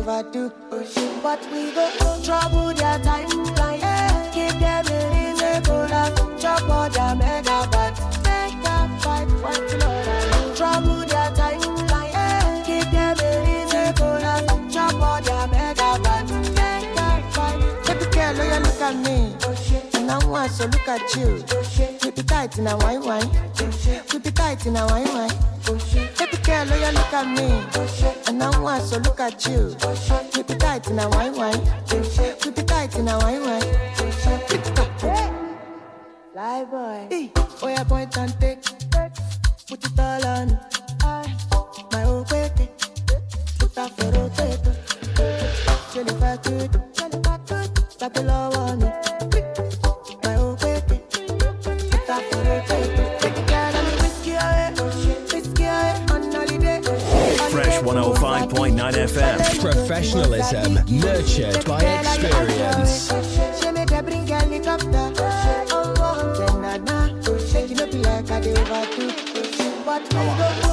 overdo. But we go trouble their timeline. Keep Give them a reason to laugh. Chop all their mega. woman, so look at you. Keep it tight in a wine wine. Keep it tight in a wine wine. Baby girl, oh yeah, look at me. And now want, so look at you. Keep it tight in a wine wine. Keep it tight in a wine wine. Fly boy. Hey. Oh yeah, point and take. Put it all on. my own way. Put that for rotate. Jennifer, good. Jennifer, good. That the law one. 105.9 FM. Professionalism nurtured by experience. on.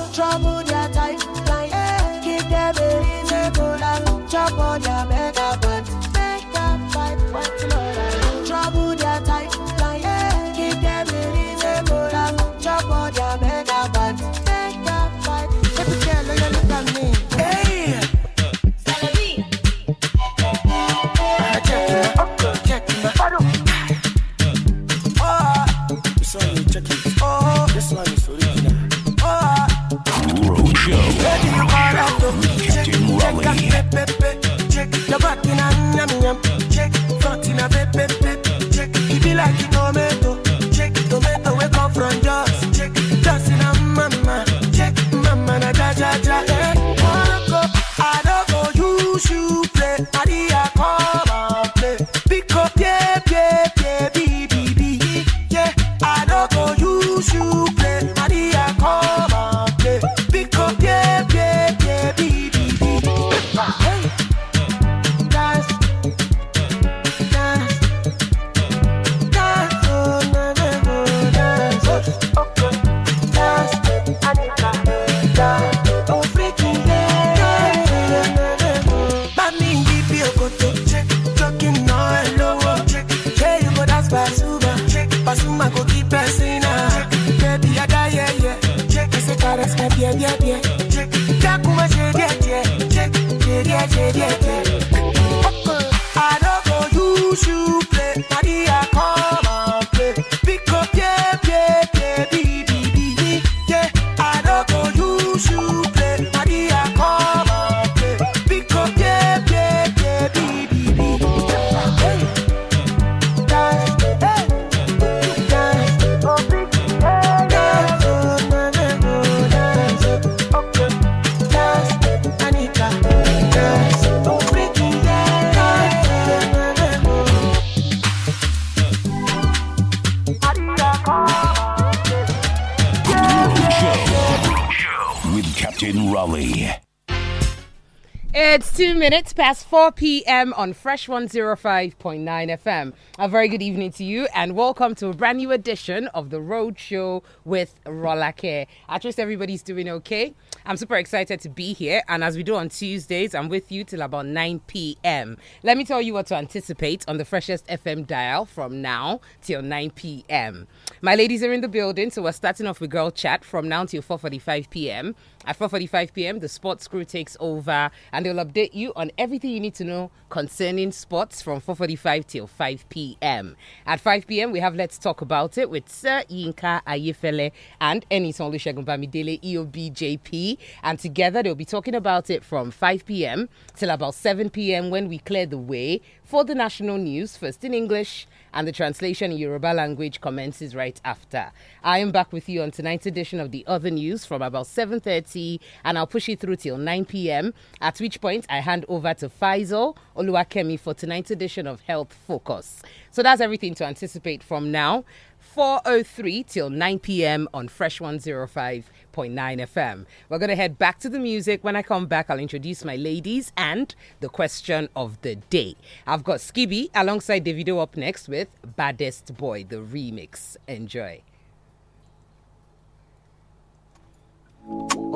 past 4 p.m. on Fresh 105.9 FM. A very good evening to you and welcome to a brand new edition of The Road Show with Roller Care. I trust everybody's doing okay. I'm super excited to be here and as we do on Tuesdays, I'm with you till about 9 p.m. Let me tell you what to anticipate on the freshest FM dial from now till 9 p.m. My ladies are in the building, so we're starting off with Girl Chat from now till 4.45 p.m. At 4:45 p.m., the sports crew takes over, and they'll update you on everything you need to know concerning sports from 4:45 till 5 p.m. At 5 p.m., we have Let's Talk About It with Sir Yinka Ayefele and Enis Olusegun Bamidele EOBJP, and together they'll be talking about it from 5 p.m. till about 7 p.m. when we clear the way for the national news, first in English, and the translation in Yoruba language commences right after. I am back with you on tonight's edition of the Other News from about 7:30 and I'll push it through till 9 p.m. At which point I hand over to Faisal Oluwakemi for tonight's edition of Health Focus. So that's everything to anticipate from now. 403 till 9 p.m. on Fresh 105.9 FM. We're going to head back to the music. When I come back, I'll introduce my ladies and the question of the day. I've got Skibby alongside Davido up next with Baddest Boy, the remix. Enjoy.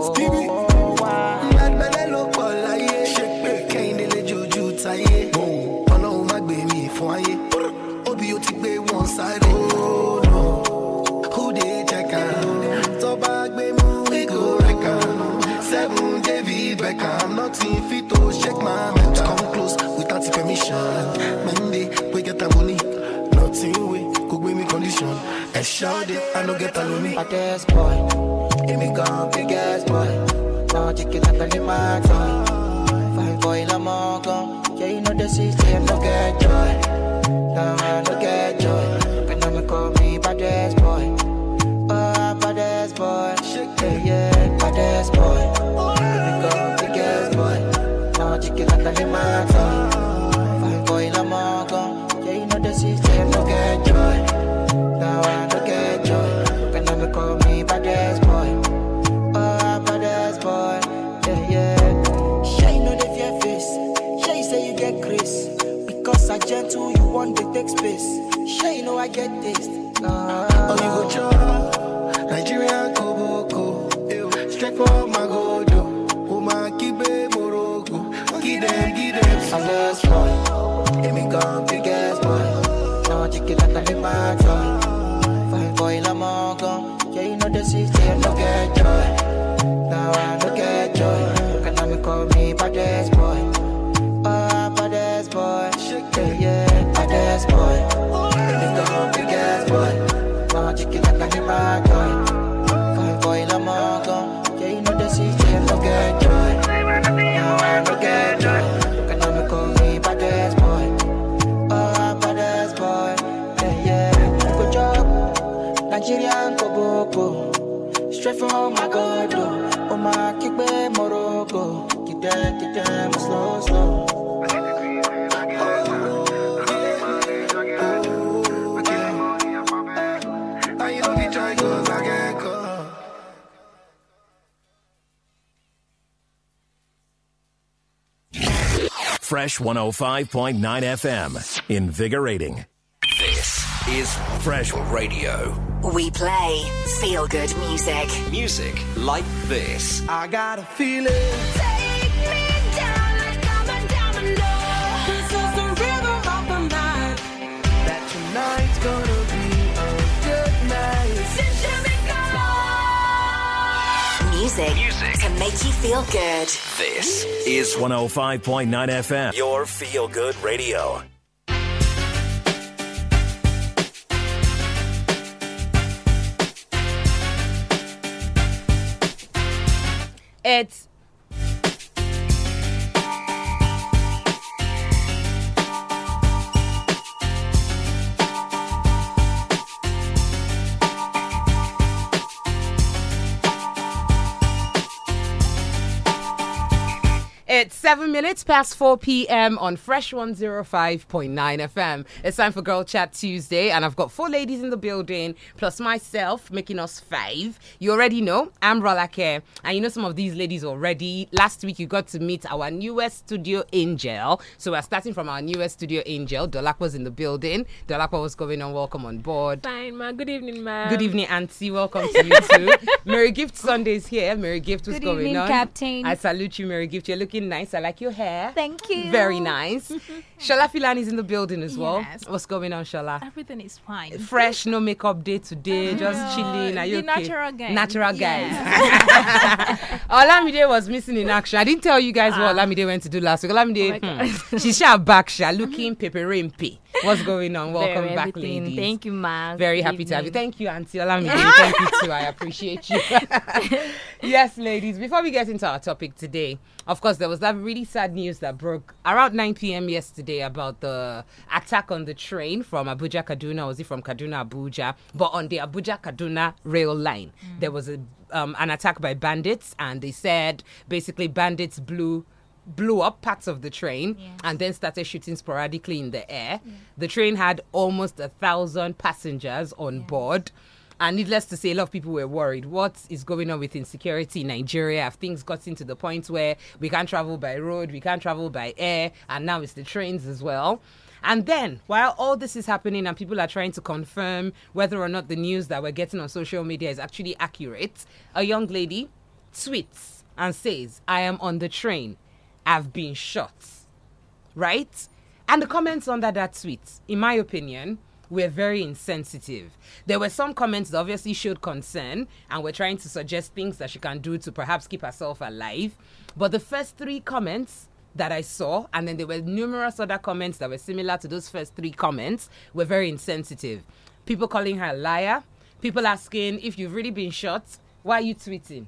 Stevie. Agbẹ́lẹ́ shake pọ̀ can Ṣé pé you lè tie táyé? Ọlọ́run má gbé mi fún ayé. Obì ó ti gbé wọn sáré. Who dey check am? Tọ́ba gbé mú ìgò rẹ̀ kan. Seven David not nothing fit to check my mental. Come close without permission. And shout it, I don't get alone me. Hot ass boy, in me gone, big ass boy. Now chicken it like a lima toy. Fine boy, I'm all gone. Yeah, you know the system, no get joy. Nah, no get space. Sure, you know I get this. Uh, oh, you go chop Nigeria Koboko. Strike for my I'm just boy. Let me go, big ass boy. Now I it out of my toy. Fine boy, I'm all gone. Yeah, you know the system, no get joy. Fresh 105.9 FM. Invigorating. This is Fresh Radio. We play feel good music. Music like this. I got a feeling. music to make you feel good. This is 105.9 FM, your feel good radio. It's seven minutes past 4 p.m. on Fresh 105.9 FM. It's time for Girl Chat Tuesday, and I've got four ladies in the building, plus myself, making us five. You already know, I'm Rolake, and you know some of these ladies already. Last week, you got to meet our newest studio angel. So we're starting from our newest studio angel. Dolakwa's in the building. Dolakwa, what's going on? Welcome on board. Fine, ma. Good evening, ma. Good evening, Auntie. Welcome to you too. Merry Gift Sunday's here. Merry Gift, what's Good going evening, on? Captain. I salute you, Merry Gift. You're looking nice. I like your hair. Thank you. Very nice. Shala is in the building as well. Yes. What's going on, Shala? Everything is fine. Fresh, no makeup day today, just chilling. Are you the okay? natural guys. Natural guys. guys. Olamide was missing in action. I didn't tell you guys what ah. Olamide went to do last week. Olamide, oh hmm, she's back, looking paper -hmm. What's going on? Welcome Very back, everything. ladies. Thank you, ma'am. Very happy to have you. Thank you, Auntie Olamide. Thank you too. I appreciate you. yes, ladies. Before we get into our topic today, of course, there was that really sad news that broke around 9 p.m. yesterday about the attack on the train from Abuja Kaduna, was it from Kaduna Abuja? But on the Abuja Kaduna rail line, mm. there was a um, an attack by bandits, and they said basically bandits blew blew up parts of the train and then started shooting sporadically in the air. Yeah. The train had almost a thousand passengers on board. And needless to say, a lot of people were worried. What is going on with insecurity in Nigeria? Have things gotten to the point where we can't travel by road, we can't travel by air, and now it's the trains as well? And then, while all this is happening and people are trying to confirm whether or not the news that we're getting on social media is actually accurate, a young lady tweets and says, I am on the train have been shot. Right? And the comments under that tweet, in my opinion, were very insensitive. There were some comments that obviously showed concern and were trying to suggest things that she can do to perhaps keep herself alive. But the first three comments that I saw, and then there were numerous other comments that were similar to those first three comments, were very insensitive. People calling her a liar, people asking if you've really been shot, why are you tweeting?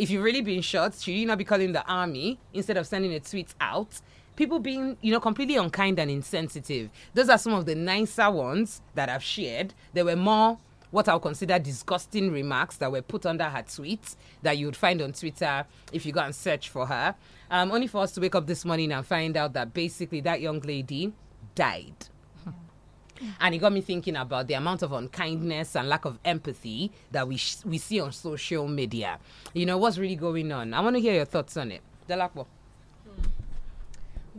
if you've really been shot, should you not be calling the army instead of sending a tweet out? People being, you know, completely unkind and insensitive. Those are some of the nicer ones that I've shared. There were more what I'll consider disgusting remarks that were put under her tweets that you'd find on Twitter if you go and search for her. Um, only for us to wake up this morning and find out that basically that young lady died. Mm. And it got me thinking about the amount of unkindness and lack of empathy that we, we see on social media. You know, what's really going on? I want to hear your thoughts on it. Delapo.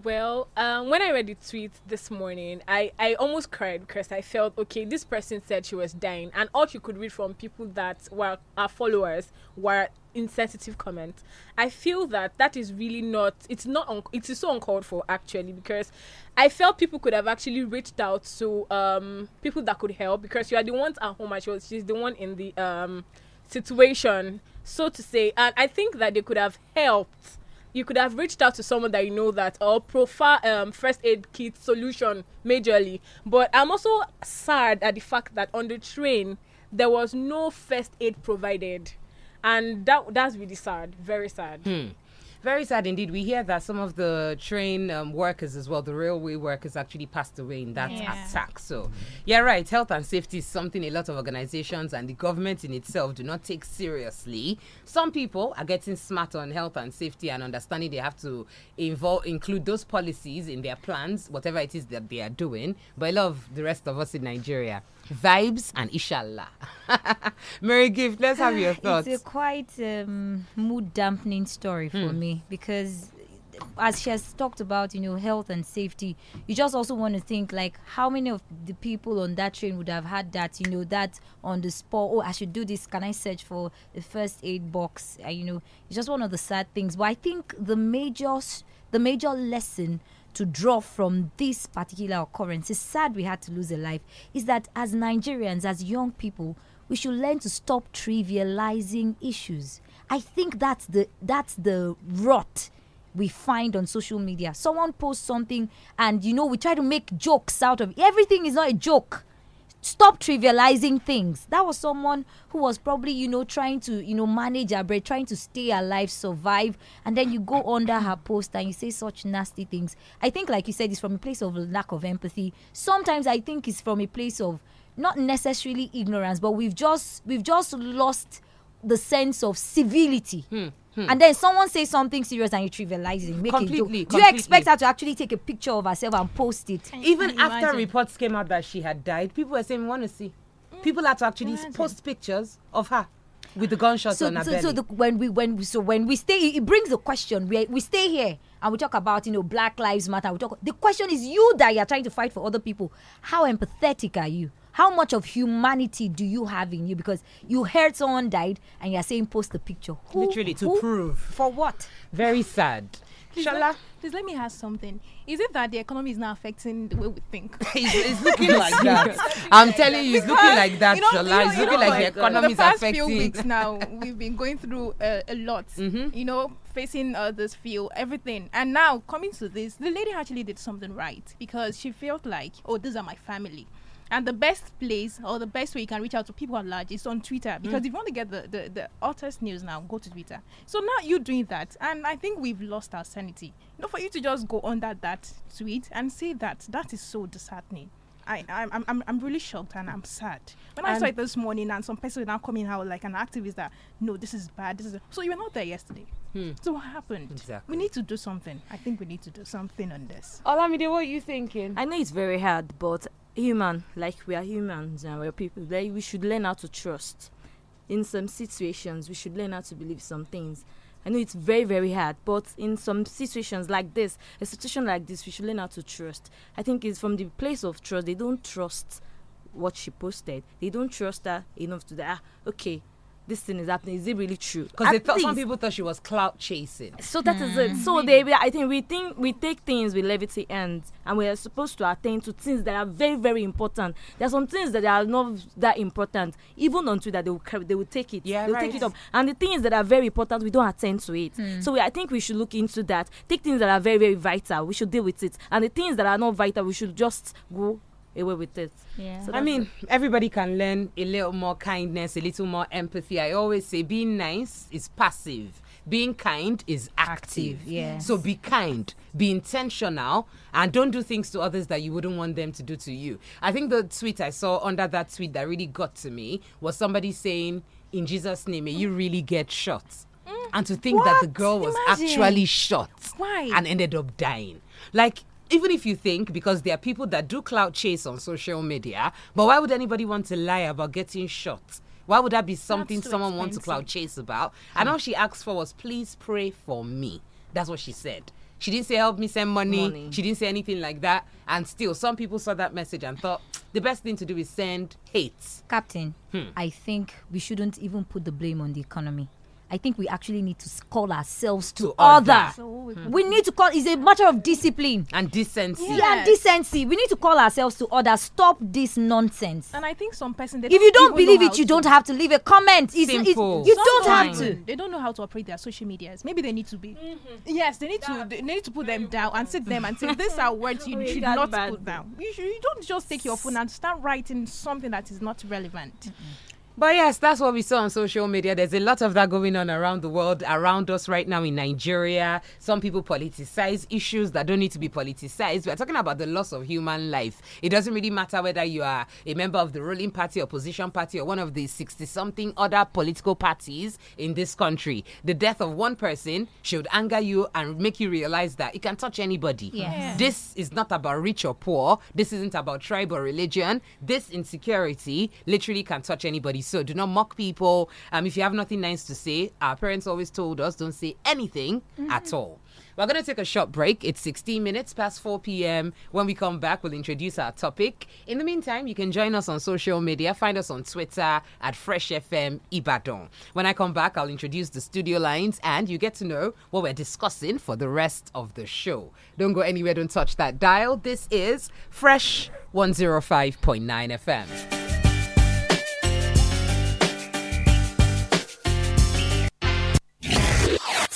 Well, um, when I read the tweet this morning, I, I almost cried because I felt okay, this person said she was dying, and all she could read from people that were our followers were insensitive comments. I feel that that is really not, it's not, un- it is so uncalled for actually because I felt people could have actually reached out to um, people that could help because you are the ones at home, and she she's the one in the um, situation, so to say, and I think that they could have helped you could have reached out to someone that you know that or profile um, first aid kit solution majorly. But I'm also sad at the fact that on the train there was no first aid provided, and that that's really sad, very sad. Hmm. Very sad indeed. We hear that some of the train um, workers as well, the railway workers, actually passed away in that yeah. attack. So, yeah, right. Health and safety is something a lot of organizations and the government in itself do not take seriously. Some people are getting smart on health and safety and understanding they have to involve include those policies in their plans, whatever it is that they are doing. But I love the rest of us in Nigeria vibes and inshallah. Mary Gift, let's have your thoughts. It's a quite um, mood dampening story for hmm. me because as she has talked about, you know, health and safety, you just also want to think like how many of the people on that train would have had that, you know, that on the spot. Oh, I should do this. Can I search for the first aid box? Uh, you know, it's just one of the sad things. But I think the major, the major lesson to draw from this particular occurrence, it's sad we had to lose a life, is that as Nigerians, as young people, we should learn to stop trivializing issues. I think that's the that's the rot we find on social media. Someone posts something and you know we try to make jokes out of it. everything is not a joke stop trivializing things that was someone who was probably you know trying to you know manage her bread trying to stay alive survive and then you go under her post and you say such nasty things i think like you said it's from a place of lack of empathy sometimes i think it's from a place of not necessarily ignorance but we've just we've just lost the sense of civility hmm. Hmm. And then someone says something serious and you trivialize it. Make completely, it completely. Do you expect her to actually take a picture of herself and post it? Can Even after imagine? reports came out that she had died, people were saying, we want to see. Mm. People had to actually imagine. post pictures of her with the gunshots so, on her so, belly. So the, when we when we, so when we stay, it brings the question. We we stay here and we talk about you know Black Lives Matter. We talk. The question is you that you are trying to fight for other people. How empathetic are you? how much of humanity do you have in you? Because you heard someone died and you're saying post the picture. Who, Literally to who? prove. For what? Very sad. Please let, please let me ask something. Is it that the economy is not affecting the way we think? it's, it's, looking like that. I'm telling you, it's because, looking like that, you know, Shola. It's you know, looking like the economy is affecting. The past few weeks now, we've been going through uh, a lot. Mm-hmm. You know, facing uh, this field, everything. And now coming to this, the lady actually did something right because she felt like, oh, these are my family. And the best place or the best way you can reach out to people at large is on Twitter mm. because mm. if you want to get the, the, the hottest news now, go to Twitter. So now you're doing that, and I think we've lost our sanity. You know, for you to just go under that tweet and say that, that is so disheartening. I, I'm, I'm, I'm really shocked and I'm sad. When and I saw it this morning, and some person now coming out like an activist that no, this is bad. This is so you were not there yesterday. Hmm. So what happened? Exactly. We need to do something. I think we need to do something on this. Olamide, what are you thinking? I know it's very hard, but human, like we are humans and we're people. Like we should learn how to trust. In some situations, we should learn how to believe some things. I know it's very, very hard, but in some situations like this, a situation like this, we should learn how to trust. I think it's from the place of trust. They don't trust what she posted. They don't trust her enough to that. Ah, okay, this thing is happening. Is it really true? Because some people thought she was clout chasing. So that mm. is it. So hmm. they, I think we think we take things with levity and and we are supposed to attend to things that are very very important. There are some things that are not that important. Even on Twitter, they will they will take it. Yeah, They'll right. take it up. And the things that are very important, we don't attend to it. Mm. So we, I think we should look into that. Take things that are very very vital. We should deal with it. And the things that are not vital, we should just go away with it. Yeah. So I mean, it. everybody can learn a little more kindness, a little more empathy. I always say being nice is passive. Being kind is active. active yes. So be kind, be intentional, and don't do things to others that you wouldn't want them to do to you. I think the tweet I saw under that tweet that really got to me was somebody saying, In Jesus' name, may you really get shot. Mm. And to think what? that the girl was Imagine. actually shot Why? and ended up dying. Like, even if you think, because there are people that do clout chase on social media, but why would anybody want to lie about getting shot? Why would that be something someone expensive. wants to clout chase about? Hmm. And all she asked for was, please pray for me. That's what she said. She didn't say help me send money. money. She didn't say anything like that. And still, some people saw that message and thought the best thing to do is send hate. Captain, hmm. I think we shouldn't even put the blame on the economy. I think we actually need to call ourselves to, to order. So we, hmm. we, need to call. It's a matter of discipline and decency. Yes. Yeah, and decency. We need to call ourselves to order. Stop this nonsense. And I think some person. if you don't believe it, you to. don't have to leave a comment. It's, Simple. It's, you Sometimes don't have to. They don't know how to operate their social medias. Maybe they need to be. Mm -hmm. Yes, they need that. to. They need to put them down and sit them and say these are words you should not bad. put down. You, should, you don't just take your phone and start writing something that is not relevant. Mm -hmm. But yes, that's what we saw on social media. There's a lot of that going on around the world, around us right now in Nigeria. Some people politicize issues that don't need to be politicized. We're talking about the loss of human life. It doesn't really matter whether you are a member of the ruling party, opposition party, or one of the 60 something other political parties in this country. The death of one person should anger you and make you realize that it can touch anybody. Yes. This is not about rich or poor. This isn't about tribe or religion. This insecurity literally can touch anybody. So do not mock people. Um, if you have nothing nice to say, our parents always told us don't say anything mm-hmm. at all. We're going to take a short break. It's 16 minutes past 4 p.m. When we come back, we'll introduce our topic. In the meantime, you can join us on social media. Find us on Twitter at Fresh FM Ibadan. When I come back, I'll introduce the studio lines and you get to know what we're discussing for the rest of the show. Don't go anywhere, don't touch that dial. This is Fresh 105.9 FM.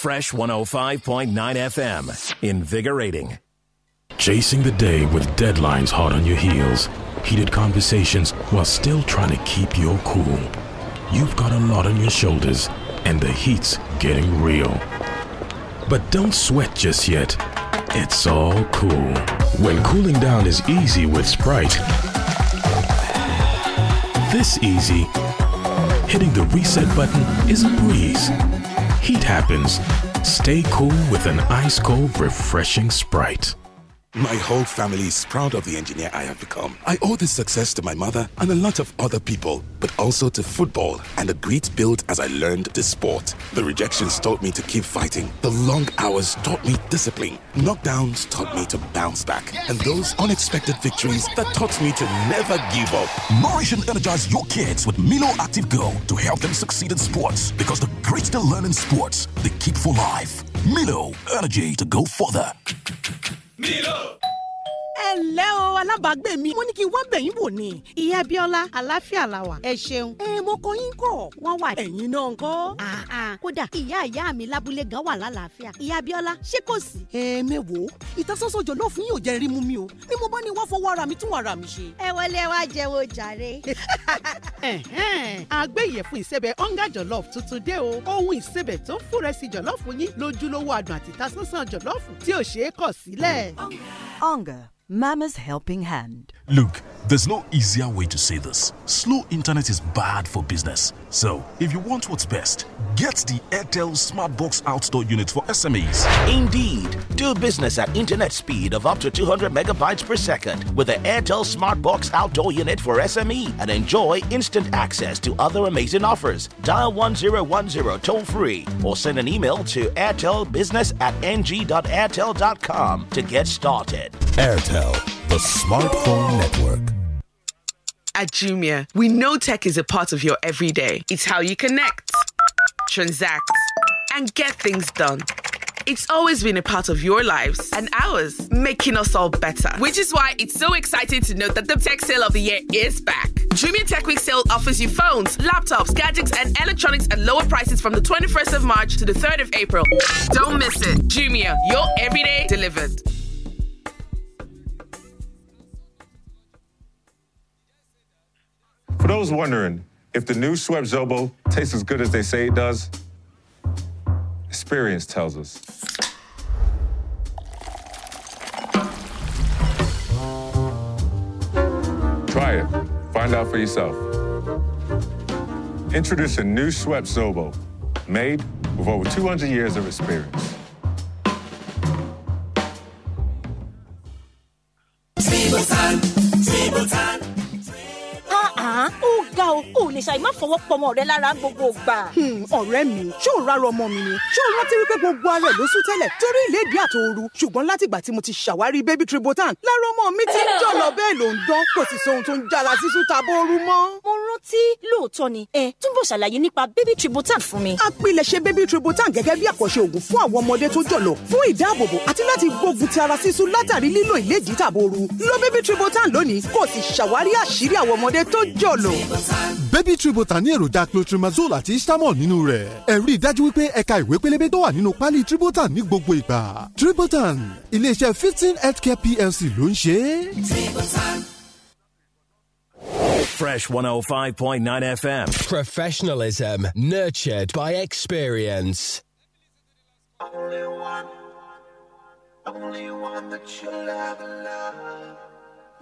Fresh 105.9 FM. Invigorating. Chasing the day with deadlines hot on your heels, heated conversations while still trying to keep your cool. You've got a lot on your shoulders, and the heat's getting real. But don't sweat just yet. It's all cool. When cooling down is easy with Sprite, this easy, hitting the reset button is a breeze. Heat happens. Stay cool with an ice cold, refreshing Sprite. My whole family is proud of the engineer I have become. I owe this success to my mother and a lot of other people, but also to football and the great build as I learned the sport. The rejections taught me to keep fighting. The long hours taught me discipline. Knockdowns taught me to bounce back. And those unexpected victories that taught me to never give up. Nourish and energize your kids with Milo Active Go to help them succeed in sports because the greats they learn in sports, they keep for life. Milo, energy to go further up! ẹ ǹlẹ́ o alábàágbé mi mo ní kí n wá bẹ̀yìn wò ni ìyá Abíọ́lá aláfíà la wà ẹ ṣeun ẹ mo kọ yín kọ wọ́n wà ẹ̀yin náà ńkọ́. kódà ìyá ìyá mi lábúlé gan wà lálàáfíà ìyá Abíọ́lá ṣé kò sí. ẹ mẹ́wòó ìtasọ́sọ́ jọ̀lọ́ fún yóò jẹ́ rí mú mi o bí mo bá ní wá fọwọ́ ara mi tún ara mi ṣe. ẹ wọlé wá jẹun jàre. àgbẹ̀ ìyẹ̀fun ìsẹ̀bẹ̀ ọ̀ngá jọ̀lọ́ọ̀fù tuntun dé o ohun ìsẹ̀bẹ̀ tó ń fúnrẹ́sì jọ̀lọ́ọ̀fù yín lójúlówó adùn àti ìtasọ́sọ́ jọ̀lọ́ọ̀fù tí ò ṣeé kọ̀ sílẹ̀. ọ̀ngá Mama's helping hand. Look, there's no easier way to say this. Slow internet is bad for business. So, if you want what's best, get the Airtel Smartbox outdoor unit for SMEs. Indeed, do business at internet speed of up to 200 megabytes per second with the Airtel Smartbox outdoor unit for SME and enjoy instant access to other amazing offers. Dial 1010 toll free or send an email to airtelbusiness at ng.airtel.com to get started. Airtel the smartphone network. At Jumia, we know tech is a part of your everyday. It's how you connect, transact, and get things done. It's always been a part of your lives and ours, making us all better. Which is why it's so exciting to note that the tech sale of the year is back. Jumia Tech Week sale offers you phones, laptops, gadgets, and electronics at lower prices from the 21st of March to the 3rd of April. Don't miss it. Jumia, your everyday delivered. For those wondering if the new Schweppes Zobo tastes as good as they say it does, experience tells us. Try it. Find out for yourself. Introducing new Schweppes Zobo, made with over 200 years of experience. time, table time. 哦，ga o ò lè ṣàì má fọwọ́ pọmọ rẹ lára gbogbo gbà. Hmm, ọ̀rẹ́ mi ṣé ò rárọ ọmọ mi ni ṣé o rántí wípé gbogbo ara ló sún tẹ́lẹ̀ torí ìlédìí àtòoru ṣùgbọ́n látìgbà tí mo ti ṣàwárí baby tributan lára ọmọ mi ti ń jọlọ bẹ́ẹ̀ ló ń dán kò sì sóhun tó ń jára sísun taboru mọ́. mo rántí lóòótọ́ ni ẹ túbọ̀ ṣàlàyé nípa baby tributan fún mi. apilẹ̀ṣẹ̀ baby tributan gẹ́gẹ́ bí àkọ́ṣe òògùn fún àwọn ọmọdé tó jọlọ fún ìdáàbòbò àti láti gbógun ti ara sísun látàrí lílo ìlédìí tàbóoru lo baby tributan lónìí kò sì ṣàwárí àṣírí àwọn ọmọdé tó jọlọ baby tribota ní èròjà clotrimazole àti istamol nínú rẹ̀ ẹ dájú wípé ẹ̀ka ìwé pélébé tó wà nínú pálí tribota ní gbogbo ìgbà tribotan iléeṣẹ́ fifteen healthcare plc ló ń ṣe é. Fresh 105.9 FM. Professionalism nurtured by experience. Only one, only one that you'll ever love.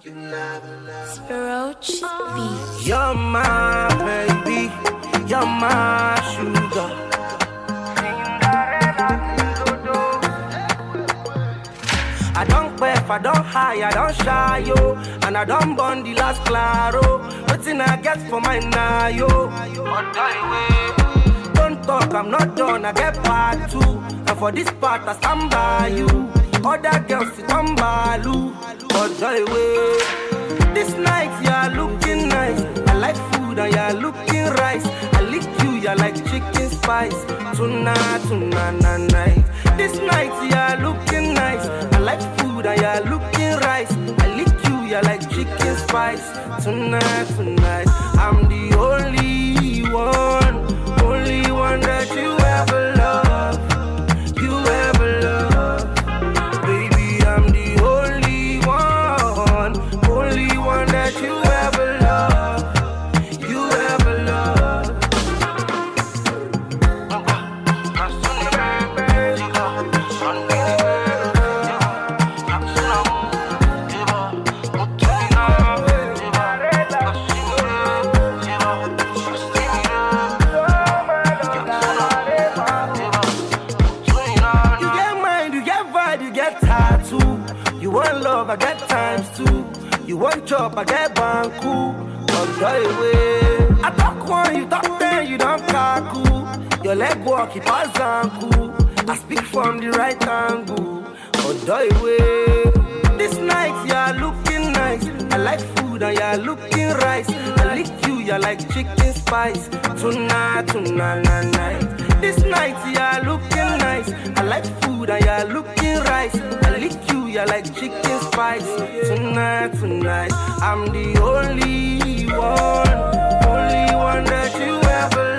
Spiroch V. You're my baby, you're my sugar. I don't quaff, I don't hide, I don't shy, yo. And I don't burn the last claro. in I get for my now, yo. Don't talk, I'm not done, I get part two. And for this part, I stand by you. Other girls sit on balu, but joy way. This night you are looking nice. I like food and you are looking rice. I lick you, you are like chicken spice. Tonight, tonight, na night. This night you are looking nice. I like food and you are looking rice. I lick you, you are like chicken spice. Tonight, tonight, I'm the only one, only one that you. chop, I get banku. But drive away. I talk one, you talk ten, you don't kaku. Your leg walk, it pass anku. I speak from the right angle. But drive away. This night, you're looking nice. I like food and you're looking rice. I lick you, you're like chicken spice. Tonight, tonight, night this night, you're looking nice. I like food and you're looking right. I lick you, yeah, like chicken spice. Tonight, tonight, I'm the only one, only one that you ever.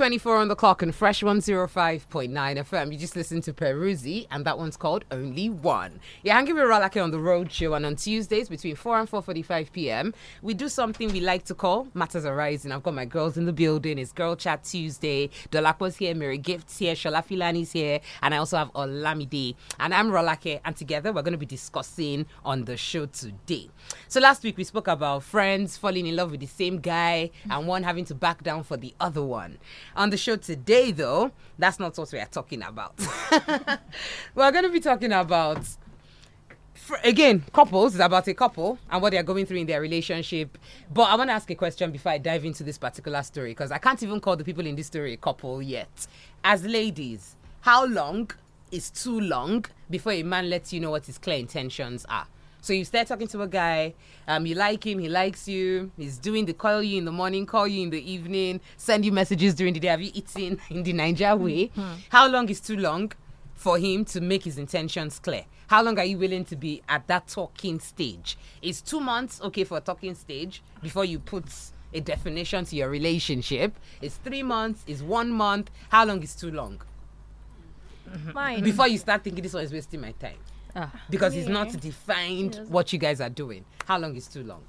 Twenty-four on the clock and Fresh 105.9 FM. You just listened to Peruzzi, and that one's called Only One. Yeah, I'm giving Rolake on the road show, and on Tuesdays between 4 and 4.45 p.m., we do something we like to call Matters Arising. I've got my girls in the building. It's Girl Chat Tuesday. Dolakwa's here, Mary Gift's here, Shola Filani's here, and I also have Olamide. And I'm Rolake, and together we're going to be discussing on the show today. So last week we spoke about friends falling in love with the same guy and one having to back down for the other one. On the show today, though, that's not what we are talking about. We're going to be talking about again, couples is about a couple and what they are going through in their relationship. But I want to ask a question before I dive into this particular story because I can't even call the people in this story a couple yet. As ladies, how long is too long before a man lets you know what his clear intentions are? So you start talking to a guy, um, you like him, he likes you, he's doing the call you in the morning, call you in the evening, send you messages during the day. Have you eaten in the Niger way? Mm-hmm. How long is too long for him to make his intentions clear? How long are you willing to be at that talking stage? Is two months okay for a talking stage before you put a definition to your relationship? Is three months? Is one month? How long is too long? Mine. Before you start thinking this one is wasting my time. Ah. Because it's not defined what you guys are doing. How long is too long?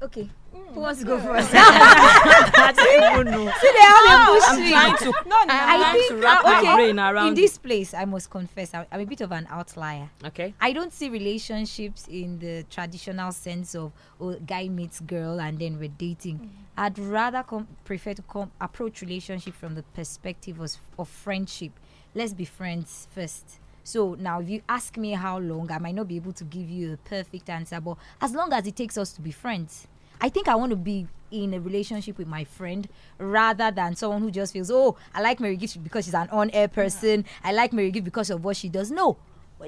Okay. Mm. Who wants to go first? Oh, see, they are no, ah, I'm trying to, no, no, I think, to wrap okay, my brain around. In this place, I must confess, I'm, I'm a bit of an outlier. Okay. I don't see relationships in the traditional sense of oh, guy meets girl and then we're dating. Mm. I'd rather com- prefer to com- approach relationship from the perspective of, of friendship. Let's be friends first so now, if you ask me how long, I might not be able to give you a perfect answer, but as long as it takes us to be friends, I think I want to be in a relationship with my friend rather than someone who just feels, oh, I like Mary Gift because she's an on air person. I like Mary Gift because of what she does. No,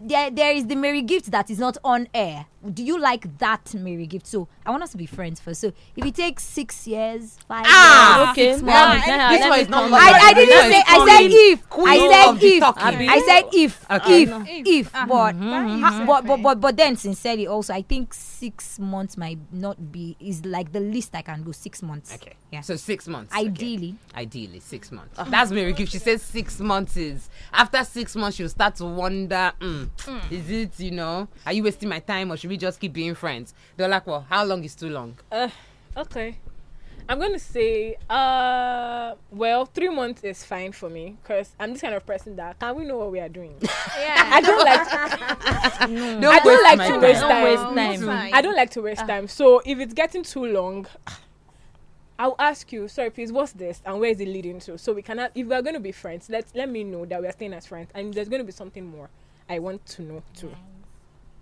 there there is the Mary gift that is not on air. Do you like that Mary gift? So I want us to be friends first. So if it takes six years, five ah, years, okay. six months, nah, nah, this one is not. I, I, didn't say. I said if. I said if. I said if. If. Uh-huh. If. But but but but but then sincerely also I think six months might not be is like the least I can go six months. Okay. Yeah. So six months. Ideally. Okay. Ideally six months. Uh-huh. That's Mary gift. She says six months is after six months you'll start to wonder. Mm, Mm. Is it, you know, are you wasting my time or should we just keep being friends? They're like, well, how long is too long? Uh, okay. I'm going to say, uh, well, three months is fine for me because I'm this kind of person that can we know what we are doing? yeah. I don't like. no, don't I don't like to waste time. waste time. I don't like to waste uh. time. So if it's getting too long, I'll ask you, sorry, please, what's this and where is it leading to? So we cannot, if we are going to be friends, let let me know that we are staying as friends and there's going to be something more. I want to know too.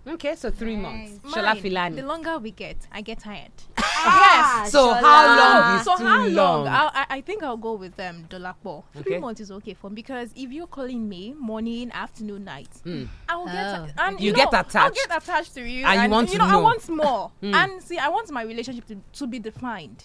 Nice. Okay, so three nice. months. I Shola Filani. The longer we get, I get tired. yes. Ah, so how long ah. is so too how long? long? I, I think I'll go with um Dolapo. Three okay. months is okay for me because if you're calling me morning, afternoon, night, mm. I will oh. get ah. and you, you know, get attached. I'll get attached to you, and, and you want you know, know, I want more. mm. And see, I want my relationship to, to be defined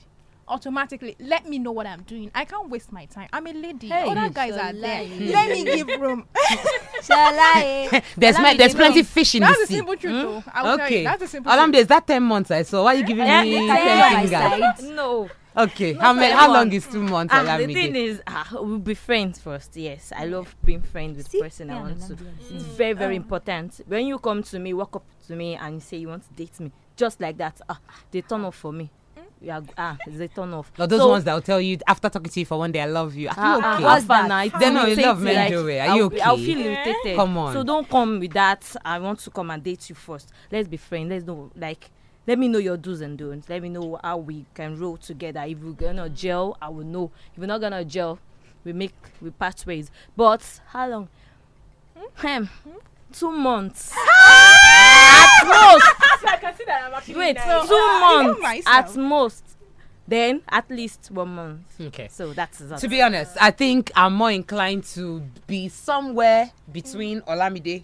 automatically let me know what I'm doing. I can't waste my time. I'm a lady. Hey, Other guys are there. let me give room. shall I? there's my, there's plenty fish in that's the sea. That's the simple truth, mm? though. I'll okay. That's the simple Alam, there's that ten months I saw. Why are you giving me ten fingers? No. Okay, how, many, how long is two months? Ah, the thing is, ah, we'll be friends first. Yes, I mm. love being friends with See? person yeah, I want to. It's very, very um. important. When you come to me, walk up to me, and say you want to date me, just like that, ah, they turn off for me you are ah, it's a turn off. Now those so, ones that will tell you after talking to you for one day, I love you. Are ah, ah, you okay? Ah, husband, I then no, you love me like, anyway. Are you okay? I'll feel eh? irritated. Come on. So don't come with that. I want to come and date you first. Let's be friends. Let's know like. Let me know your do's and don'ts. Let me know how we can roll together. If we're gonna gel, I will know. If we're not gonna gel, we make we part ways. But how long? Hmm? hmm? Two months. most wait two months at most then at least one month. Okay. So that's, that's to be honest, I think I'm more inclined to be somewhere between Olamide,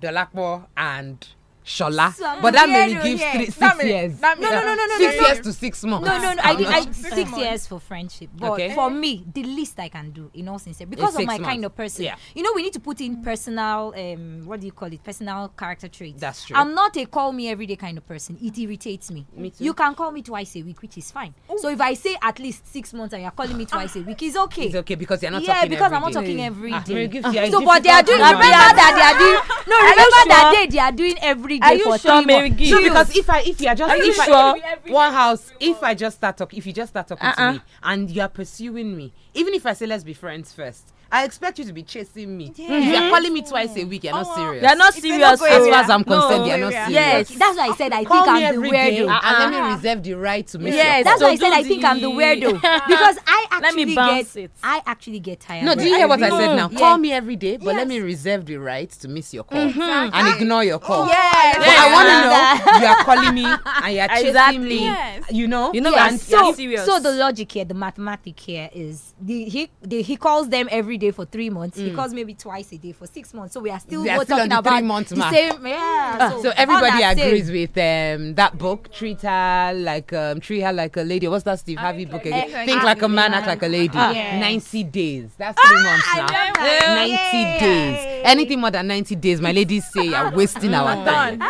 Dolapo, and Shola. but that may give three, six years. No, no, no, no, no. Six no, no. years to six months. No, no, no. I, I, six years for friendship. But okay. for me, the least I can do, in all sincerity, because of my months. kind of person. Yeah. You know, we need to put in personal, um, what do you call it? Personal character traits. That's true. I'm not a call me every day kind of person. It irritates me. Me too. You can call me twice a week, which is fine. Ooh. So if I say at least six months and you're calling me twice a week, it's okay. It's okay because you're not yeah, talking because I'm not talking ah, every day. So, but they are doing, remember that they are doing, no, remember that day they are doing every every day are for you sure, Mary Gibbs? No, because if I if you are just are you sure? I, one house, if I just start talking, if you just start talking uh -uh. to uh-uh. me and you are pursuing me, even if I say let's be friends first, I expect you to be chasing me. Mm-hmm. You're calling me twice a mm-hmm. week. Oh, you're not serious. You're not serious. Not as far as I'm concerned, no, you're not serious. Yes, that's why I said I Call think I'm the weirdo. Uh, uh, let me reserve the right to miss Yes, that's why I said I think I'm the weirdo because I actually get it. I actually get tired. No, do you hear what I said now? Call me every day, but let me reserve the right to miss your call mm-hmm. and ah. ignore your call. Yes, I want to know you are calling me and you're chasing me. You know, you know, and so so the logic here, the mathematics here is he he calls them every every day for three months. Mm. He calls maybe twice a day for six months. So we are still, are still talking the about months the same. Yeah. Ah, so, so, everybody agrees same. with um, that book. Treat her like um, treat her like a lady. What's that Steve Harvey book again? Think, like a man, act like a lady. Ah, ninety days. That's three ah, months now. Ninety days. Anything more than ninety days, my ladies say you're wasting mm. our time.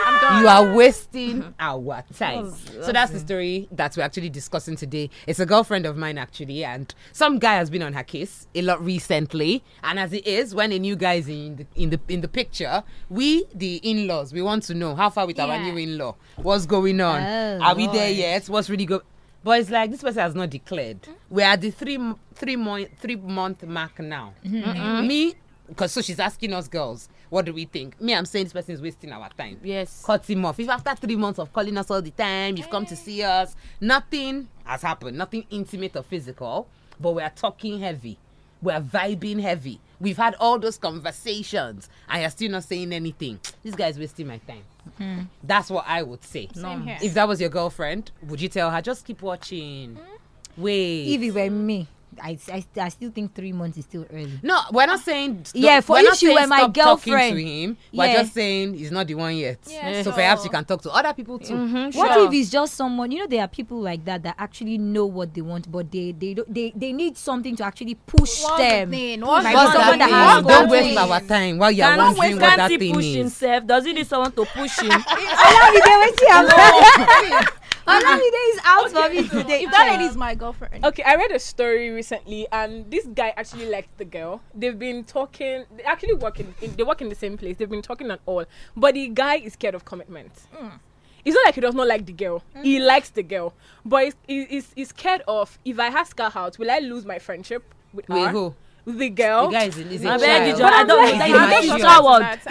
You are wasting our time. Mm. So that's the story that we're actually discussing today. It's a girlfriend of mine actually, and some guy has been on her case a lot recently and as it is, when a new guy is in the, in the in the picture, we the in-laws we want to know how far with yeah. our new in-law, what's going on, oh, are we there yet, what's really going. But it's like this person has not declared. Mm. We are at the three three month three month mark now. Mm -hmm. Me, because so she's asking us girls, what do we think? Me, I'm saying this person is wasting our time. Yes. Cut him off. If after three months of calling us all the time, you've hey. come to see us, nothing has happened, nothing intimate or physical, but we are talking heavy. We're vibing heavy. We've had all those conversations and you're still not saying anything. This guy's wasting my time. Mm. That's what I would say. Same here. If that was your girlfriend, would you tell her just keep watching? Mm. Wait. If it were me, I, I, I still think three months is still early. No, we're not saying. yeah, for if she were my girlfriend, to him, we're just saying he's not the one yet. Yeah, so perhaps you can talk to other people too. Mm-hmm, what if it's just someone? You know, there are people like that that actually know what they want, but they they they, they, they need something to actually push what them. what like that don't waste our time while you're wondering what that thing is. Himself. Does he need someone to push him? I love you. Olamide is out for me today. If that lady is my girlfriend. Okay, I read a story recently, and this guy actually liked the girl. They've been talking. They actually work in, in. They work in the same place. They've been talking and all. But the guy is scared of commitment. Mm it's not like he does not like the girl. Mm. He likes the girl, but he's, he's, he's, scared of if I ask her out, will I lose my friendship with Wait, her? Who? with the girl. The guy is, is a I child. I don't like, that is coward. It's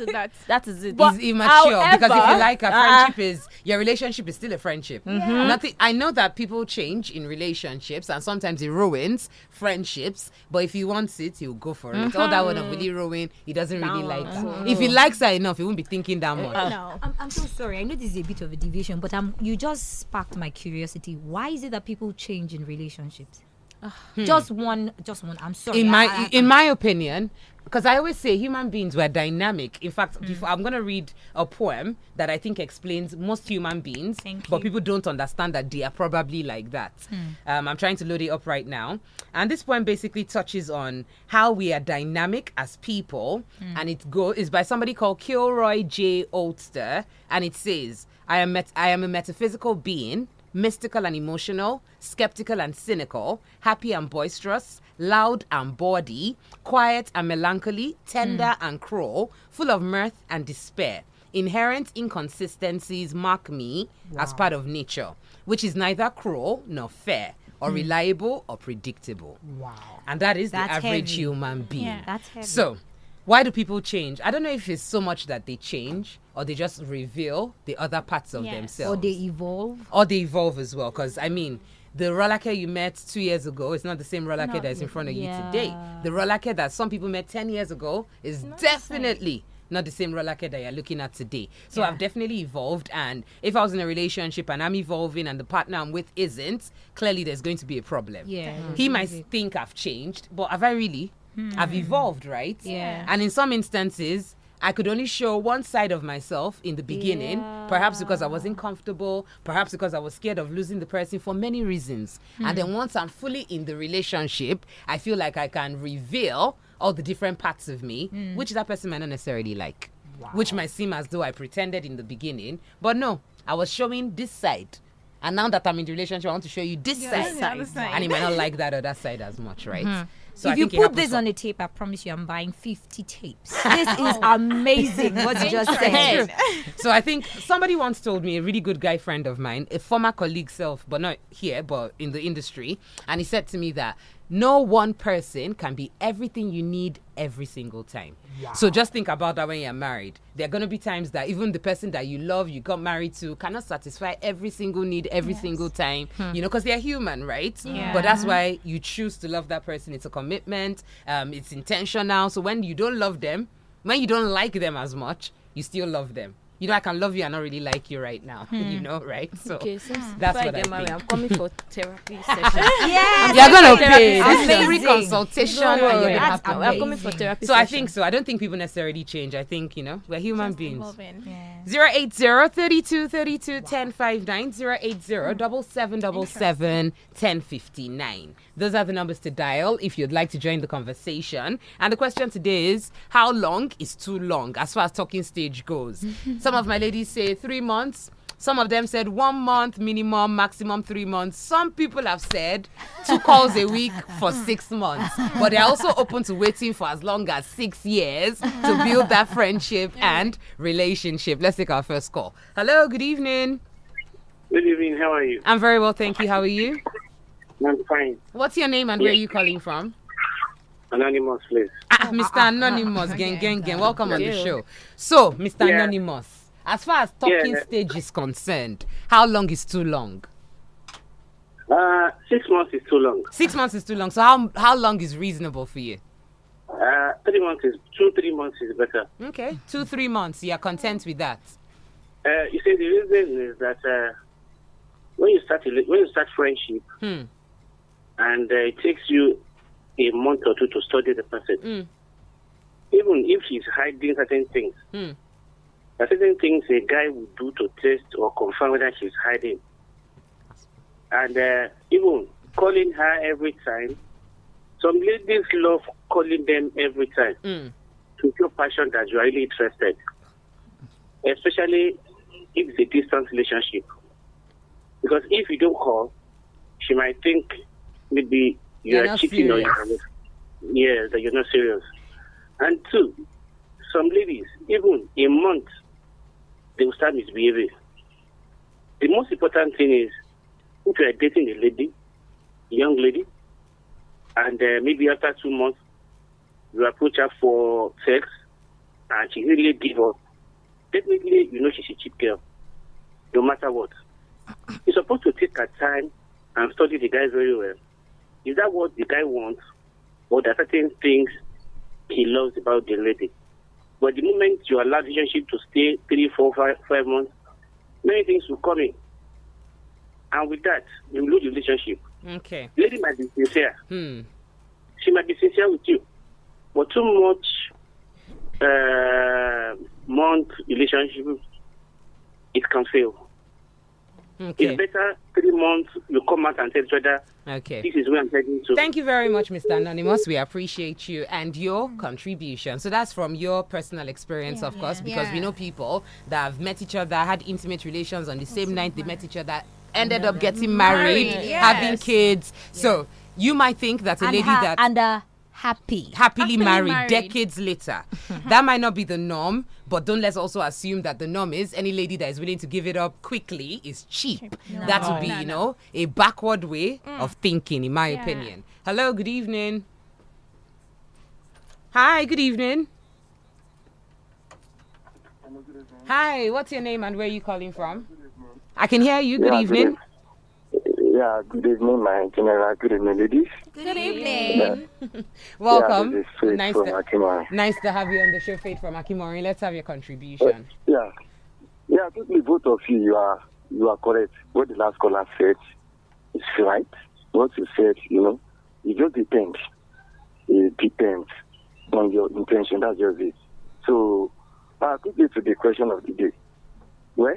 coward. That. that is it. But immature however, because if you like a uh-huh. friendship uh, is your relationship is still a friendship. Mm -hmm. Nothing. I know that people change in relationships and sometimes it ruins friendships. But if he wants it, he'll go for it. Mm -hmm. All that one of mm-hmm. really ruin, he doesn't really no. like. Mm -hmm. If he mm-hmm. likes her enough, he won't be thinking that uh, much. Uh, no, I'm, I'm so sorry. I know this is a bit of a deviation, but I'm, um, you just sparked my curiosity. Why is it that people change in relationships? Hmm. Just one, just one. I'm sorry. In my, I, I, in my opinion, because I always say human beings were dynamic. In fact, mm. I'm going to read a poem that I think explains most human beings, Thank but people don't understand that they are probably like that. Mm. Um, I'm trying to load it up right now. And this poem basically touches on how we are dynamic as people. Mm. And it go is by somebody called Kilroy J. Oldster. And it says, I am, met- I am a metaphysical being mystical and emotional, skeptical and cynical, happy and boisterous, loud and bawdy, quiet and melancholy, tender mm. and cruel, full of mirth and despair. Inherent inconsistencies mark me wow. as part of nature, which is neither cruel nor fair or hmm. reliable or predictable. Wow. And that is that's the average heavy. human being. Yeah, that's heavy. So, why do people change? I don't know if it's so much that they change, or they just reveal the other parts of yes. themselves. Or they evolve. Or they evolve as well. Because, I mean, the Rolake you met two years ago is not the same Rolake that's in front of yeah. you today. The Rolake that some people met 10 years ago is not definitely not the same Rolake that you're looking at today. So yeah. I've definitely evolved. And if I was in a relationship and I'm evolving and the partner I'm with isn't, clearly there's going to be a problem. Yeah. He might think I've changed, but have I really? Hmm. I've evolved, right? Yeah. And in some instances, I could only show one side of myself in the beginning, yeah. perhaps because I wasn't comfortable, perhaps because I was scared of losing the person for many reasons. Mm. And hmm. then once I'm fully in the relationship, I feel like I can reveal all the different parts of me, mm. which that person might not necessarily like, wow. which might seem as though I pretended in the beginning. But no, I was showing this side. And now that I'm in the relationship, I want to show you this yeah, side. And he might not like that other side as much, right? Mm -hmm. So if you put this on a tape, I promise you, I'm buying 50 tapes. This is amazing. What you just said. so I think somebody once told me, a really good guy friend of mine, a former colleague self, but not here, but in the industry, and he said to me that no one person can be everything you need every single time. So just think about that when you're married. There are going to be times that even the person that you love, you got married to, cannot satisfy every single need every yes. single time, hmm. you know, because they're human, right? Yeah. But that's why you choose to love that person. It's a commitment, um, it's intentional. So when you don't love them, when you don't like them as much, you still love them you know, I can love you and not really like you right now. Hmm. You know, right? So okay, so that's what I, I think. I'm coming for therapy session. yes, you're gonna pay. It's free consultation. No, no, you I'm coming for therapy. So session. I think so. I don't think people necessarily change. I think you know we're human Just beings. Yeah. Zero eight zero thirty two thirty two ten five nine zero eight zero double seven double seven ten fifty nine. 1059 Those are the numbers to dial if you'd like to join the conversation. And the question today is, how long is too long as far as talking stage goes? Some of my ladies say three months some of them said one month minimum, maximum three months. Some people have said two calls a week for six months. But they're also open to waiting for as long as six years to build that friendship and relationship. Let's take our first call. Hello, good evening. Good evening, how are you? I'm very well, thank you. How are you? I'm fine. What's your name and where are you calling from? Anonymous, please. Ah, Mr. Anonymous, gang, gang, gang. Welcome on the show. So, Mr. Yeah. Anonymous, as far as talking yeah. stage is concerned, how long is too long? Uh, six months is too long. Six months is too long. So how how long is reasonable for you? Uh, three months is two three months is better. Okay, two three months. You are content with that? Uh, you see, the reason is that uh, when you start when you start friendship, hmm. and uh, it takes you a month or two to study the person, hmm. even if he's hiding certain things. Hmm are certain things a guy would do to test or confirm whether she's hiding. And uh, even calling her every time. Some ladies love calling them every time mm. to show passion that you are really interested, especially if it's a distant relationship. Because if you don't call, she might think maybe you you're cheating serious. on her. Yeah, that you're not serious. And two, some ladies, even a month they will start misbehaving. The most important thing is if you are dating a lady, a young lady, and uh, maybe after two months, you approach her for sex and she really give up, definitely you know she's a cheap girl, no matter what. You're supposed to take her time and study the guy very well. Is that what the guy wants, or there are certain things he loves about the lady? But the moment you allow relationship to stay three, four, five, five months, many things will come in. And with that, you lose the relationship. Okay. Lady might be sincere. Hmm. She might be sincere with you. But too much uh, month relationship, it can fail. Okay. It's better three months you come out and tell each other. Okay. This is where I'm heading to. Thank you very much, Mr. Anonymous. We appreciate you and your contribution. So that's from your personal experience, yeah, of course, yeah. because yeah. we know people that have met each other, had intimate relations on the that's same night they met each other, ended up getting married, married yes. having kids. So you might think that a and lady her, that and. Uh, happy. Happily, married, married, decades later. that might not be the norm, but don't let's also assume that the norm is any lady that is willing to give it up quickly is cheap. No. That would be, no, no. you know, a backward way mm. of thinking, in my yeah. opinion. Hello, good evening. Hi, good evening. Hi, what's your name and where are you calling from? I can hear you. Good yeah, evening. Good yeah, good evening, my general. Good evening, ladies. Good evening. Yeah. Welcome. Yeah, is nice, from to, Akimori. nice to have you on the show, Faith from Akimori. Let's have your contribution. Uh, yeah, yeah, totally. Both of you, you are you are correct. What the last caller said is right. What you said, you know, it just depends. It depends on your intention. That's just it. So, uh, quickly to the question of the day. Well,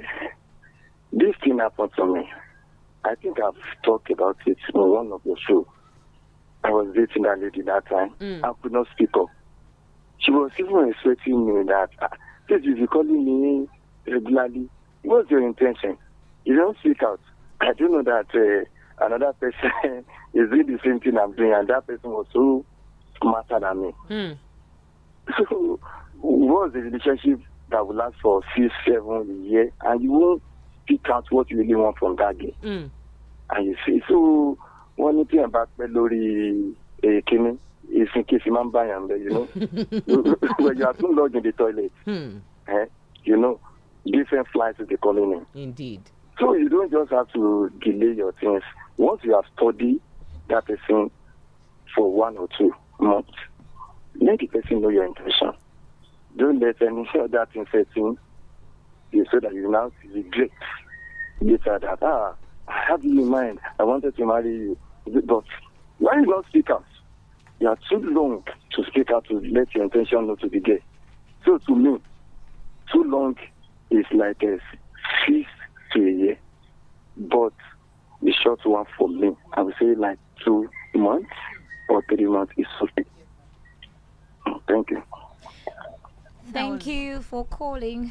this thing happened to me. I think I've talked about it on one of your shows. I was dating a lady that time. Mm. I could not speak up. She was even expecting me that, please, ah, if you calling me regularly, what's your intention? You don't speak out. I do know that uh, another person is doing the same thing I'm doing, and that person was so smarter than me. Mm. So, what's the relationship that will last for six, seven years, and you won't Pick out what you really want from Garden. Mm. and you see so wọ́n ní tí ẹ̀ bá pẹ́ lórí èkínní eh, ìsìnkìsì máa ń bá yàn bẹ́ẹ̀ you know when you are too long in the toilet mm. eh, you know different flights dey calling in. indeed. so you don't just have to delay your things once you have studied that person for one or two months let the person know your intention don't let any other thing set in You said that you now You said that, ah, I had in mind, I wanted to marry you. But why you not speak out? You are too long to speak out to let your intention not to be gay. So to me, too long is like a six to a year. But the short one for me, I would say like two months or three months is okay. Thank you. Thank you for calling.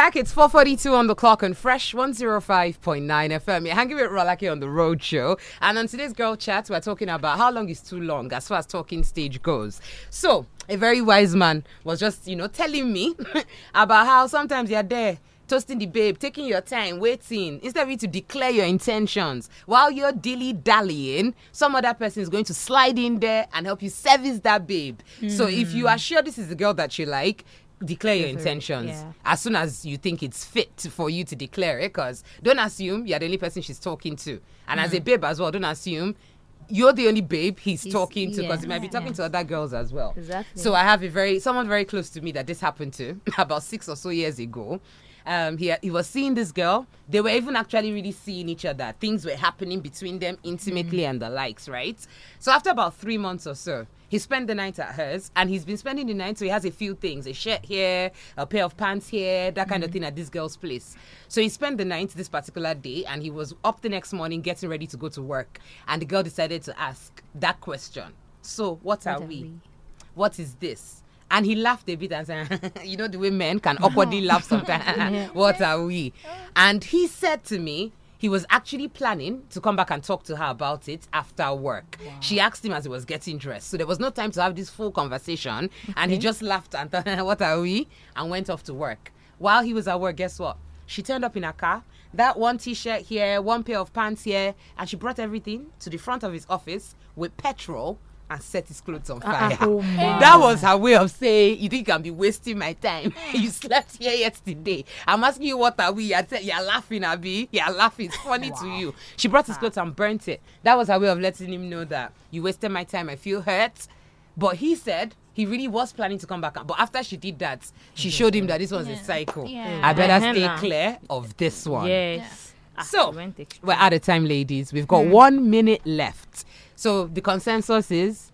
back. It's 4.42 on the clock and Fresh 105.9 FM. You're hanging with Rolake on the Road Show. And on today's Girl Chat, we're talking about how long is too long as far as talking stage goes. So, a very wise man was just, you know, telling me about how sometimes you're there toasting the babe, taking your time, waiting. Instead of you to declare your intentions while you're dilly dallying, some other person is going to slide in there and help you service that babe. Mm. So if you are hmm. sure this is the girl that you like, declare your intentions yeah. as soon as you think it's fit for you to declare it because don't assume you're the only person she's talking to and mm. as a mm. babe as well don't assume you're the only babe he's, he's talking to because yeah. he might be talking yeah. to other girls as well exactly. so i have a very someone very close to me that this happened to about six or so years ago um, he, he was seeing this girl. They were even actually really seeing each other. Things were happening between them intimately mm. and the likes, right? So after about three months or so, he spent the night at hers and he's been spending the night. So he has a few things a shirt here, a pair of pants here, that kind mm-hmm. of mm. thing at this girl's place. So he spent the night this particular day and he was up the next morning getting ready to go to work. And the girl decided to ask that question So, what, what are, are we? we? What is this? And he laughed a bit and said, You know, the way men can awkwardly laugh sometimes. what are we? And he said to me, he was actually planning to come back and talk to her about it after work. Wow. She asked him as he was getting dressed. So there was no time to have this full conversation. Okay. And he just laughed and thought, What are we? and went off to work. While he was at work, guess what? She turned up in her car. That one t shirt here, one pair of pants here, and she brought everything to the front of his office with petrol and set his clothes on ah, ah. fire. Uh, oh that was her way of saying, You think I'm be wasting my time? you slept here yesterday. I'm asking you, What are we? You're, te- you're laughing, Abby. You're laughing. It's funny wow. to you. She brought his ah. clothes and burnt it. That was her way of letting him know that you wasted my time. I feel hurt. But he said, he really was planning to come back. But after she did that, she showed him that this was yeah. a cycle. Yeah. I better uh-huh. stay clear of this one. Yes. Yeah. Ah, so we're out of time, ladies. We've got mm. one minute left. So the consensus is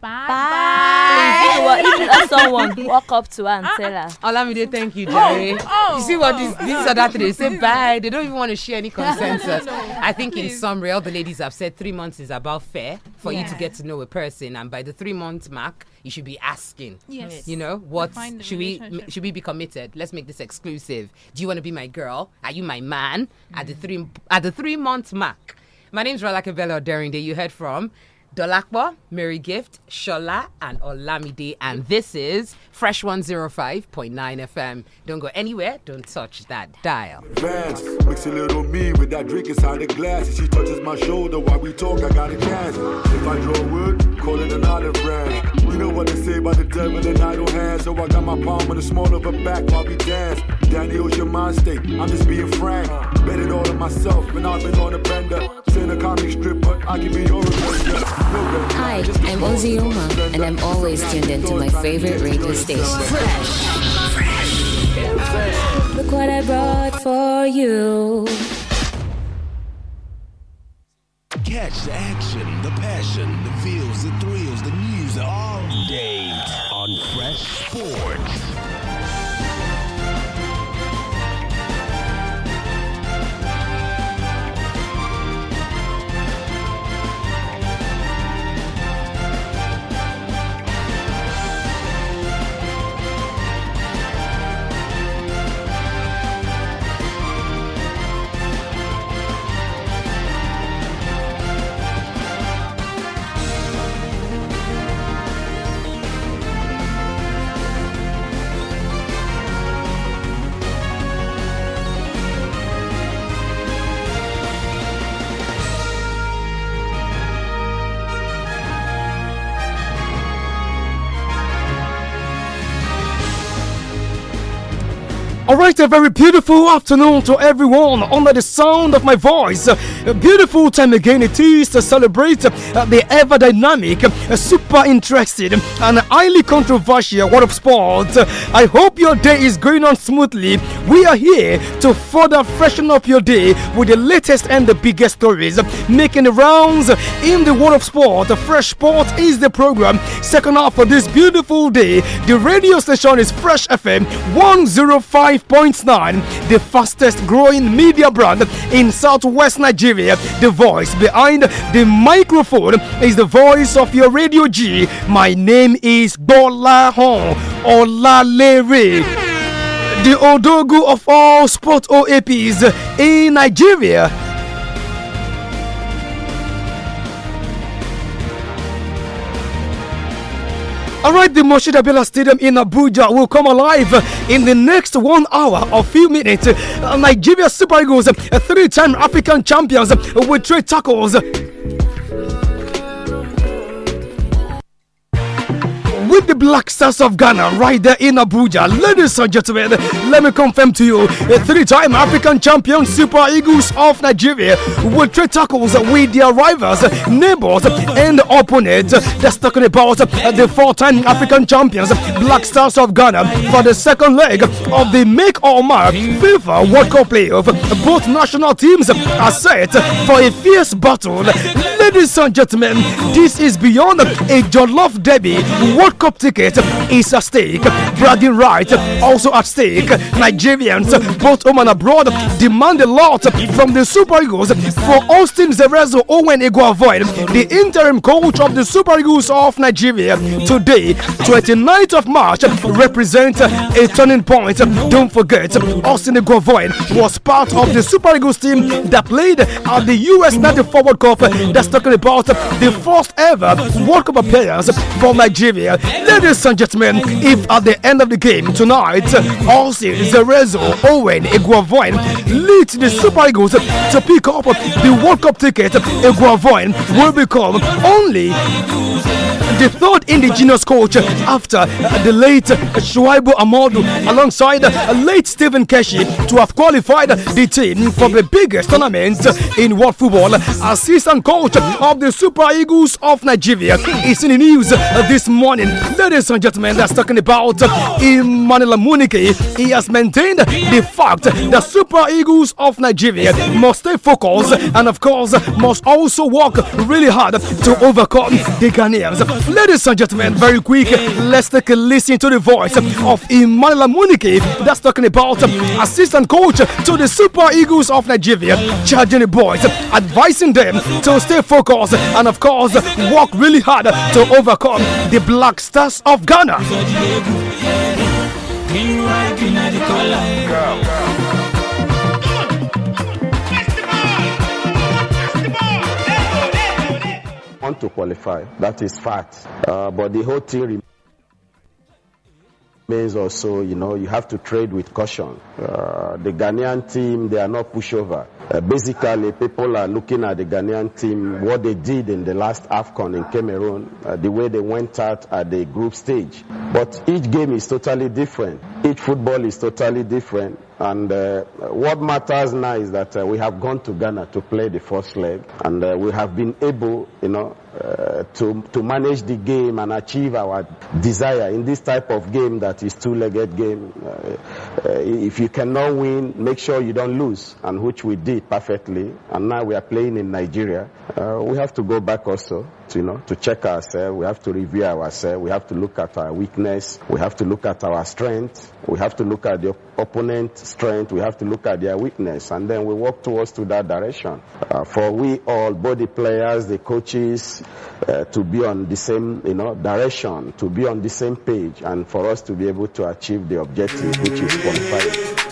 Bye. Bye. So you see what? Even if someone walk up to her and uh-uh. tell her. Olamide, thank you, oh, Jerry. Oh, oh, you see what these these that other three they say bye. They don't even want to share any consensus. No, no, no. I think Please. in summary, all the ladies have said three months is about fair for yeah. you to get to know a person, and by the three month mark, you should be asking. Yes. You know what? Should we should we be committed? Let's make this exclusive. Do you want to be my girl? Are you my man? Mm. At the mm. three at the three month mark. My name's Rolake Bello Derinde. You heard from Dolakwa, Mary Gift, Shola, and Olamide. And this is Fresh 105.9 FM. Don't go anywhere, don't touch that dial. Vance, mix a little me with that drink inside the glass. If she touches my shoulder while we talk, I got a chance. If I draw wood, call it another olive You know what they say about the devil and idle hands. So I got my palm on the small of her back while we dance. Daniel's your mind state, I'm just being frank. Bet it all on myself, and I've been on a bender. Seen a comic strip, but I can be your revenge. Hi, I'm Ozzy Oma, and I'm always tuned into my favorite radio station. Fresh. Fresh. Look what I brought for you. Catch the action, the passion, the feels, the thrills, the news all day on Fresh Sports. Alright, a very beautiful afternoon to everyone under the sound of my voice. A beautiful time again it is to celebrate uh, the ever dynamic, uh, super interested, and highly controversial world of sport. I hope your day is going on smoothly. We are here to further freshen up your day with the latest and the biggest stories making the rounds in the world of sport. Fresh Sport is the program. Second half of this beautiful day, the radio station is Fresh FM 105. 95.9, the fastest growing media brand in southwest Nigeria. The voice behind the microphone is the voice of your Radio G. My name is Bola Hon Olalere the Odogu of all sport OAPs in Nigeria All right, the Moshid Abela Stadium in Abuja will come alive in the next one hour or few minutes. Uh, Nigeria Super Eagles, uh, three-time African champions, uh, with three tackles. with the Black Stars of Ghana right there in Abuja. Ladies and gentlemen, let me confirm to you a three time African champion Super Eagles of Nigeria will trade tackles with their rivals, neighbors, and opponents. That's talking about the four time African champions Black Stars of Ghana for the second leg of the Make or Mark FIFA World Cup playoff. Both national teams are set for a fierce battle. Ladies and gentlemen, this is beyond a Love Derby. World Cup ticket is at stake. Bragging rights also at stake. Nigerians, both home and abroad, demand a lot from the Super Eagles for Austin Zerezo Owen Iguavoid, the interim coach of the Super Eagles of Nigeria. Today, 29th of March, represents a turning point. Don't forget, Austin Iguavoid was part of the Super Eagles team that played at the US 94 World Cup. That's talking about the first ever World Cup appearance for Nigeria. Ladies and gentlemen, if at the end of the game tonight, also Zerezo, Owen, Iguavoin lead the Super Eagles to pick up the World Cup ticket, Iguavoin will become only the third indigenous coach after uh, the late uh, Shuaibu Amadu alongside uh, late Stephen Keshi to have qualified the team for the biggest tournament in world football. Assistant coach of the Super Eagles of Nigeria is in the news uh, this morning. Ladies and gentlemen, that's talking about uh, Emmanuel Munike. He has maintained the fact that Super Eagles of Nigeria must stay focused and, of course, must also work really hard to overcome the Ghanaians. Ladies and gentlemen, very quick, let's take a listen to the voice of Emmanuel Munike. That's talking about assistant coach to the Super Eagles of Nigeria, charging the boys, advising them to stay focused and, of course, work really hard to overcome the Black Stars of Ghana. want to qualify. That is fact. Uh, but the whole thing remains also, you know, you have to trade with caution. Uh, the Ghanaian team, they are not pushover. Uh, basically, people are looking at the Ghanaian team, what they did in the last AFCON in Cameroon, uh, the way they went out at the group stage. But each game is totally different. Each football is totally different. And uh, what matters now is that uh, we have gone to Ghana to play the first leg, and uh, we have been able, you know, uh, to to manage the game and achieve our desire in this type of game that is two-legged game. if you cannot win, make sure you don't lose, and which we did it perfectly, and now we are playing in Nigeria. Uh, we have to go back also, to, you know, to check ourselves. We have to review ourselves. We have to look at our weakness. We have to look at our strength. We have to look at the opponent's strength. We have to look at their weakness, and then we walk towards to that direction. Uh, for we all, body players, the coaches, uh, to be on the same, you know, direction, to be on the same page, and for us to be able to achieve the objective, which is qualifying.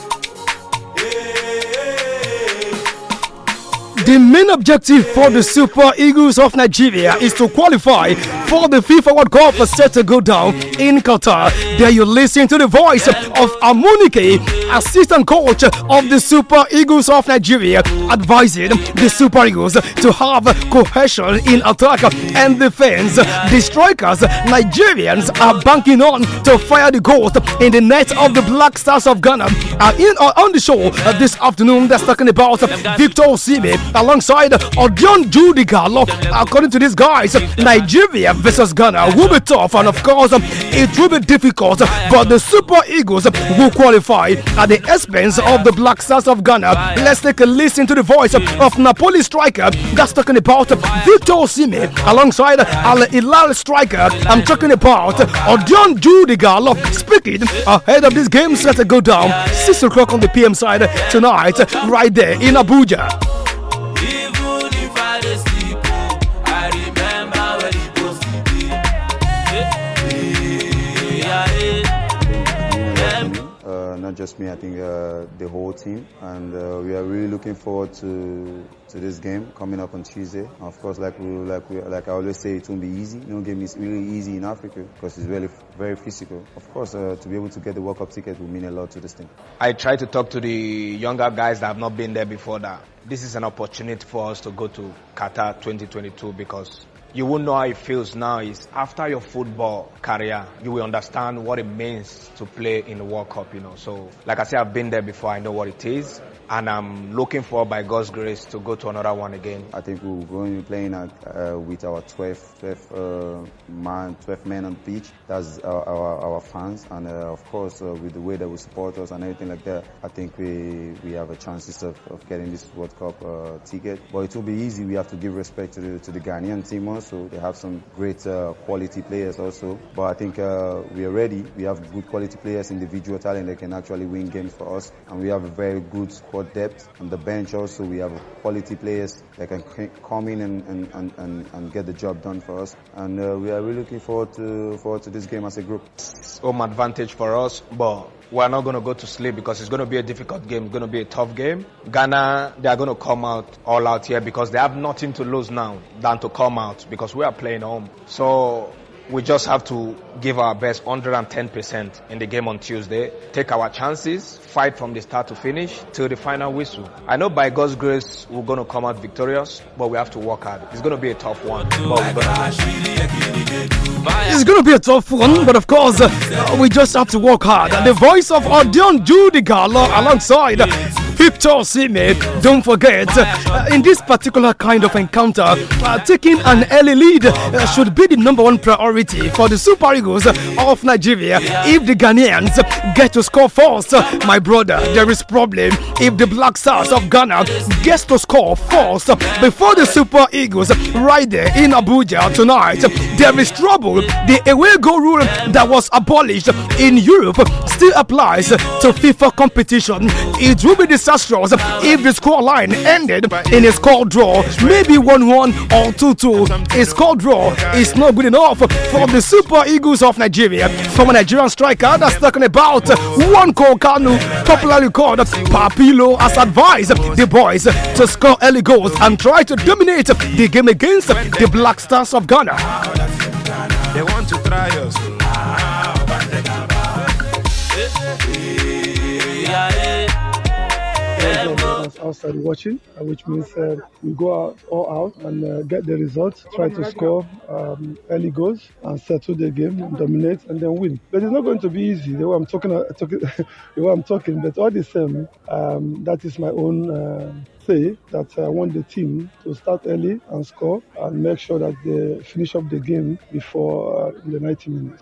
The main objective for the Super Eagles of Nigeria is to qualify for the FIFA World Cup set to go down in Qatar. There you listen to the voice of Amunike, assistant coach of the Super Eagles of Nigeria, advising the Super Eagles to have cohesion in attack and defense. The strikers, Nigerians, are banking on to fire the ghost in the net of the Black Stars of Ghana. are uh, in, uh, on the show uh, this afternoon, that's talking about Victor Osimi alongside Odion Judigalo. According to these guys, Nigeria versus Ghana will be tough, and of course, it will be difficult. But the Super Eagles will qualify at the expense of the Black Stars of Ghana. Let's take a listen to the voice of Napoli striker that's talking about Victor Simi alongside Al Hilal striker. I'm talking about Odion Judigalo speaking ahead of this game set to go down 6 o'clock on the PM side tonight, right there in Abuja. just me, I think uh, the whole team. And uh, we are really looking forward to to this game coming up on Tuesday. Of course, like we like we like I always say, it won't be easy. No game is really easy in Africa because it's really very physical. Of course, uh, to be able to get the World Cup ticket will mean a lot to this team. I try to talk to the younger guys that have not been there before. That this is an opportunity for us to go to Qatar 2022 because you will know how it feels now is after your football career, you will understand what it means to play in the World Cup, you know. So, like I said, I've been there before. I know what it is and I'm looking forward by God's grace to go to another one again. I think we're going to be playing uh, uh, with our 12, 12 uh, man, 12 men on pitch. That's our, our, our fans, and uh, of course uh, with the way that we support us and everything like that. I think we we have a chance of, of getting this World Cup uh, ticket. But it will be easy. We have to give respect to the to the Ghanaian team also. They have some great quality players also. But I think we are ready. We have good quality players, individual talent that can actually win games for us, and we have a very good squad got depth on the bench also. We have quality players that can come in and, and, and, and, get the job done for us. And uh, we are really looking forward to, forward to this game as a group. home advantage for us, but we're not going to go to sleep because it's going to be a difficult game. It's going to be a tough game. Ghana, they are going to come out all out here because they have nothing to lose now than to come out because we are playing home. So we just have to give our best 110% in the game on Tuesday, take our chances, fight from the start to finish till the final whistle. I know by God's grace we're going to come out victorious, but we have to work hard. It's going to be a tough one, but we're going to it's going to be a tough one, but of course, uh, we just have to work hard. The voice of Odion Judy Gala uh, alongside uh, see Tosimi. Don't forget, uh, in this particular kind of encounter, uh, taking an early lead uh, should be the number one priority for the Super Eagles of Nigeria. If the Ghanaians get to score first, uh, my brother, there is problem. If the Black Stars of Ghana gets to score first uh, before the Super Eagles right there in Abuja tonight, uh, there is trouble. The away goal rule that was abolished in Europe still applies to FIFA competition. It will be decided if the score line ended in a score draw, maybe 1 1 or 2 2. A score draw is not good enough for the Super Eagles of Nigeria. From a Nigerian striker that's talking about one Kokanu, popularly called Papilo, has advised the boys to score early goals and try to dominate the game against the Black Stars of Ghana. They want to try us. outside watching, uh, which means uh, we go out, all out and uh, get the results, try to score um, early goals and settle the game, dominate, and then win. But it's not going to be easy. The way I'm talking, uh, talking the way I'm talking, but all the same, um, that is my own. Uh, say that I want the team to start early and score and make sure that they finish up the game before uh, the 90 minutes.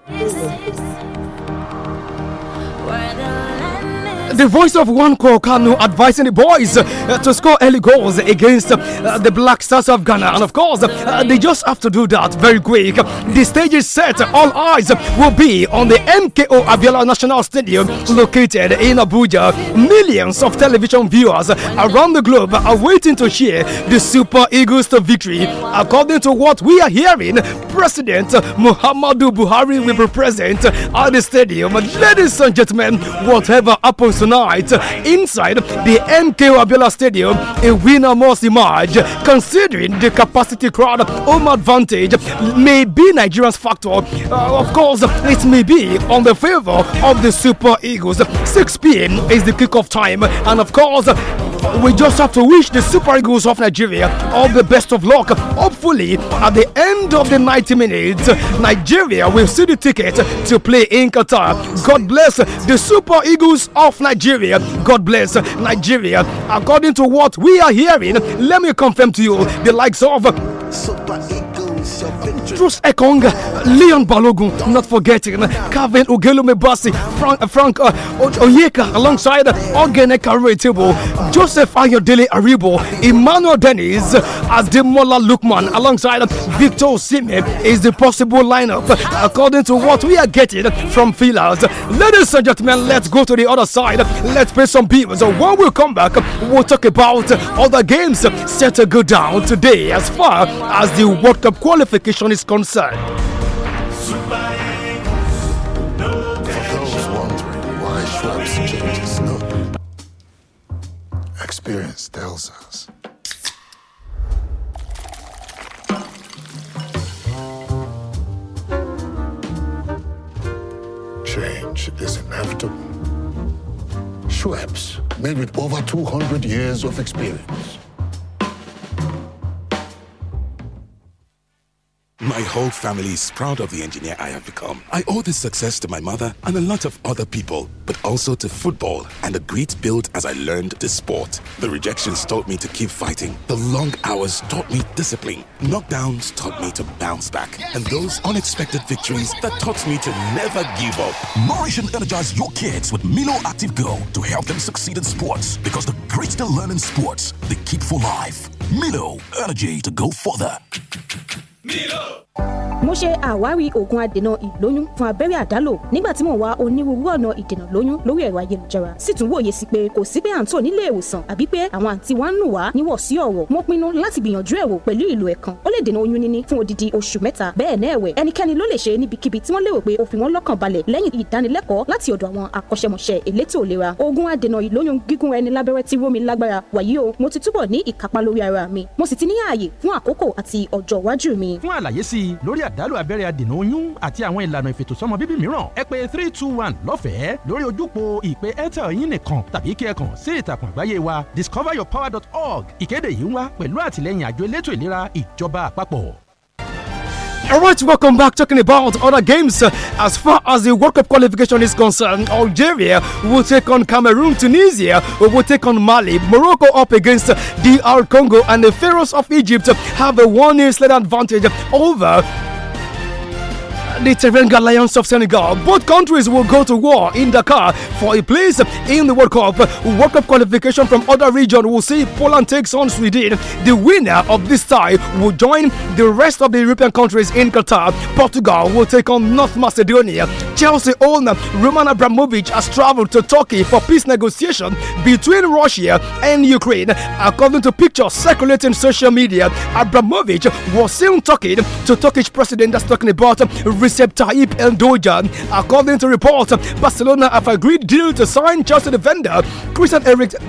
The voice of one Kanu advising the boys uh, to score early goals against uh, the Black Stars of Ghana. And of course, uh, they just have to do that very quick. The stage is set. All eyes will be on the MKO Abiola National Stadium located in Abuja. Millions of television viewers around the globe are waiting to hear the Super Eagles to victory. According to what we are hearing, President Muhammadu Buhari will be present at the stadium. Ladies and gentlemen, whatever happens tonight inside the MK Abiola Stadium. A winner must emerge, considering the capacity crowd home advantage may be Nigeria's factor. Uh, of course, it may be on the favor of the Super Eagles. 6 p.m. is the kickoff time, and of course, we just have to wish the Super Eagles of Nigeria all the best of luck. Hopefully, at the end of the 90 minutes, Nigeria will see the ticket to play in Qatar. God bless the Super Eagles of Nigeria. God bless Nigeria. According to what we are hearing, let me confirm to you the likes of Super Eagles. Bruce Ekong, Leon Balogun, not forgetting Kevin Ugelome Basi, Frank, Frank uh, uh Oyeka, alongside uh, Ogeneka Retibo, Joseph Ayodele Aribo, Emmanuel Dennis, Ademola Lukman, alongside uh, Victor Osime is the possible lineup according to what we are getting from feelers. Ladies and gentlemen, let's go to the other side. Let's play some So When we come back, we'll talk about other games set to go down today as far as the World Cup qualification is concerned. Experience tells us. Change is inevitable. Schweppes, made with over 200 years of experience. My whole family is proud of the engineer I have become. I owe this success to my mother and a lot of other people, but also to football and the great build as I learned the sport. The rejections taught me to keep fighting. The long hours taught me discipline. Knockdowns taught me to bounce back. And those unexpected victories that taught me to never give up. Nourish and energize your kids with Milo Active Go to help them succeed in sports because the grits they learn in sports, they keep for life. Milo, energy to go further. Milo! mo ṣe àwárí oògùn adènà ìlóyún fún abẹ́rẹ́ àdálò nígbà tí mò ń wá onírúurú ọ̀nà ìdènà lóyún lórí ẹ̀rọ ayélujára sì tún wòye sí pé kò sí pé à ń tò nílé ìwòsàn àbí pé àwọn àǹtí wa ń nù wá níwọ̀ sí ọ̀rọ̀ mo pinnu láti gbìyànjú ẹ̀wò pẹ̀lú ìlò ẹ̀kan ó lè dènà oyún níní fún odidi oṣù mẹ́ta bẹ́ẹ̀ náà ẹ̀wẹ̀ ẹnikẹ́ni ló lè ṣe níbikíbi tí wọ́n lérò pé ó fi wọ́n lọ́kàn balẹ̀ lẹ́yìn ìdánilẹ́kọ̀ọ́ láti ọ̀dọ̀ àwọn akọ́ṣẹ́mọṣẹ́ elétò ìlera oògùn adènà ìlóyún gígún ẹni lábẹ́rẹ́ tí mo ti túbọ̀ ní mo sì ti ní ààyè fún àkókò mi. fún àlàyé sí sí lórí àdálù abẹ́rẹ́ adènà oyún àti àwọn ìlànà ìfètòsọ́mọ bíbí mìíràn ẹ pè three two one lọ́fẹ̀ẹ́ lórí ojúpo ìpè airtel yín nìkan tàbí kí ẹ kàn sí ìtàkùn àgbáyé wa discoveryourpower.org ìkéde yìí ń wá pẹ̀lú àtìlẹ́yìn àjọ elétò ìlera ìjọba àpapọ̀. Alright, welcome back. Talking about other games uh, as far as the World Cup qualification is concerned, Algeria will take on Cameroon, Tunisia will take on Mali, Morocco up against DR Congo, and the Pharaohs of Egypt have a one year sled advantage over the Teranga Lions of Senegal. Both countries will go to war in Dakar for a place in the World Cup. World Cup qualification from other region will see Poland takes on Sweden. The winner of this tie will join the rest of the European countries in Qatar. Portugal will take on North Macedonia. Chelsea owner Roman Abramovich has traveled to Turkey for peace negotiation between Russia and Ukraine. According to pictures circulating social media, Abramovich was seen talking to Turkish president that's talking about Recep Tayyip Dojan, According to reports, Barcelona have agreed deal to sign Chelsea defender Christian Eriksen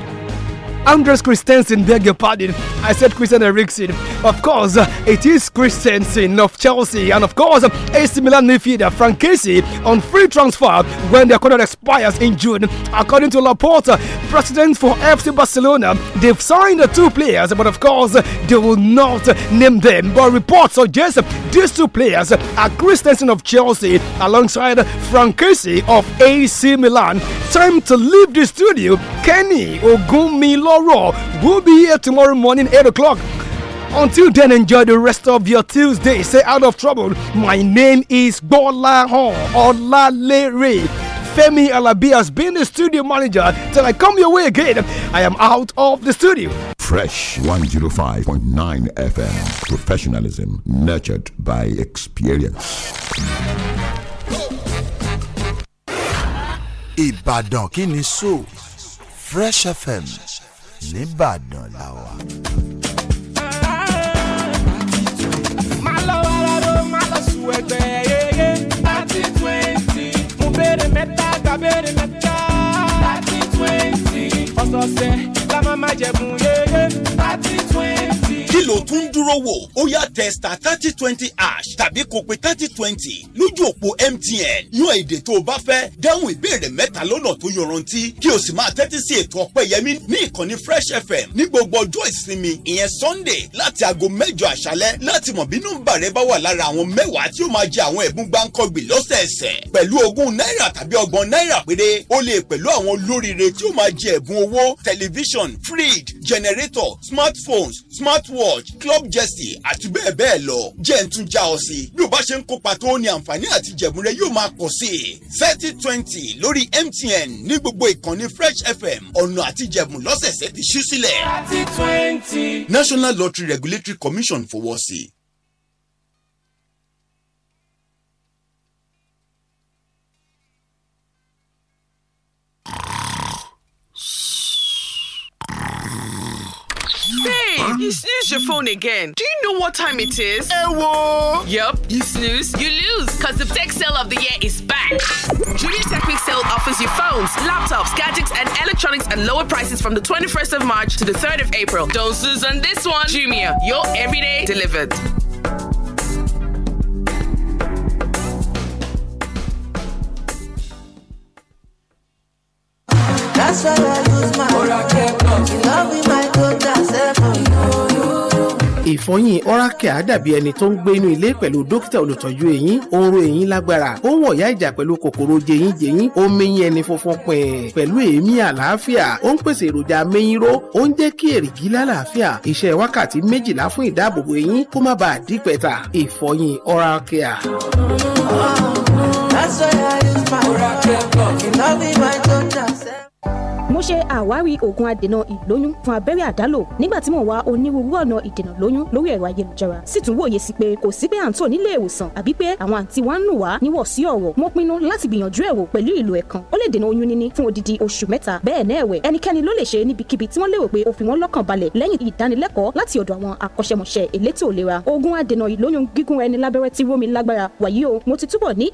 Andres Christensen, beg your pardon. I said Christian Eriksen. Of course, it is Christensen of Chelsea, and of course, AC Milan midfielder Frank Casey on free transfer when their contract expires in June. According to Laporta, president for FC Barcelona, they've signed two players, but of course, they will not name them. But reports suggest these two players are Christensen of Chelsea alongside Frank Casey of AC Milan. Time to leave the studio. Kenny Ogumilo tomorrow. We'll be here tomorrow morning, 8 o'clock. Until then, enjoy the rest of your Tuesday. Stay out of trouble. My name is Bola Hon Olalere. Femi Alabi has been the studio manager till I come your way again. I am out of the studio. Fresh 105.9 FM. Professionalism nurtured by experience. Ibadan Kini Fresh FM nìbàdàn la wà. máa lọ wàrà ló máa lọ sùn ẹgbẹ́ thirty twenty. mo béèrè mẹ́ta gba béèrè mẹ́ta thirty twenty. ọ̀sọ̀ọ̀sẹ̀ la máa máa ye ye. thirty twenty. ló tún ń dúró wò ó yá testa thirty twenty ash tàbí kó pe thirty twenty lójú òpó MTN yan èdè tó o bá fẹ́ dáhùn ìbéèrè mẹ́ta lọ́nà tó yọrantí kí o sì máa tẹ́tí sí ètò ọpẹ́yẹmí ní ìkànnì Fresh FM ní gbogbo ọjọ́ ìsinmi ìyẹn Sunday láti aago mẹ́jọ àṣálẹ́ láti mọ̀ bí nọ́mbà rẹ bá wà lára àwọn mẹ́wàá tí ó máa jẹ àwọn ẹ̀bùn gbáǹkọ́gbìn lọ́sẹ̀ẹsẹ̀ pẹ̀lú ogún náírà tàbí ọgbọ̀n náírà péré ó lè pẹ̀lú àwọn olóríire tí ó máa jẹ ẹ̀bùn owó tẹlifíṣàn fridge generator smartphones smartwatch pouch club jersey àti bẹ́ẹ̀ bẹ́ẹ̀ lọ jẹ́ ń tún já ọ sí bí o bá ṣe ń kópa tó ní àǹfààní àti jẹ̀bùn rẹ yóò máa pọ̀ sí i thirty twenty lórí MTN ní gbogbo ìkànnì Fresh FM ọ̀nà àti jẹ̀bùn lọ́sẹ̀ẹ̀sẹ̀ ti ṣú sílẹ̀. thirty twenty. National Lottery Regulatory Commission fowọ́ sí i. Use your phone again. Do you know what time it is? Ewo! Yup, you snooze, you lose. Because the tech sale of the year is back. Junior Tech Week sale offers you phones, laptops, gadgets, and electronics at lower prices from the 21st of March to the 3rd of April. Don't snooze on this one. Jumia, your everyday delivered. That's why I lose my love my daughter, ìfọyín oral care dàbí ẹni tó ń gbé inú ilé pẹ̀lú dókítà olùtọ́jú eyín ó eyín lágbára ó ń ìjà pẹ̀lú kòkòrò jẹyínjẹyín ó ń mẹyín ẹni funfun pin pẹ̀lú èémí àlàáfíà ó ń pèsè èròjà mẹyìnró ó ń jẹ́ kí èrìgì lálàáfíà iṣẹ́ wákàtí méjìlá fún ìdáàbòbò eyín kó má bàa dípẹ̀tà ìfọyín oral That's why I use my oral care block. You my daughter ṣe àwárí oògùn adènà ìlóyún fún abẹ́rẹ́ àdálò nígbà tí mò ń wá onírúurú ọ̀nà ìdènà lóyún lórí ẹ̀rọ ayélujára sì tún wòye sí pé kò sí pé à ń tò nílé ìwòsàn àbí pé àwọn àǹtí wa ń nù wá níwọ̀ sí ọ̀rọ̀ mo pinnu láti gbìyànjú ẹ̀wò pẹ̀lú ìlò ẹ̀kan ó lè dènà oyún níní fún odidi oṣù mẹ́ta bẹ́ẹ̀ náà ẹ̀wẹ̀ ẹnikẹ́ni ló lè ṣe níbikíbi tí wọ́n lérò pé ó fi wọ́n lọ́kàn balẹ̀ lẹ́yìn ìdánilẹ́kọ̀ọ́ láti ọ̀dọ̀ àwọn akọ́ṣẹ́mọṣẹ́ elétò ìlera oògùn adènà ìlóyún gígún ẹni lábẹ́rẹ́ tí rómi lágbára wàyí o mo ti túbọ̀ ní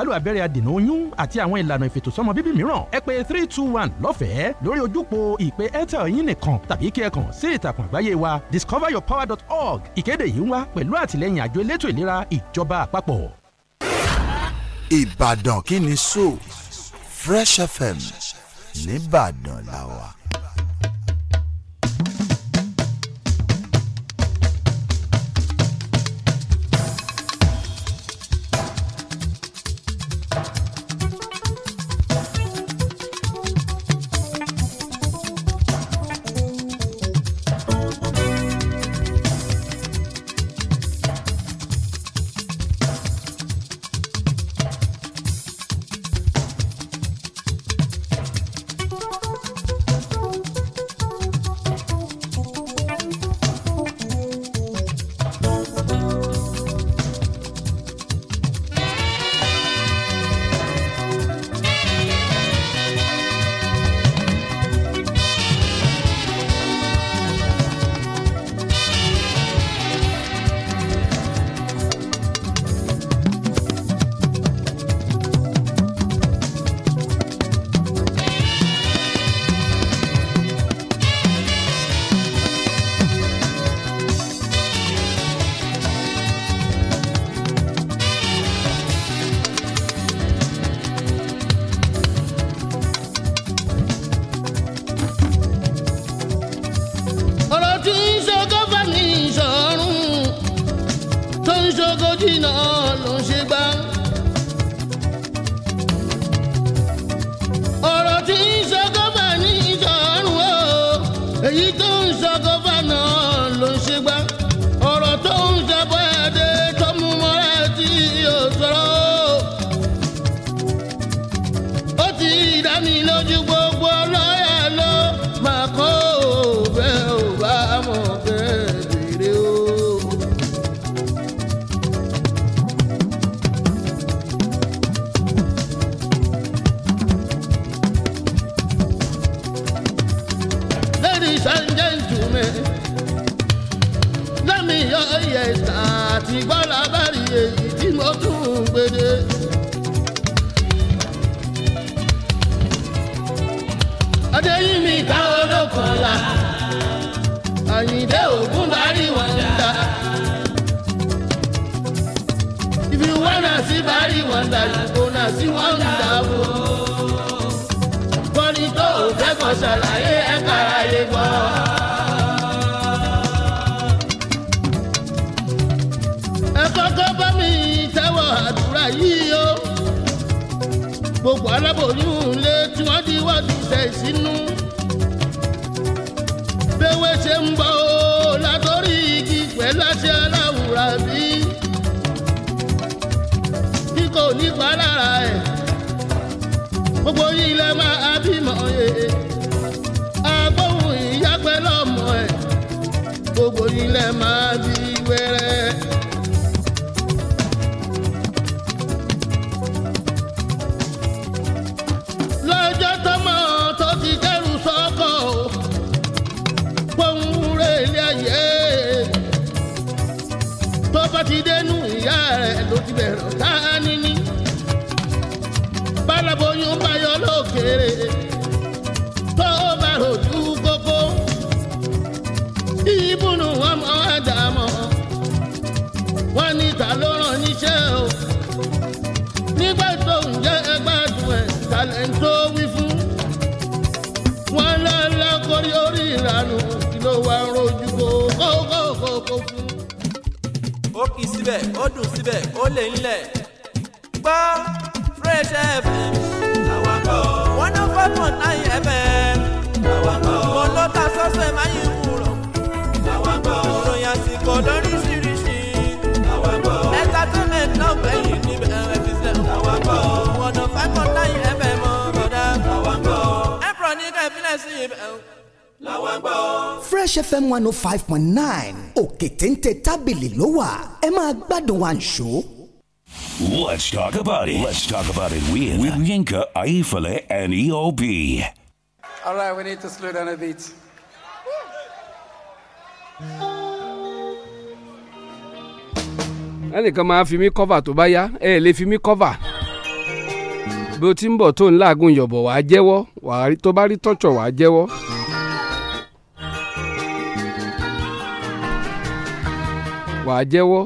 àjálù abẹ́rẹ́ adènà oyún àti àwọn ìlànà ìfètòsọ́mọ bíbí mìíràn ẹ pé three two one lọ́fẹ̀ẹ́ lórí ojúpo ìpè airtel yín nìkan tàbí kí ẹ kàn sí ìtàkùn àgbáyé wa discoveryourpower.org ìkéde yìí ń wá pẹ̀lú àtìlẹ́yìn àjọ elétò ìlera ìjọba àpapọ̀. Ìbàdàn kí ni so Fresh FM nìbàdàn làwà. gbogbo yìí lẹ máa bímọ yẹ agbóhùn ìyá pẹ́ lọ́mọ ẹ̀ gbogbo yìí lẹ máa bí wẹ́rẹ́. lọ́jọ́ tọ́mọ tó ti kẹ́rù sọ́kọ̀ pohùn rẹ̀ ilé ayé tó bá ti dénú ìyá rẹ̀ ló ti bẹ̀rẹ̀. bóyún bá yọ lókèrè tó bá rojú kókó ìbùnú wọn mọ ó kì í síbẹ̀ ó dùn síbẹ̀ ó lè ń lẹ̀ gbọ́ fresh fm kọ́. fm. àwa kọ́. mo ló ta sọ́sẹ̀ one oh fresh fm one oh five point nine òkè téńté tábìlì ló wà ẹ máa gbádùn wa Let's talk about it. Let's talk about it with, with Yinka, Aifale, and EOB. All right, we need to slow down a bit. ẹnìkan máa fi mí kọ́fà tó bá yá ẹ lè fi mí kọ́fà bí o ti ń bọ̀ tó ń láàgùn yọ̀bọ̀ wàá jẹ́wọ́ tó bá rí tọ́jọ̀ wàá jẹ́wọ́. wàá jẹ́wọ́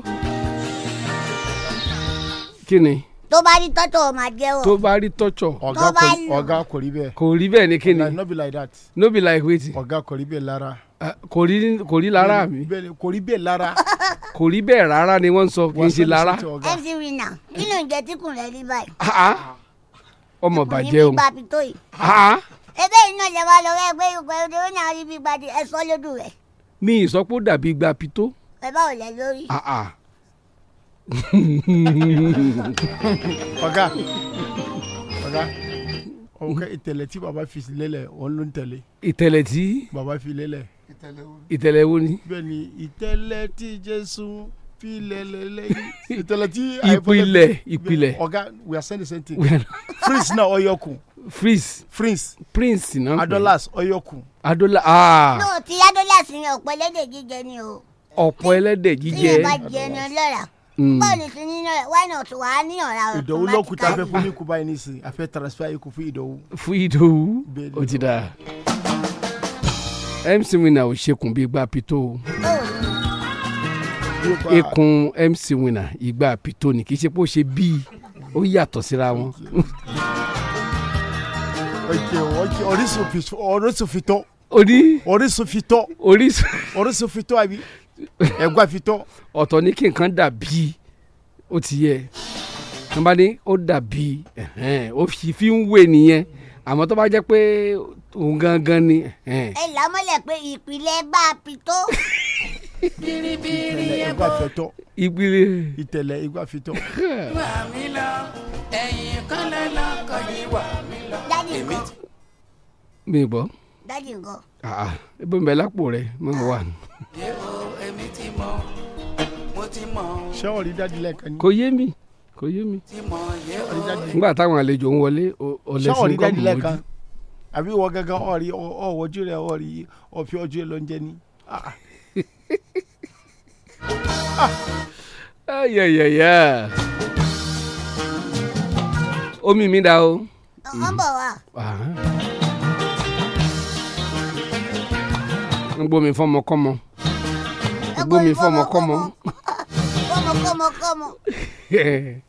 kí ni. tó bá rí tọ́tọ̀ máa jẹ́ o. tó bá rí tọ́tọ̀. ọ̀gá kò rí bẹ́ẹ̀. kò rí bẹ́ẹ̀ ni kí ni. no be like that. no be like wetin. ọ̀gá kò rí bẹ́ẹ̀ lára. Ah, kò rí kò rí lára mi. kò rí bẹ́ẹ̀ lára. kò rí bẹ́ẹ̀ rárá ni wọ́n sọ kì í ṣe lára. mc rina kí ló ń jẹ tí kùn rẹ rí báyìí. Ah, ah. ọmọ bàjẹ́ o. ebe iná lè wá lọ́wọ́ ẹgbẹ́ ìgbẹ́ òde ó ní àwọn ibi gbadi ẹ̀sọ́ lódù rẹ̀. mi ìsọpọ̀ dàbí gba pito. ẹ bá ò lẹ lórí ọ̀gá ọ̀gá ọ̀gá ìtẹ̀lẹ̀ tí baba fi lélẹ̀ òun ló ń tẹ̀lé. baba fi lélẹ̀. ìtẹ̀lẹ̀ wo ni. bẹ́ẹ̀ni ìtẹ̀lẹ̀ tí Jésù fi lélẹ̀ lẹ́yìn. ìtẹ̀lẹ̀ we are saying the same thing. freeze náà ọyọkùn. freeze. freeze. prince na. adolas ọyọkùn. adola aa. Ah. n'o ti adolas ni ọ̀pọ̀ ẹlẹ́dẹ̀ jíjẹ ni o. ọ̀pọ̀ ẹlẹ́dẹ̀ jíjẹ. tí yóò bá jẹ ẹni ọlọ́ra Mm. bọ́ọ̀lù ti ní náà why not wà á ní ọ̀la ọ̀tọ̀mátìkà. ìdòwú lọ́kùtà fẹ́ fún ní kúbá yìí nísìnyí a fẹ́ transfer yìí kú fún ìdòwú. fún ìdòwú ó ti dà mc winner ò ṣekùn bí igba pito ikùn mc winner igba pito ni kì í ṣe pé ó ṣe bíi ó yàtọ̀ síra wọn. orísun fitọ́. orí. orísun fitọ́. orísun fitọ́ àbí ẹ̀gbọ́n fi tọ́. ọ̀tọ̀ ní kí nǹkan dàbí ó ti yẹ tó bá ní ó dàbí ó fi ń wé nìyẹn àmọ́ tó bá jẹ́ pé òun gangan ni. ẹ lámọ́lẹ̀ pé ìpìlẹ̀ bá a fi tó. ìpìlẹ̀ ẹ̀gbọ́n fi tọ́. ìpìlẹ̀ ìtẹ̀lẹ̀ ẹ̀gbọ́n fi tọ́. wà mí lọ ẹ̀yìn kan lọ́kọ̀ yìí wà mí lọ. mi gbọ́ dájú nǹkan. Ah, ah. ebi ń bẹ lápò rẹ mọ wà. yẹ́wò èmi ti mọ̀ mo ti mọ̀. ṣé ọ̀rí dájú lẹ́ẹ̀kan ni. kò yé mi kò yé mi. nígbà táwọn àlejò ń wọlé ọ̀lẹ́sìn kọ́ mọ̀ ojú. àbí wọ gangan ọ̀rí ọ̀wọ́jú rẹ ọ̀rí ọ̀fi ọjọ́ ẹ ló ń jẹ ní. Ah. ayẹyẹyẹ omi mi da o. ọmọ bọ̀ wá. ń gbómi fọmọkọmọ gbómi fọmọkọmọ. fọmọkọmọkọmọ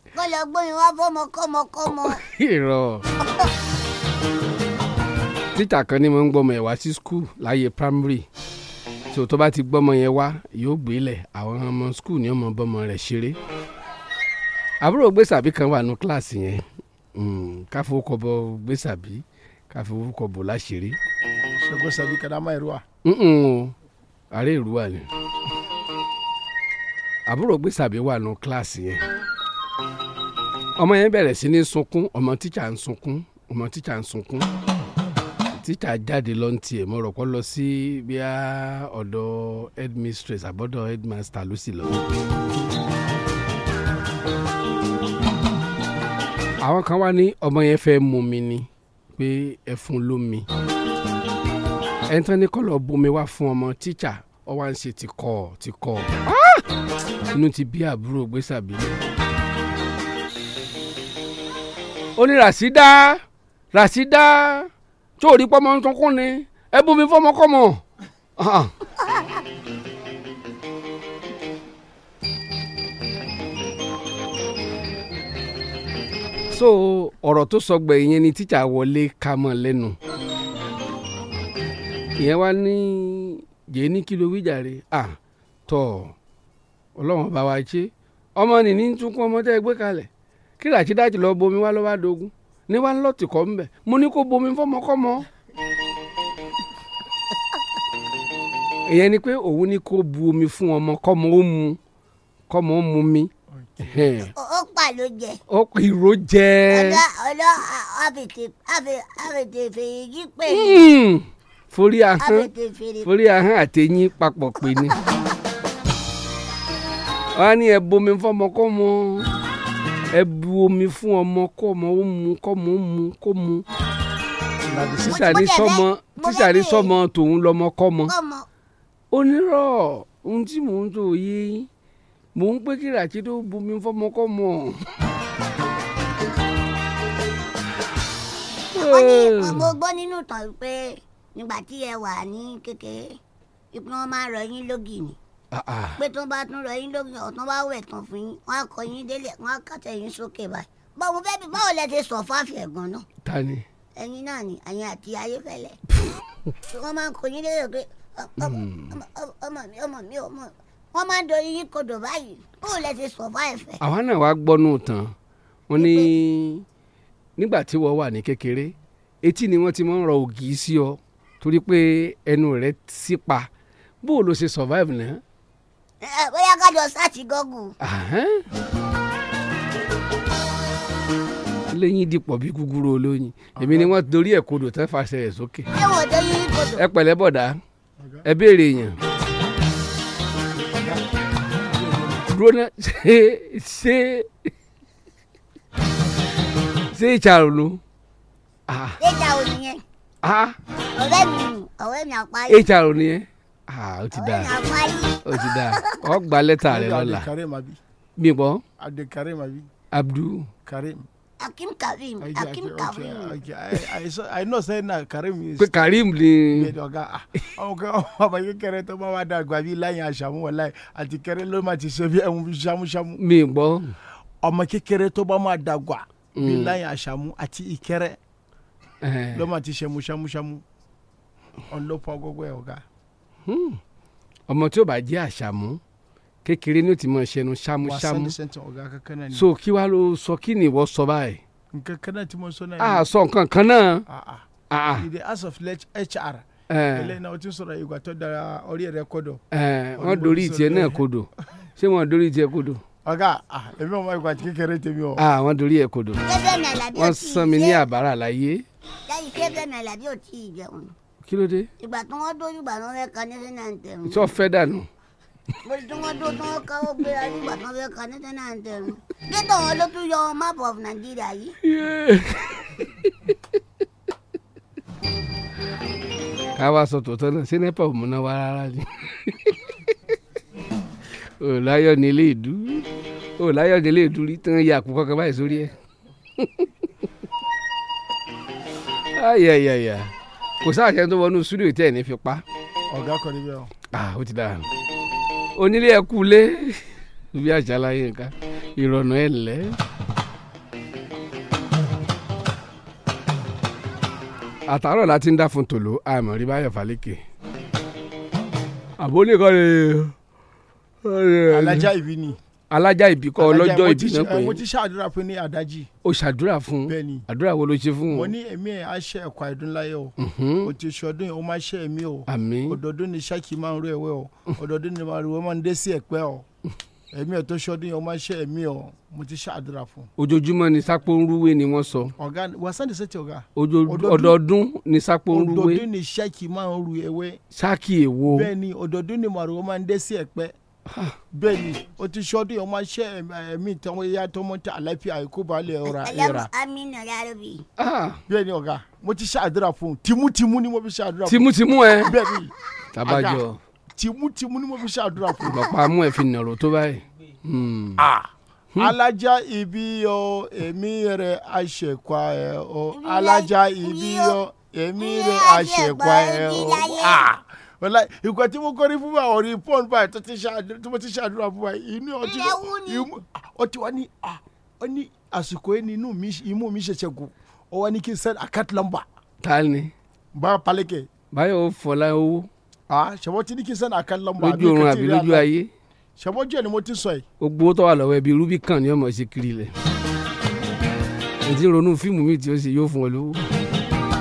kọ́ lọ gbómi wá fọmọkọmọkọmọ. irọ́ tíjà kan ní mo ń gbọmọ ẹ̀ wá sí skul láàyè primary so tó bá ti gbọmọ yẹn wá yóò gbélé àwọn ọmọ skul ni ọmọ bọmọ rẹ̀ ṣeré àbúrò gbèsàbí kan wà nù kíláàsì yẹn hmm, káfíwó kọ gbèsàbí káfíwó kọ bò ṣògo sẹbi kẹdàmọ ìrúwà. ààrẹ ìrúwà ni àbúrò gbé sàbí wà nù kíláàsì yẹn ọmọ yẹn bẹ̀rẹ̀ sí ní sunkún ọmọ tíjà ń sunkún ọmọ tíjà ń sunkún tíjà jáde lọ ní tiẹ̀ mo rò lọ sí bíá ọ̀dọ̀ headmistress àbọ̀dọ̀ headmaster ló sì lọ. àwọn kan wá ní ọmọ yẹn fẹ́ mú mi ni pé ẹ fún lómi ẹni tán ní kó lọ bomi wá fún ọmọ tíṣà ọ wá ń ṣe ti kọ ti kọ ah! inú ti bí àbúrò gbèsàbí. ó ní ràṣídá ràṣídá tó rí pọ́nmọ́ tó kún ni ẹ bomi fọmọkọmọ. so ọ̀rọ̀ tó sọ gbẹ̀yìn ni tíṣà wọlé ká mọ́ lẹ́nu. No ìyẹn wá ní jẹ́ ní kí ló wí jàre Ah, tọ̀ ọlọ́run bá wa ṣe ọmọ nìní tún kún ọmọ tẹ́ ẹ gbé kalẹ̀ kí làtí dájú lọ bomi wá ló wá dogun ní wá ń lọ́ọ̀tì kọ́ ńbẹ̀ mo ní kó bomi fọmọkọ́mọ. ìyẹn ni pé òun ní kó bu omi fún ọmọ kọ́mọ ó mu kọ́mọ ó mu mi. ó pa ló jẹ. ó ìró jẹ. ọ̀dọ́ ọ̀dọ́ àfètè àfètè fèyí jí pè forí ahọ́n forí ahọ́n àtẹ̀yìn papọ̀ pé ni wọ́n á ní ẹ bomi fọmọ kọ́ mọ́ ẹ bu omi fún ọmọ kọ́ mọ́ ó mu kọ́ mọ́ ó mu kó mu tíṣà ní sọmọ tíṣà ní sọmọ tòun lọmọ kọ́ mọ́ onírọ̀ ohun tí mò ń tò yé mò ń pé kí Ràkídé ó bomi fọmọ kọ́ mọ́ wọ́n ní mo gbọ́ nínú ìtàn pé nígbà tí ẹ wà ní kékeré ipò wọn máa rọ yín lógì ni ah, ah. pé tó bá tún rọ yín lógì ọ̀tún bá wẹ̀ tán fún yín wọn á kọ yín délé wọn á kàtẹ́ yín sókè báyìí bọ́ọ̀mù fẹ́ bí báwo lẹ ti sọ fáfíẹ̀ gan náà. ta ni. ẹ̀yin náà ni ẹ̀yin àti ayéfẹ́lẹ́ wọn máa ń kọ yín délé pé hmm. ọmọ mi ọmọ mi ọmọ mi wọn máa ń dorí yín kodò báyìí báwo lẹ ti sọ fáfíẹ̀. àwa náà wàá gbọ́nú tán wọn ní nígbà tí wọ́n wà ní kékeré etí ni wọ́n ti máa ń rọ ògì sí ọ torí pé ẹnu rẹ sípa bó o lo ṣe survive náà. bóyá ká jọ sáàtì gọ́gù. lẹ́yìn dipọ̀ bí gúgúrú olóyin èmi ni wọ́n dorí ẹ̀ kodò tẹ́ fàṣẹ ẹ̀ sókè. ẹ wọ̀ dé yín kodò. ẹ pẹ̀lẹ́ bọ̀dá ẹ béèrè yàn. dúró náà ṣe ṣe ṣe ìṣàrò ló. ṣé ìṣàrò nìyẹn. Ha. ọ̀rẹ́ mi ọ̀rẹ́ mi àpáyé. hr ni ẹ ó ti da. ó ti dáa ó gba lẹ́tà rẹ lọ́la mi bọ́ abdul karim akim karim akim karim. i know say na karim is. pé karim ni. ọ̀gá ọ̀gá ah, ọmọ yìí kẹrẹ tó máa wá dàgbà bíi láyìn àṣàmú wọ̀láì àti kẹrẹ ló máa ti ṣe bí ẹ̀hún ṣámúṣámú. mi gbọ́. ọmọ kékeré tó bá máa dàgbà bíi mm. láyìn àṣàmú àti ìkẹrẹ. Eh. ló máa ti ṣe mu ṣámúṣámú ọ̀n ló fọ gbogbo ẹ̀ ọ̀gá. Hmm. ọmọ tí ó bá jẹ́ àṣàmú kékeré ní o ti mọ ṣẹnu ṣámúṣámú so kí wàá ló sọ kí ni ìwọ sọ báyìí. nǹkan kan náà tí mo sọ náà. a sọ nǹkan kan náà. ìdè ah, as ah. ah, of HR eléyìí eh. náà o ti sọ̀rọ̀ ìgbà tó dára orí rẹ kodò. Eh, wọ́n dorí ìtìẹ náà kodò ṣé wọ́n dorí ìtìẹ kodò. ọ̀gá èmi ò mọ ìgbà tí kékeré tèmi o. wọ́n dorí ẹ̀ kodò wọ́n sàn mí ní àbárà láyé jáde kébẹ̀ náà làbí ò tí ì jẹun. kí ló dé. ìgbà tí wọ́n dójú ìgbà tí wọ́n fẹ́ kan ní sínú àǹtẹ̀rù. tí wọ́n fẹ́ dànù. mo ti tún wọ́n tó tún wọ́n káwọ́ gbéra nígbà tí wọ́n fẹ́ kan ní sínú àǹtẹ̀rù. gẹ́tọ̀ wọn ló tún yọ map of Nigeria yìí. ká wá sọ tòótọ́ náà sí nepa ò múná wá rárá ni ò láyọ̀ nílé ìdú ò láyọ̀ nílé ìdú rí tán yà kú kọ́kọ́ báyìí sórí ẹ̀. ayẹyẹyẹ ah, kò sáàṣẹ tó wọnú súdíò tẹ ẹ ní fi pa. kọ níbẹ̀ o. ah ti onílé ẹ kú bí àjàlá yẹn ká ìrọ̀nà ẹ lẹ́. àtàárọ̀ ń dá fún tòló àmọ́ rí báyọ̀ fálékè. alájà ìbí kọ́ ọlọ́jọ́ ìbí náà pé. mo ti ṣàdúrà fún ní adájí. o ṣàdúrà fún bẹ́ẹ̀ni àdúrà wo ló ṣe fún wọn. mo ní èmi ẹ̀ á ṣe ẹ̀kọ́ àìdúnláyọ̀ o mhm. ti ṣọdún yìí o máa ṣe èmi o ọdọọdún ni ṣáàkì máa ń rú ẹ̀wẹ́ o mm. ọdọọdún ni màrúwẹ́ máa ń dé sí ẹ̀pẹ́ o èmi ẹ̀ tó ṣọdún yìí o máa ṣe èmi o mo ti ṣàdúrà fún. ojoojúmọ́ ni sápó ń rúwé ni wọ́n sọ. ọ̀gá wasan de sẹ́tì ọ̀gá. ọdọọdún ni sápó ń rúwé. ọdọọdún ni ṣáàkì máa ń rú ẹ̀wẹ́. ṣáàkì èwo. bẹ́ẹ̀ni ọdọọdún ni màrúwẹ́ máa ń dé sí ẹ̀pẹ́ bẹ́ẹ̀ ni o ti sọ́dún yẹn o ma ṣe eh, ẹ̀mí tán ya tọmọ tẹ àlàáfíà ikú balẹ̀ ọ̀rọ̀ ẹ̀ra. amina yarabi. Ah. bẹ́ẹ̀ ni ọ̀gá mo ti ṣe àdúrà fún un tìmùtìmù ni mo fi ṣe àdúrà fún un. tìmùtìmù ẹ bẹ́ẹ̀ ni tabajọ tìmùtìmù ni mo fi ṣe àdúrà fún un. lọ́pàá mú ẹ fi nàró tó báyìí. Hmm. Hmm. alájà ibi yọ èmi rẹ àṣẹkwà ẹ o alájà ibi yọ èmi rẹ àṣẹkwà ẹ o ọ̀la ìgbà tí mo kọrin fún wa ọ̀rìn pọ́ùn báyìí tí mo ti ṣàdúrà fún inú ọtí ọtí wa ní ọ ní àsìkò yẹn ní imú mi ṣẹ̀ṣẹ̀ gùn ọ wa ní kí n send account number. ta ni. bá a palẹ̀kẹ̀. báyọ̀ fọlá owó. a ṣàbọ̀ tí ní kí n send account number. lójú oorun àbí lójú ayé. ṣàbọ̀ jẹ́ ni mo ti sọ yìí. gbogbo tó wà lọ́wọ́ ẹbí rubicon ni ọmọ ṣe kiri lẹ̀. ètí ronú fíìmù mi tí ó ṣe yóò fún ọ lówó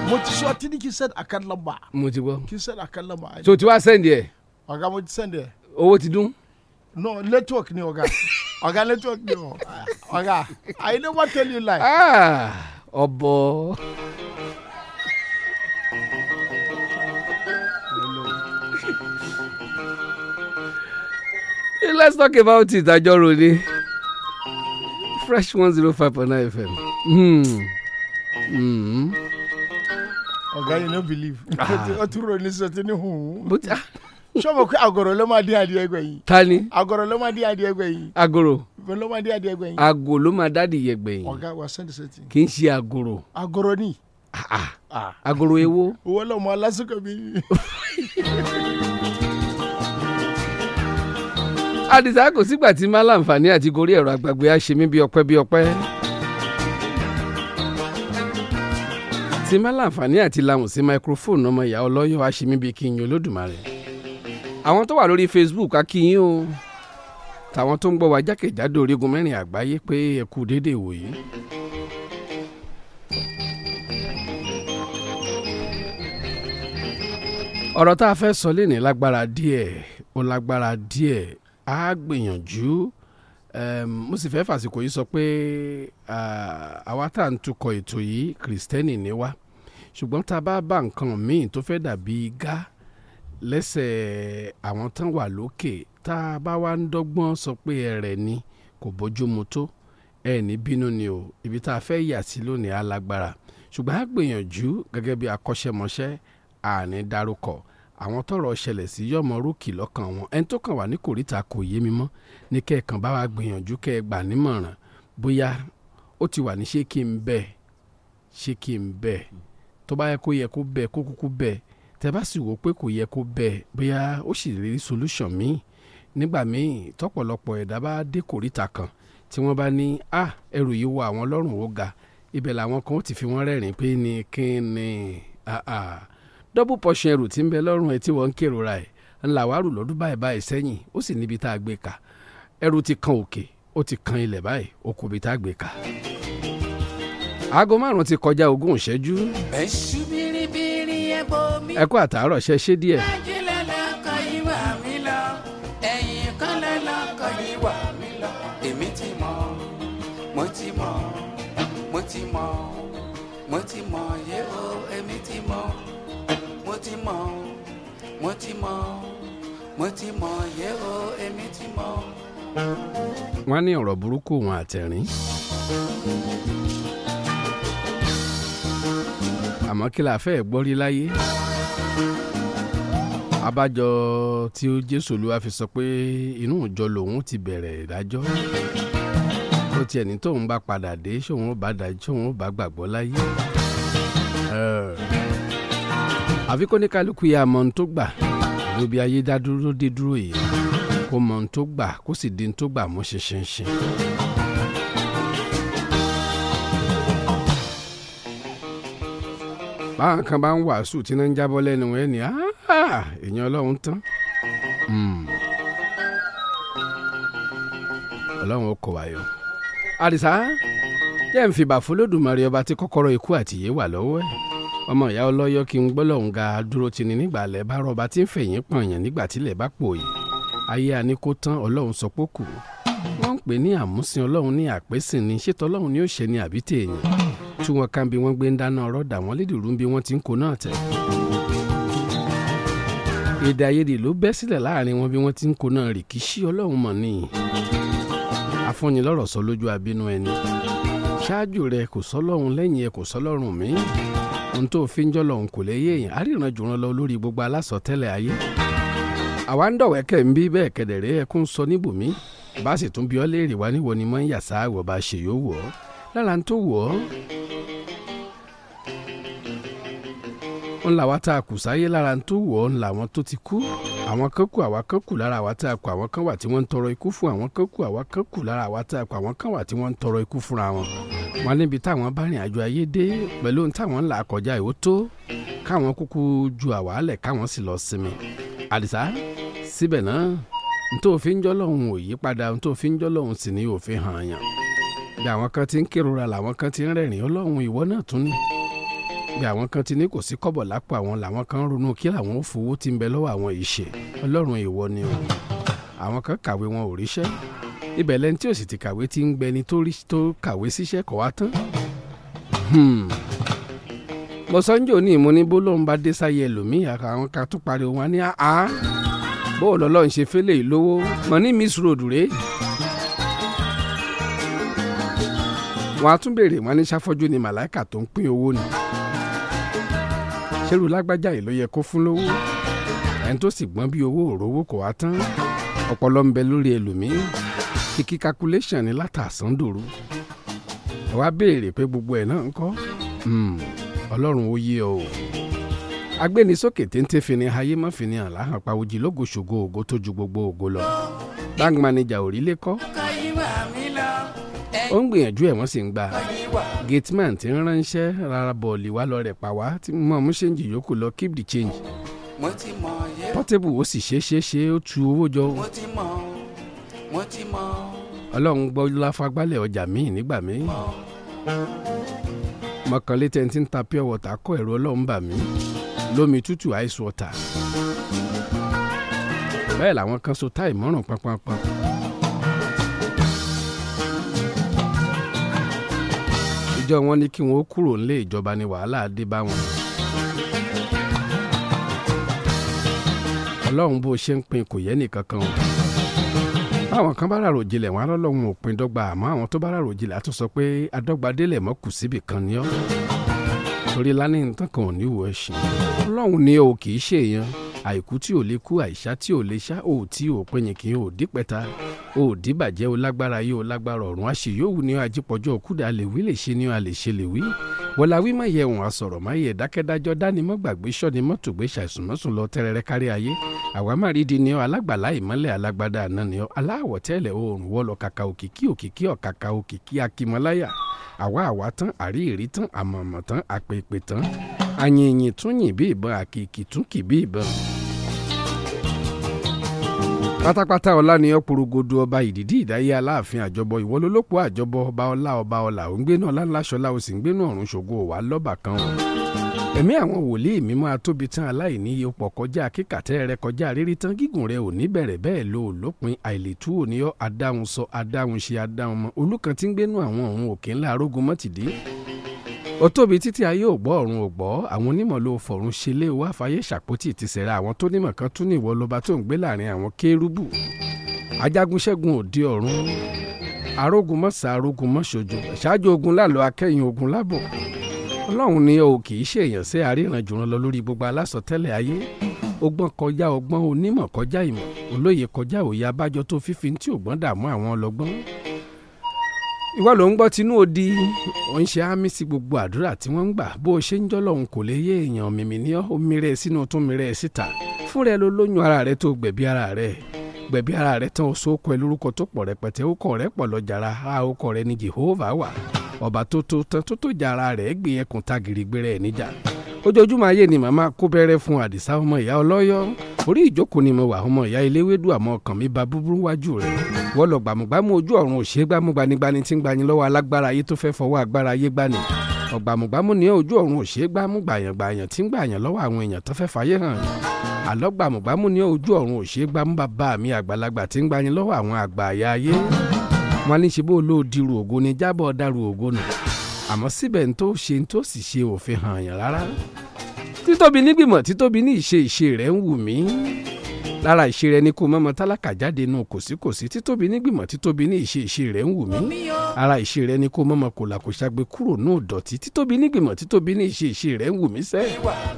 mo ti sọ ọtí ni kì í sẹ́ni àkànlá lọ́mà. mo ti gbọ́ kì í sẹ́ni àkànlá lọ́mà. so tiwa sẹ́ndì ẹ̀. ọ̀gá mo ti sẹ́ndì ẹ̀. owó ti dún. no network ni ọ̀gá ọ̀gá network ni o oh. ọ̀gá i never tell you lie. ọ̀bọ. Ah, let's talk about it ajoro ni fresh one zero oh five point nine fm. Mm. Mm ọ̀gá yìí no believe ó tún rò ní sọtí ní hùn. sọ́mọ̀ pé àgọ̀rọ̀ ló máa dín adìẹ ẹgbẹ́ yìí. ta ni. àgọ̀rọ̀ ló máa dín adìẹ ẹgbẹ́ yìí. àgọ̀rọ̀. ló máa dín adìẹ ẹgbẹ́ yìí. àgọ̀ ló máa dáàdì yẹgbẹ́ yìí. ọ̀gá wa sẹ́ni sẹ́ni. kì í ṣe àgọ̀rọ̀. àgọ̀rọ̀ ni. àgọ̀rọ̀ ah, ah. ah. ewo. owó lọ́mọ alásùkò mi. àdìsá kò sígbà tí má láǹfààní àti gorí ẹ̀rọ àgbàgbé á bí ọpẹ́ bí ọpẹ́. tí má láǹfààní àti lahùn sí máikrófóònù ọmọ ìyá ọlọ́yọ̀ àṣemíbi kí n yin olódùmarè àwọn tó wà lórí Facebook akíyín o tàwọn tó ń gbọ́ wa jákèjádò orígun mẹ́rin àgbáyé pé ẹ kú déédéé wòyí. ọ̀rọ̀ tá a fẹ́ sọ lénìí lágbára díẹ̀ ó lágbára díẹ̀ á gbìyànjú mo sì fẹ́ fàsìkò yìí sọ pé àwa tá à ń tukọ̀ ètò yìí kìrìsìtẹ́nì ni wá ṣùgbọ́n tá a bá bá nǹkan míì tó fẹ́ dàbí igá lẹ́sẹ̀ àwọn tán wà lókè tá a bá wá ń dọ́gbọ́n sọ pé ẹ̀rẹ̀ ni kò bójúmu tó ẹ̀ ní bínú ni o ibi tá a fẹ́ yà sí lónìí alágbára ṣùgbọ́n a gbìyànjú gẹ́gẹ́ bí akọ́ṣẹ́mọṣẹ́ àní dárúkọ àwọn tọ́rọ̀ ṣẹlẹ̀ sí yọmọ rúkì lọ́kàn wọn ẹni tó kàn wá ní kòríta kò yé mi mọ́ ní kẹ́ẹ̀kan bá wa gbìyànjú kẹ́ ẹ gbà nímọ̀ràn bóyá ó ti wà ní ṣé kí n bẹ̀ ṣé kí n bẹ̀ tó bá yẹ kó yẹ kó bẹ̀ kó kúkú bẹ̀ tẹ́ bá sì wò pé kò yẹ kó bẹ̀ bóyá ó sì rí solution míì nígbà míì tọ́pọ̀lọpọ̀ ẹ̀dá bá dé kòríta kan tí wọ́n bá ní a ẹrù yìí wọ àwọn lọ́rùn ó ga ibẹ̀ làwọn kan ó ti fi wọ́n rẹ́rìn pé ní kí ni double portion ẹrù tí ń bẹ lọ́rùn ẹ tí wọ́n ń kérora ẹ̀ ńlá wàá rù lọ́dún báyìí báyìí sẹ́yìn ó sì níbi tá a gbé e ka ẹrù ti kan òkè ó ti kan ilẹ̀ báyìí ó kù tá a gbé ka. aago márùn-ún ti kọjá ogún ìṣẹ́jú. ẹ kú àtàárọ̀ ṣe ṣé díẹ̀. mo ti mọ mo ti mọ mo ti mọ yé o èmi ti mọ mo ti mọ mo ti mọ mo ti mọ yé o èmi ti mọ wọ́n ní ọ̀rọ̀ burúkú wọn àtẹ̀rín àmọ́ kí la fẹ́ gbọ́ rí láyé abájọ tí ó jésù olúwa fi sọ pé inú ìjọ lòun ti bẹ̀rẹ̀ ìdájọ́ ó tiẹ̀ ní tóun bá padà dé ṣòun ó bá dájú ṣòun ó bá gbàgbọ́ láyé àfi ní kálukú yá mọ́ ohun tó gbà lóbi ayé dá dúró dé dúró yìí kó mọ ohun tó gbà kó sì di ohun tó gbà mú ṣinṣinṣin. báwọn kan bá ń wàásù tí náà ń jábọ́ lẹ́nu ẹ̀ ní èèyàn ọlọ́run tán. Hmm. ọlọ́run ó kọ̀ wáyọ̀. àdìsá jẹ́ ń fìbà fọlọ́dùmarè ọba tí kọ́kọ́rọ́ ikú àtìyé wà lọ́wọ́ ẹ̀ ọmọ ìyá ọlọ́yọ́ kí n gbọ́lọ́hún ga dúró tini nígbà lẹ́ bá rọba tí ń fẹ̀yìn pọ̀nyàn nígbà tílẹ̀ bá pòyì ayé àníkó tán ọlọ́run sọ pé kù wọ́n ń pè ní àmúsìn ọlọ́run ní àpẹ́sìn ni ṣètò ọlọ́run ni ó ṣe ni àbí tèèyàn tí wọ́n kàn bí wọ́n gbé ń dáná ọ̀rọ̀ dà wọ́n lédìrú bí wọ́n ti ń kó náà tẹ̀. èdè àìyedè ló bẹ́ sílẹ̀ láàrin wọn bí wọ́n ti ń kó náà rìkíṣí ọlọ́run mọ̀ nìyí afúnilọ́rọ̀ sọ lójú abínú ẹni ṣáájú rẹ kò sọlọ́run lẹ́yìn ẹ kò sọlọ́run mi ohun tó fi ń jọ́ lọ́hùn kò lè yéèyàn àríranjùran lọ lórí gbogbo alásọtẹ́lẹ̀ ayé àwa ń dọ̀wẹ́kẹ̀ ń bí bẹ́ẹ̀ kẹ̀dẹ̀rẹ́ ẹkún sọ níbùmí bá sì tún bí ọ léèrè wá níwọ ni mọ́ ń yàsá àwọ̀ bá ṣe yóò wọ̀ ọ́ lára ń tó wọ̀ ọ́. ń làwa tá a kù sáyé lára ń tó wọ̀ ọ́ ń làwọn tó ti kú àwọn kan kù àwa kan kù lára àwa tá a kù àwọn kan wà tí wọ́n ń tọrọ ikú fún àwọn kan kù àwa kan kù lára àwa tá a kù àwọn kan wà tí wọ́n ń tọrọ ikú fúnra wọn. wọn níbi táwọn bá rìn àjò ayé dé pẹ̀lú ohun táwọn ń là kọjá ìwó tó káwọn kúkú ju àwàálẹ̀ káwọn sì lọ sinmi àdìsá síbẹ̀ náà n tó fi ń jọ́ lọ́hùn ò yí padà n tó fi ń jọ́ lọ́hùn sì ni òfin hàn yàn bí àwọn kan ti ń kérora làwọn kan ti ń rẹ̀rìn ọlọ́hùn ìwọ náà tún ni bí àwọn kan ti ní kò sí kọ́bọ̀ lápò àwọn làwọn kan ronú kí làwọn fowó ti ń bẹ lọ́wọ́ àwọn ìṣe ọlọ́run ìwọ ni o àwọn kan kàwé wọn ò ríṣẹ́ ibẹ̀ lẹ́ni tí ò sì ti kàwé ti ń gbẹni tó kàwé síṣẹ́ kọ̀ wá tán hmm mo sọ ń jò ní ìmú ní bólóhùn bá dé sáyé ẹlòmíì àwọn kan tún pariwo wọn ní àá bóò lọ́lọ́run ṣe fẹ́lẹ̀ lówó mọ̀ ní miss road rèé. wọn á tún béèrè wọn ní ṣàfọ́jú ni màláìkà tó ń pín owó ni ṣerú lágbájá yìí ló yẹ kó fún lówó ẹni tó sì gbọ́n bí owó òrówó kò wá tán ọpọlọ ń bẹ lórí ẹlòmíín kìkì calculation ni látàsán dòru ẹ wá béèrè pé gbogbo ẹ̀ náà ń kọ́. Hmm ọlọ́run ó yé ọ agbénisókè téńté fini ayé má fini àláhàn pawojì lógo ṣògo ògo tó ju gbogbo ògo lọ bank manager òrílé kọ́ ó ń gbìyànjú ẹ̀ wọ́n sì ń gba gateman ti ń ránṣẹ́ rárá bọ̀ọ̀lì wá lọ rẹ̀ pa wá tí mo mú ṣéǹjì yòókù lọ keep the change portable ó sì ṣe ṣe ṣe ó tu owó jọ ọlọ́run gbọ́ láfagbálẹ̀ ọjà míì nígbà míì mọ̀kànlé tẹ̀ ti ń ta pure water kọ́ ẹ̀rọ ọlọ́run bà mí lómi tútù ice water bẹ́ẹ̀ làwọn kan so táì mọ́rùn pápápá. ìjọ wọn ní kí wọn ó kúrò nílé ìjọba ní wàhálà dé bá wọn. ọlọ́run bó ṣe ń pín kò yẹ́ nìkan kan o àwọn kan bá ràrò jinlẹ̀ wọn alọ́lọ́run òpin dọ́gba àmọ́ àwọn tó bá ràrò jinlẹ̀ àtún sọ pé adọ́gba délẹ̀ mọ́ kù síbì kan ni ọ́ torí lánìí nǹkan kan ò ní wọ ẹ̀sìn ọlọ́run ni o kì í ṣèyàn àìkú tí ò lè kú àìsá tí ò lè ṣá ò tí ò pẹ̀yìnkì ò dípẹ́ta ò díbàjẹ́ ò lágbára yìí ò lágbára ọ̀run àṣeyọ́wù ni àjípọ̀jọ́ òkúta lè wí lè ṣe ni a lè ṣe lè wí wọlá wí má yẹ òun àsọ̀rọ̀ má yẹ dákẹ́dájọ́ dánimọ̀ gbàgbé sọ́ni mọ́tò gbé ṣàìsùnmọ́sùn lọ tẹ́rẹ̀rẹ́ kárí ayé àwa má rí di ni ọ alágbàlá ìmọ́lẹ̀ alágbádá àná ni ọ aláwọ̀ tẹ́lẹ̀ oòrùn wọlọ kàkà òkìkí òkìkí ọ̀kàkà òkìkí akímọ́láyà àwa àwa tán àríyìrí tán àmọ̀mọ̀ tán àpèpè tán àyìnyìn tún yìn bí ìbọn àkìkì tún kì bí ìbọn pátápátá ọlá ni ọ̀pọ̀rọ̀gọ́dọ̀ ọba ìdìdí ìdáyé aláàfin àjọbọ ìwọ lólópọ̀ àjọbọ ọba ọlá ọba ọlà ò ń gbénú ọlá ńláṣọlá o sì ń gbénú ọ̀run ṣògo wà lọ́bà kan o. ẹ̀mí àwọn wòlíì mímọ́ atóbi tán aláìníye pọ̀ kọjá kíkàtẹ́ rẹ kọjá rírí tán gígùn rẹ ò ní bẹ̀rẹ̀ bẹ́ẹ̀ lo òlópin àìlètú òníyọ́ adáhùn sọ adáhùn ṣe adáhùn mọ́ olùkan tí ń gbénú àwọn òun òkè ńlá arógun mọ́tìdí ó tóbi títí ayé ò gbọ́ ọ̀run ò gbọ́ àwọn onímọ̀ ló fọ̀run ṣe lé owó àfàyè ṣàpótì tìṣẹ̀rẹ̀ àwọn tó nímọ̀ kan tún ní ìwọ lọ́ba tó ń gbé láàrin àwọn kérúbù ajagunṣẹ́gun òde ọ̀run arógun mọ́sà arógun mọ́ṣojo ṣáájú ogun lálọ́ akẹ́yìn ogun lábọ̀ ọlọ́run ni o kì í ṣe èèyàn sí àríyànjú rán lọ lórí gbogbo alásọtẹ́lẹ̀ ayé ọgbọ́n kọjá ọgbọ́n onímọ̀ kọjá ìmọ̀ olóye kọjá òye abájọ tó fífi tí ògbọ́n dààmú àwọn ọlọ́gbọ́n ìwọ ló ń gbọ́ tinú odi ò ń ṣe ámì sí gbogbo àdúrà tí wọ́n ń gbà bó o ṣe ń jọ́ lọ́hùn kò lè yé èèyàn mímì ní ọ́ omi rẹ̀ sínú tún mi rẹ̀ síta fún rẹ̀ ló lóyún ara rẹ̀ tó gbẹ̀bí ara rẹ̀ gbẹ̀bí ara rẹ̀ tán o sóko ẹ lórúkọ tó pọ̀ rẹpẹtẹ ó kọ̀ rẹ̀ pọ̀ lọ́jàrá a ó kọ̀ rẹ̀ ní Jehovah wà ọba tó tó tán tó tó jàrá rẹ̀ gbé ẹkùn tagìrì gbé rẹ̀ níjà ojoojúmọ́ ayé ni màmá kó bẹ́rẹ́ fún Àdìsá ọmọ ìyá ọlọ́yọ́ orí ìjókòó ni mo wà ọmọ ìyá eléwédú àmọ́ ọkàn mi ba búburú wájú rẹ̀ wọ́n lọ gbàmùgbàmù ojú ọ̀run òṣè gbàmùgbanigbani tí ń gbani lọ́wọ́ alágbára ayé tó fẹ́ fọwọ́ agbára ayé gbani ọ̀gbàmùgbàmù ní ojú ọ̀run òṣè gbàmùgbàyàngbàyàn tí ń gbàyàn lọ́wọ́ àwọn èèyàn tó fẹ́ fàyè hàn yàn gbàmùgbàmù ní ojú ọ̀run òṣè gbàmùbàbà mi àgbàlagbà tí ń gbani lọ́wọ́ àwọn àgbà àyà ayé wọn ní ṣe bó lóòdìrú ògo ni jábọ̀ dàrú ògo nù àmọ́ síbẹ̀ ń tó ṣe ń tó sì ṣe òfin hàn yàn rárá títóbi nígbìmọ̀ títóbi ní ìṣe ìṣe rẹ̀ ń wù mí lára ìṣe rẹ̀ ni kó mọ́mọ́ tálákà jáde nù kòsíkòsí títóbi nígbìmọ̀ títóbi ní ìṣe ìṣe rẹ̀ ń wù mí ara ìṣe rẹ̀ ni kó mọ́mọ́ kòlà kò ṣàgbé kúrò nù dọ̀tí títóbi nígbìmọ̀ títóbi ní ìṣe ìṣe rẹ̀ ń wù mí sẹ́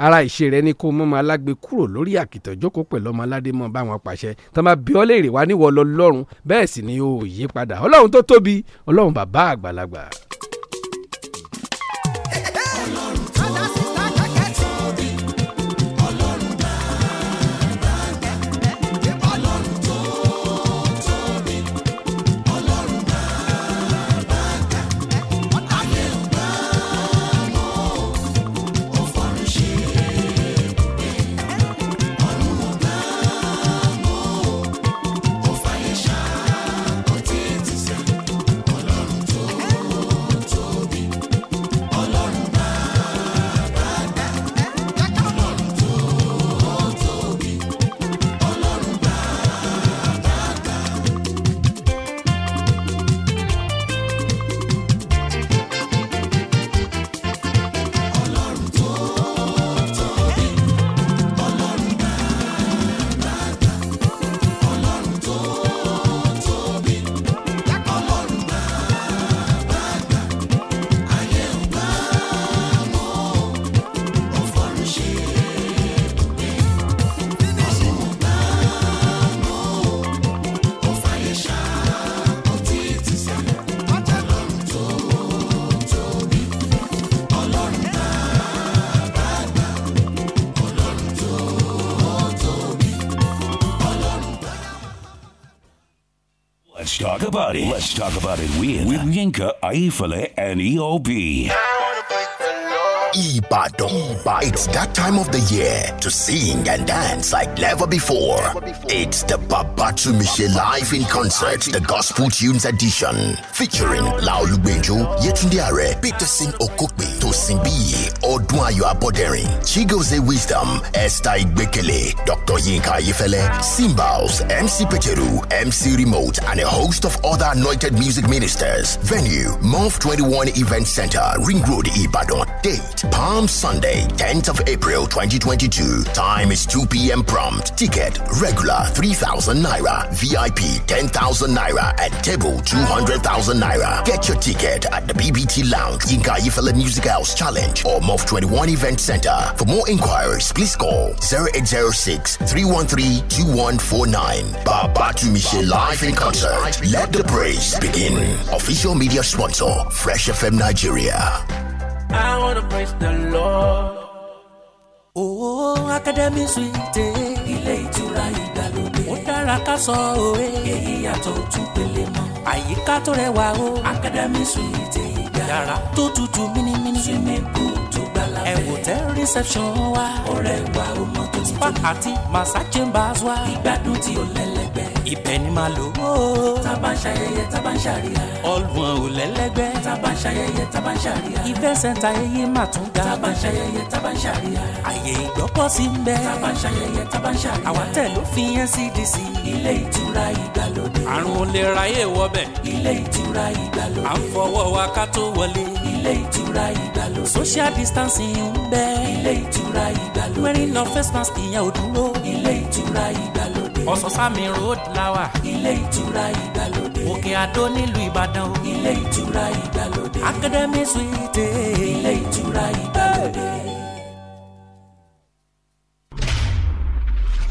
ara ìṣe rẹ̀ ni kó mọ́mọ́ alágbe kúrò lórí àkìtàn jókòó pẹ̀lú ọmọ aládé mọ́ bá wọn pàṣẹ tó máa bí ọlẹ́rìí wá níwọ̀ lọ́lọ́run bẹ́ẹ̀ sì ni ó yí padà ọlọ́run tó tóbi ọlọ́run bàbá àgbàlagbà. Let's talk about it with, with Yinka, Aifale, and EOB. Ibadan. It's that time of the year to sing and dance like never before. It's the Babatunde Live in Concert, the Gospel Tunes Edition, featuring Laolu Benjo, Yetunde Are, Peterson Okokbe, Osinbi Odunayo Aboderin, Chigozé Wisdom, Estai Bekele Dr. Yinka Ifele Simbals, MC Peteru, MC Remote, and a host of other anointed music ministers. Venue, MOV 21 Event Center, Ring Road, Ibadan. Date, Palm Sunday, 10th of April 2022. Time is 2 p.m. prompt. Ticket, regular 3,000 Naira, VIP 10,000 Naira, and table 200,000 Naira. Get your ticket at the BBT Lounge, Yinka Ifele Music House. Challenge or MOF 21 Event Center. For more inquiries, please call 0806 313 2149. Michelle Live in Concert. Let the praise begin. Official media sponsor, Fresh FM Nigeria. I want to praise the Lord. Oh, Academy Suite. Ilé ìtura Ó dára ká sọ òwe. Èyí yàtọ̀ pele mọ́. Àyíká tó rẹwà o. Academy yàrá tó tutù mímímí. swimming pool tó gbàlà fẹ́. ẹ hotel reception wa. ọ̀rẹ́ wa ó mọ tó ti tó. spa àti massage chambers wa. ìgbádùn tí ó lẹ́lẹ́gbẹ́ ibẹ̀ ni màá lò ó. tábà ń ṣayẹyẹ tábà ń ṣàríyá. ọlùwọ̀n ò lẹ́lẹ́gbẹ́. tábà ń ṣayẹyẹ tábà ń ṣàríyá. ìfẹ́ sẹ́ńtà ẹyẹ máa tún ga. tábà ń ṣayẹyẹ tábà ń ṣàríyá. àyè ìgbọ́pọ̀ sí ń bẹ. tábà ń ṣayẹyẹ tábà ń ṣàríyá. àwọn tẹ̀ ló fi NCDC. ilé ìtura ìgbàlódé. àrùn olè ra yé wọbẹ̀. ilé ìtura ìgbàlódé. à ń fọwọ́ wa ká tó wọlé. ilé ìtura ìgbàlódé. social distancing ń bẹ. ilé ìtura ìgbàlódé. wearing no face mask ìyẹn ò dúró. ilé ìtura ìgbàlódé ọ̀sánsámi road lawa. ilé ìtura ìgbàlódé. òkè àdó nílùú ìbàdàn. ilé ìtura ìgbàlódé. academy suite. ilé ìtura ìgbàlódé. Hey.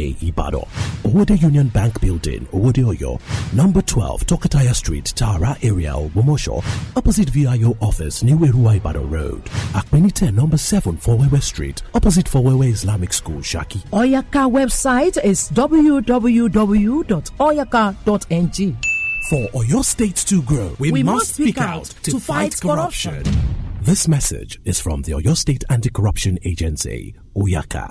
A, Ibadan. Owode Union Bank Building, Owode Oyo. Number 12, Tokataya Street, Tara area, Ogumosho. Opposite VIO office, New Erua Ibadan Road. Akpenite, number 7, Fowewe Street. Opposite Fowewe Islamic School, Shaki. Oyaka website is www.oyaka.ng. For Oyo State to grow, we, we must speak out to, to fight, fight corruption. corruption. This message is from the Oyo State Anti Corruption Agency, Oyaka.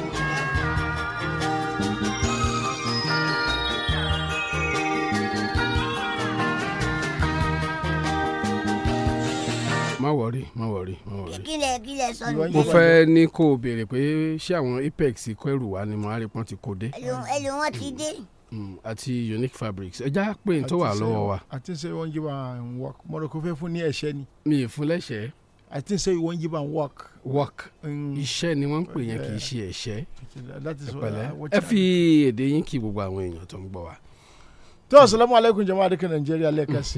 má wọrí má wọrí má wọrí. kílẹ̀ kílẹ̀ sọ ní. mo fẹ́ ní kó o béèrè pé ṣé àwọn apex kẹrù wa ni mo á rí pọ́n ti kó dé. ẹlò wọn ti dé. Mm, àti unique fabrics ẹja pé n tó wà lọ́wọ́ wa. àti ṣe wọ́n ń jí wa ń wọ́k mọ́rọ́kọ fẹ́ fún ní ẹ̀ṣẹ́ ni. mi ì fún lẹ́ṣẹ̀. àti ṣe wọ́n ń jí wa ń wọ́k. wọ́k mm. iṣẹ́ ni wọ́n ń pè yẹn kì í eh, ṣe ẹ̀ṣẹ́. ẹ̀pẹ̀lẹ́ ẹ fi èdè yín kí gbogbo àwọn èèyàn tó ń gbọ́ wa. tó assalamu alaikum jama'a dukkan Nàìjíríà lẹ́ẹ̀kẹ́sì.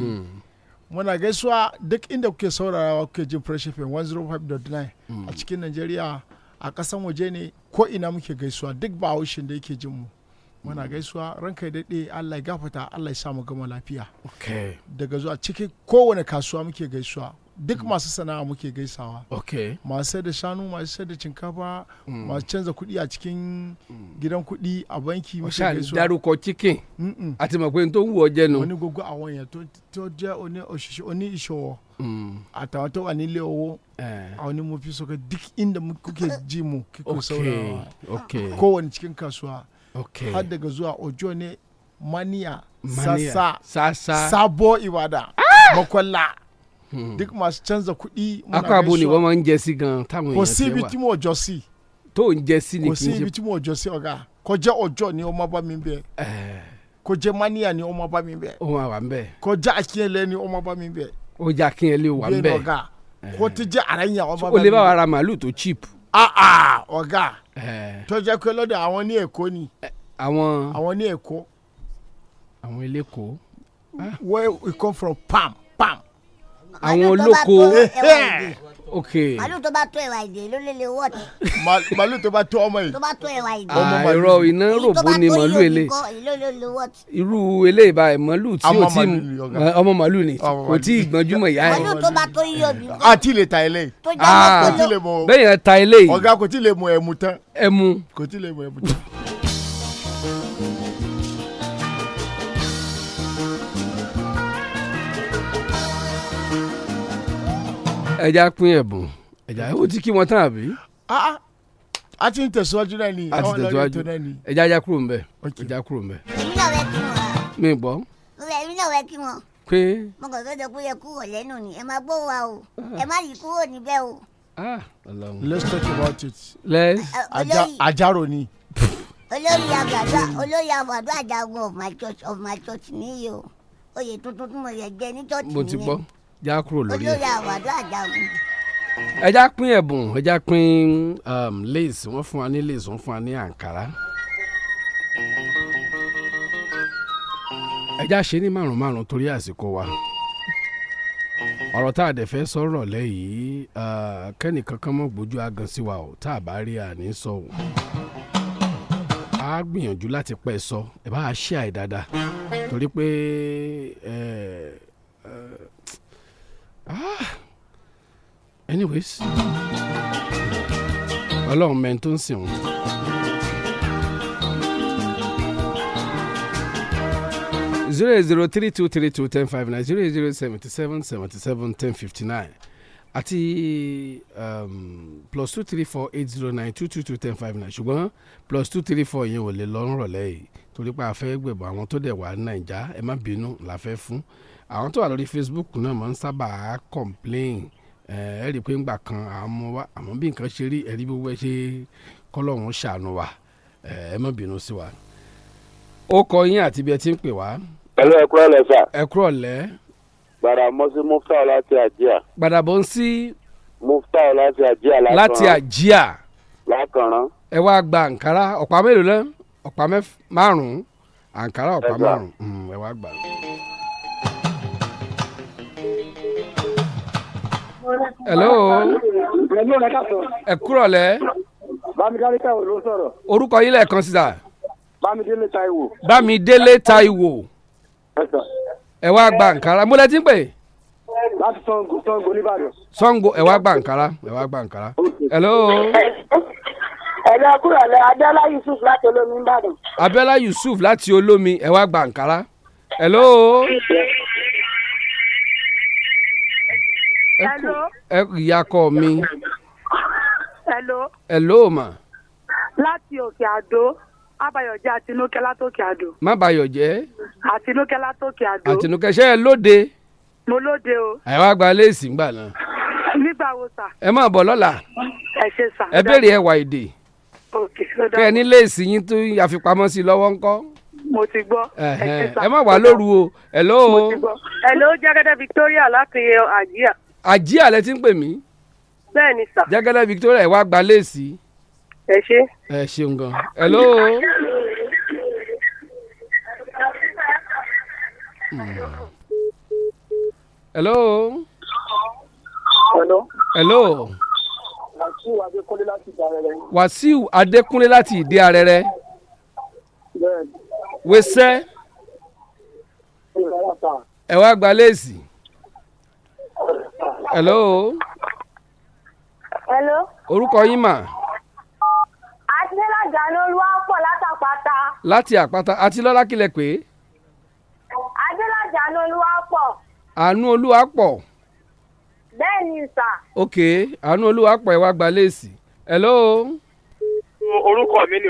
muna gaisuwa duk inda kuke saurarawa kuke jin fresh fm 105.9 mm. a cikin najeriya a kasan waje ne ko ina muke gaisuwa duk ba haushin da yake jin mu muna mm. gaisuwa ranka daɗe allah ya gafata allah ya samu gama lafiya daga zuwa cikin kowane kasuwa muke gaisuwa duk masu sana'a muke gaisawa masu sai da shanu masu sai da cinkafa mm. masu canza kuɗi a cikin mm. gidan kuɗi a banki muke gaisawa dárúkọ chicken àti mọ̀ pé n tó ń wọ jẹ́ nu. oní to àwọn èèyàn tó jẹ́ oní ìṣòwò mm. àtàwọn tó wà nílé owó eh. àwọn ni mo fi sọ duk inda kuke ji mu kiko saurawa kowane cikin kasuwa har daga zuwa ojo ne maniya sassa sabo ibada ah! makwalla Hmm. duk masu canza kuɗi muna gaisuwa akwa ne ba ma ń jẹ sí gan táwọn èèyàn ti wà kò sí ibi tí mo jọ sí tó ń jẹ sí ni kì í ṣe kò sí ibi tí mo jọ sí ọ̀gá kò jẹ́ ni ọmọ bá mi bẹ́ẹ̀ kò jẹ́ mania ni ọmọ bá mi bẹ́ẹ̀ ó wà ń bẹ́ẹ̀ kò jẹ́ akínyẹlẹ ni ọmọ bá mi bẹ́ẹ̀ ó jẹ́ akínyẹlẹ wà ń bẹ́ẹ̀ ọ̀gá kò ti jẹ́ àrẹ́yìn ọmọ bá mi bẹ́ẹ̀ o lè bá eh. wa ra màálù tó cheap. ọ̀gá tó jẹ́ pé lọ́dọ̀ àwọn ní ni eh, àwọn ní èkó. àwọn ilé kó. Ah. where we come from pam pam àwọn olóko ok. màálù tó bá tó ẹwà ìdè ló lè lè wọ́ọ̀tì. màálù tó bá tó ọmọ yìí. tó bá tó ẹwà ìdè. Ah, àìrọ iná rògbò ni màálù ele. irú ele ìbá ẹ màálù tí o ti ọmọ màálù ni kò tí ì gbọ́njúmọ̀ ìyá ẹ. màálù tó bá tó yíyọ bí. a ah, ti lè ta eléyìí. tó jẹ́ ọmọ ah, kò tí le mọ. bẹ́ẹ̀ yẹn ta eléyìí. ọ̀gá kò tí lè mọ ẹ̀mú tán. ẹ̀mú. kò tí lè mọ ẹ̀mú tán. ẹja pín ẹ̀bùn ẹja ó ti kí wọn tán àbí. Ah, ah. a ti ń tẹ̀síwájú náà ni àwọn ọlọ́run tó náà ni. ẹja ajá kúrò ń bẹ̀ ẹja kúrò ń bẹ̀. èmi náà wẹ́ kí wọn. mi bọ́. èmi náà wẹ́ kí wọn. pé. mo kàn fẹ́ jọ pé yẹ kúrò lẹ́nu ni ẹ máa gbó wa o ah. ẹ má yí kúrò níbẹ̀ o. let's talk about it. àjàrò ni olórí àgbàdo olórí àgbàdo àjàgùn of my church of my church nìyí o oyè tuntun tí mo yẹ jẹ ní church nìyẹn. mo ti gbọ́ já kúrò lórí ẹ. olórí já pín ẹ̀bùn ẹ já pín um, lace wọ́n fún wa ní lace wọ́n fún wa ní àǹkárá. ẹ já ṣe ní márùn márùn torí àsìkò wa ọ̀rọ̀ tá a dẹ̀ fẹ́ sọ̀rọ̀ lẹ́yìn uh, kẹ́nì kankan mọ́ gbójú agan sí wa ò tá a bá rí àní sọ ò a gbìyànjú láti pẹ́ sọ ẹ bá a ṣe àìdáadáa torí pé eh, ah anyways ọlọ́run mẹ́ni tó ń sìn wọ́n. zero eight zero three two three two ten five nine zero eight zero seventy seven seventy seven ten fifty nine àti um, plus two three four eight zero nine two two two ten five nine ṣùgbọ́n plus two three four yẹn ò lè lọ́rùn rọ̀lẹ́ yìí torí pé a fẹ́ gbẹ̀bọ̀ àwọn tó dẹ̀ wà ní nàìjà ẹ má bínú la fẹ́ fún àwọn tó wà lórí Facebook náà máa ń sábà complain ẹ rí i pé ńgbà kan àwọn ọmọ wa àwọn bí nǹkan ṣe rí ẹ̀rí gbogbo ẹ ṣe kọ́lọ́hún ṣàánú wa ẹ má bínú sí wa. ó kọ yín àti bí ẹ ti ń pè wá. ẹlọ ẹ kúrọ̀lẹ́ sà. ẹ kúrọ̀lẹ́. gbàdà mọ́sí mufta ọ láti àjíà. gbàdà bó ń sí. mufta ọ láti àjíà lákànrán. láti àjíà. lákànrán. ẹ wá gba àǹkárá ọ̀pá mélòó lẹ́ ọ̀pá márùn-ún àǹkárá ọ̀pá márùn-ún hmm, ẹ wá gbà. hello. hello ẹ káàsán. ẹ kúrọ̀ lẹ́. bámidélé taiwo ló sọ̀rọ̀. orúkọ taiwo. bámidélé ẹ wá gba nkàrà mo lẹ ẹ wá gba nkàrà ẹ wá gba nkàrà. hello. ẹ̀lẹ́ kúrọ̀ lẹ́ abẹ́lá yusuf láti olómi nìbàdàn. abẹ́lá yusuf láti olómi ẹ wá gba nkàrà. ẹ ìyàkọ mi. hello ma. láti òkè àdó àbáyọ̀jẹ́ àtinúkẹ́ látòkè àdó. má àtinúkẹ́ látòkè àdó. àtinúkẹ́ ṣe é lóde. mo lóde o. ẹ wá gba léèsì náà. nígbà wo sà. ẹ máa bọ̀ lọ́la. ẹ ṣe sà. ok kẹ́ ẹ ní yín àfipamọ́ sí lọ́wọ́ ńkọ́ mo ti gbọ́. ẹ má wà lóru o. mo ti gbọ́. jẹ́gẹ́dẹ́ Victoria láti àjíà. àjí àlẹ tí ń pè mí. bẹ́ẹ̀ni sà. jẹ́gẹ́lẹ́ Victoria ẹ wá gba léèsì. ẹ ṣe. ẹ ṣeun gan. hello. hello. hello. hello. Wàsíù Adékúnlé láti ìdí arẹrẹ. Wàsíù Adékúnlé láti ìdí arẹrẹ. wẹsẹ. ẹ wá gba léèsì. hello. hello. orúkọ yín mà. àtìlélàjà ni olúwa pọ̀ látàpáta. láti àpáta àti lọ́lá kílẹ̀ pé. àtìlélàjà ni olúwa àánú olúwa pọ̀. bẹ́ẹ̀ ni sà. ok àánú olúwa pọ̀ ẹ wá gba léèsì. hello. orúkọ mi ni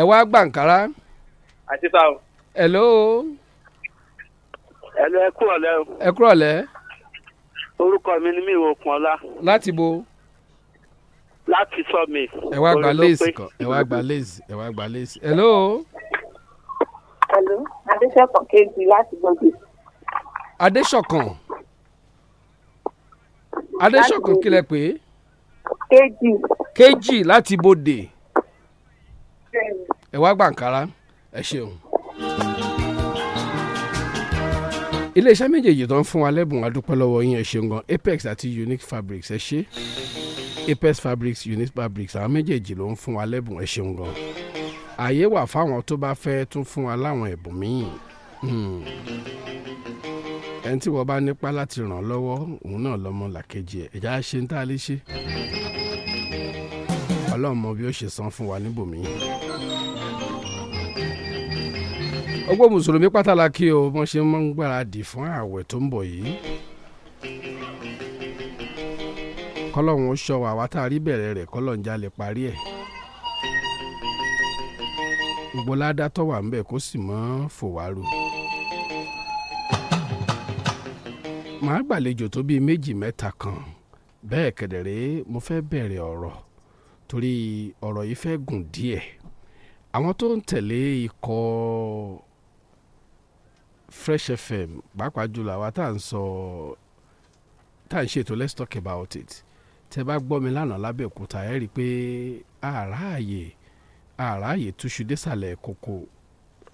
ẹ wá gbàǹkárá. àti sáà ẹlẹ ẹ kúrọ̀ o. ẹ kúrọ̀ lẹ́. orúkọ mi ni mi ò kàn ọ́lá. láti bo. láti sọ mi. ẹ wá gba léèsì kan ẹ wá gba léèsì ẹ wá gba léèsì. hello. hello adéṣọ̀kan kejì láti gbòdì. adéṣọ̀kan. adéṣọ̀kan kílẹ̀ pé. kejì. kejì láti bodè. ẹ wá gbàǹkárá ẹ ṣeun iléeṣẹ́ méjèèjì tó ń fún wa lẹ́bùn adúpẹ́ lọ́wọ́ yín ẹ ṣeun gan apex àti unique fabrics ẹ ṣe apex fabrics unique fabrics àwọn méjèèjì ló ń fún wa lẹ́bùn ẹ ṣeun gan ààyè wà fáwọn tó bá fẹ́ tún fún wa láwọn ẹ̀bùn míì hmm. ẹni tí wọ́n bá nípa láti ràn lọ́wọ́ òun náà lọ́mọ làkejì ẹ̀ ẹ̀já ṣe ń tá a lè ṣe ọlọ́run mọ bí ó ṣe san fún wa níbòmíì ọgbọ́n mùsùlùmí pàtàkì o wọ́n ṣe máa ń gbáradì fún ààwẹ̀ tó ń bọ̀ yìí kọ́lọ́hún ó ṣọ àwa tá a rí bẹ̀rẹ̀ rẹ̀ kọ́lọ́hún já lè parí ẹ̀ gbogbo ládá tó wà ń bẹ̀ kó sì mọ́ fòwárò màá gbàlejò tó bíi méjì mẹ́ta kan bẹ́ẹ̀ kẹ̀dẹ̀rẹ́ mo fẹ́ bẹ̀rẹ̀ ọ̀rọ̀ torí ọ̀rọ̀ yìí fẹ́ gùn díẹ̀ àwọn tó ń tẹ̀lé ikọ̀ Fresh FM pàápàá jùlọ àwa tá à ń sọ tá à ń ṣètò let's talk about it tẹ bá gbọ́ mi lánàá lábẹ́òkúta ẹ rí i pé àráàyè àráàyè túṣu désàlẹ̀ kókó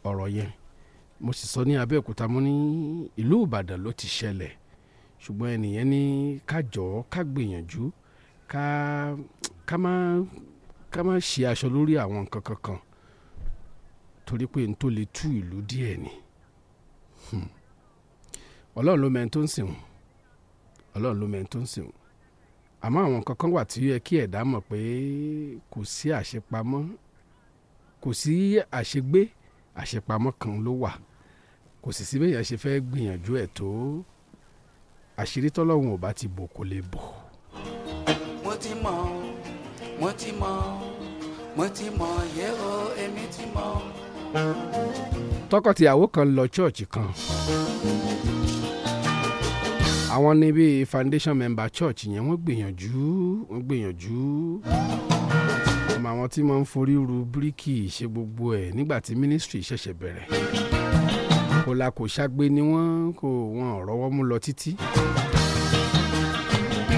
ọ̀rọ̀ yẹn mo sì sọ ní abẹ́òkúta mo ní ìlú ìbàdàn ló ti ṣẹlẹ̀ ṣùgbọ́n ẹnìyẹn ní kájọ ká gbìyànjú ká ká má ká má ṣe aṣọ lórí àwọn nǹkan kankan torí pé n tó lè tú ìlú díẹ̀ ni. Hmm. ọlọ́run ló mẹ́ni tó ń sìn wọ́n ọlọ́run ló mẹ́ni tó ń sìn wọ́n àmọ́ àwọn kankan wà tí ó yẹ kí ẹ̀dá mọ̀ pé kò sí àṣepamọ́ kò sí àṣegbé àṣepamọ́ kan ló wà kò sì síbẹ̀ yẹn ṣe fẹ́ gbìyànjú ẹ̀ tó àṣírí tọ́lọ́run ò bá ti bò kò lè bò. mo ti mọ̀ mo ti mọ̀ mo ti mọ̀ yẹ́ o èmi ti mọ̀ tọkọtìyàwó kan lọ chọ́ọ̀chì kan àwọn ní bíi foundation member church yẹn wọ́n gbìyànjú wọ́n gbìyànjú ọmọ àwọn tí wọ́n ń forí ru bíríkì ṣe gbogbo ẹ̀ nígbà tí ministry ṣẹ̀ṣẹ̀ bẹ̀rẹ̀ kò la kò ṣàgbé ni wọ́n kò wọ́n rọ́wọ́ mú lọ títí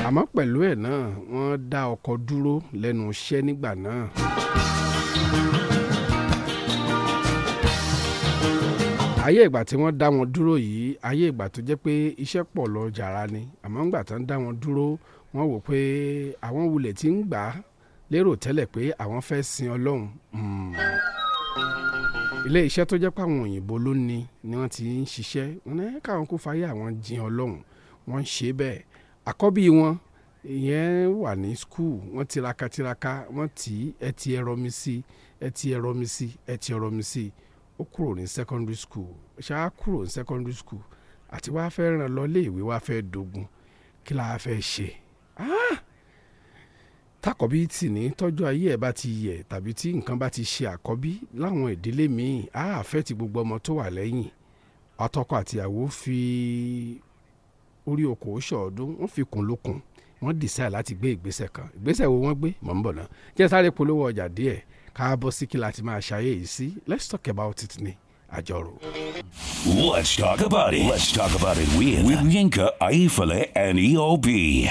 àmọ́ pẹ̀lú ẹ̀ náà wọ́n dá ọkọ̀ dúró lẹ́nu iṣẹ́ nígbà náà. ayé ìgbà tí wọ́n dá wọn dúró yìí ayé ìgbà tó jẹ́ pé iṣẹ́ pọ̀ lọ jàrá ni àmọ́ ńgbà tó ń dá wọn dúró wọ́n wò pé àwọn wulẹ̀ tí ń gbà á lérò tẹ́lẹ̀ pé àwọn fẹ́ sin ọlọ́run hmm. ilé iṣẹ́ tó jẹ́ pé àwọn òyìnbó ló ní ni wọ́n ti ń ṣiṣẹ́ wọn ní káwọn kó fàyè àwọn jin ọlọ́run wọ́n ń ṣe bẹ́ẹ̀ àkọ́bí wọn ìyẹn wà ní skul wọ́n tiraka tiraka tì í ẹ ti ẹ̀rọ mi sí ẹ ti ẹ̀rọ mi sí ẹ ti ẹ̀rọ mi sí i ó kúrò ní secondary school ṣáá kúrò ní secondary school àti wàá fẹ́ ràn lọ léèwé wàá fẹ́ dogun kí la fẹ́ ṣe ah! tàkọ́bí tì ní tọ́jú ayé ẹ̀ bá ti yẹ tàbí tí nǹkan bá ti ṣe àkọ́bí láwọn ìdílé míì á àfẹ́tì gbogbo ọmọ tó wà lẹ́yìn àtọkọ àtìyàwó fi orí okòó ṣọ̀ọ́dún wọ́n fi kùn lókun wọ́n dìsáì láti gbé ìgbésẹ̀ kan ìgbésẹ̀ wo wọ́n gbé mọ̀ ń bọ̀ náà jẹ́ sáré polówó ọjà díẹ̀ káàbọ̀ sí kí láti sí let's talk about it ni àjọrò. let's talk about it let's talk about it with, with Yinka Ayifale and EOB.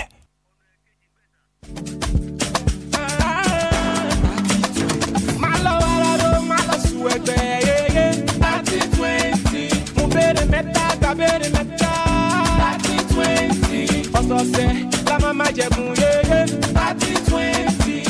thirty twenty.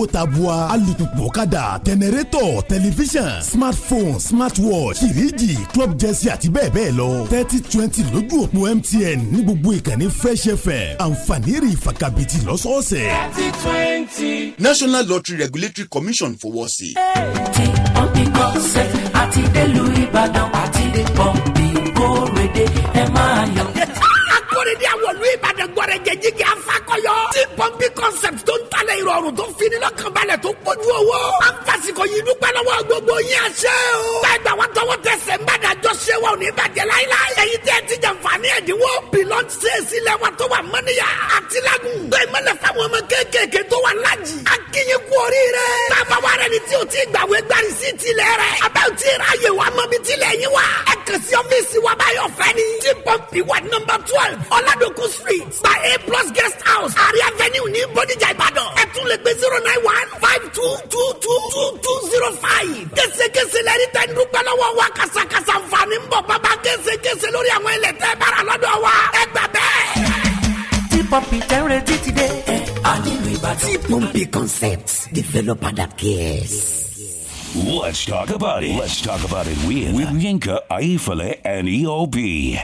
owó tabua alùpùpù ọ̀kadà tẹnẹrétọ̀ tẹlifíṣàn smartphone smartwatch fìríjì club jẹ́sí àti bẹ́ẹ̀ bẹ́ẹ̀ lọ thirty twenty lójú òpó MTN ní gbogbo ìkànnì Fresh FM àǹfààní rí ìfakabìtì lọ́sọ̀ọ̀sẹ̀. thirty twenty. National Lottery Regulatory Commission fowọ́ sí. ti pọ́ńpì kọ́sẹ̀ àti délùú Ìbàdàn àti dé pọ́ńpì kórèdè ẹ máa yọ. akóredé ah, àwọn olú Ìbàdàn gbọ́dọ̀ jẹ́ jíjẹ́ afákọ́yọ́ pọ́ńpì concept tó ń talẹ̀ ìrọ̀rùn tó fini lọ́kànbalẹ̀ tó pọ̀jù owó. a ń fasikọ̀ yìí dúpẹ́ lọ́wọ́ gbogbo yín àṣẹ o. bẹ́ẹ̀ gbà wá tọwọ́ tẹsẹ̀ ń bàdà jọ ṣe wa ò ní bàjẹ́ láíláí. èyí tẹ́ ẹ ti jàǹfààní ẹ̀dínwó. pilọ́n ṣe é sílẹ̀ wa tó wà mọ́níyà. àtìlágùn gbé mọ́lẹ̀ fáwọn ọmọ kéékèèké tó wà lájì. a kì í yín kú oríire. bàbá wa rẹ ni tí o ti gbàwé gbárí sí tilẹ̀ rẹ. abẹ́ ò tí ì ráàyè wa mọ́ bí tilẹ̀ yín wa. ẹ kàn sí ọ́fíìsì wa avenue ní bodijà ìbàdàn ẹ tún lè gbé zero nine one five two two two two two zero five. késekése lẹ́ni tẹ́ ń dúpẹ́ lọ́wọ́ wa kàṣàkàṣà nfààní ń bọ̀ késekése lórí àwọn ilẹ̀ tẹ́ bára lọ́dọ̀ wa ẹ gbà bẹ́ẹ̀. tí pọ́ǹpì tẹ́ ń retí te ẹ a de ibadan concept developer that cares. Let's talk about it. Let's talk about it with, with Yinka, Aifale, and EOB.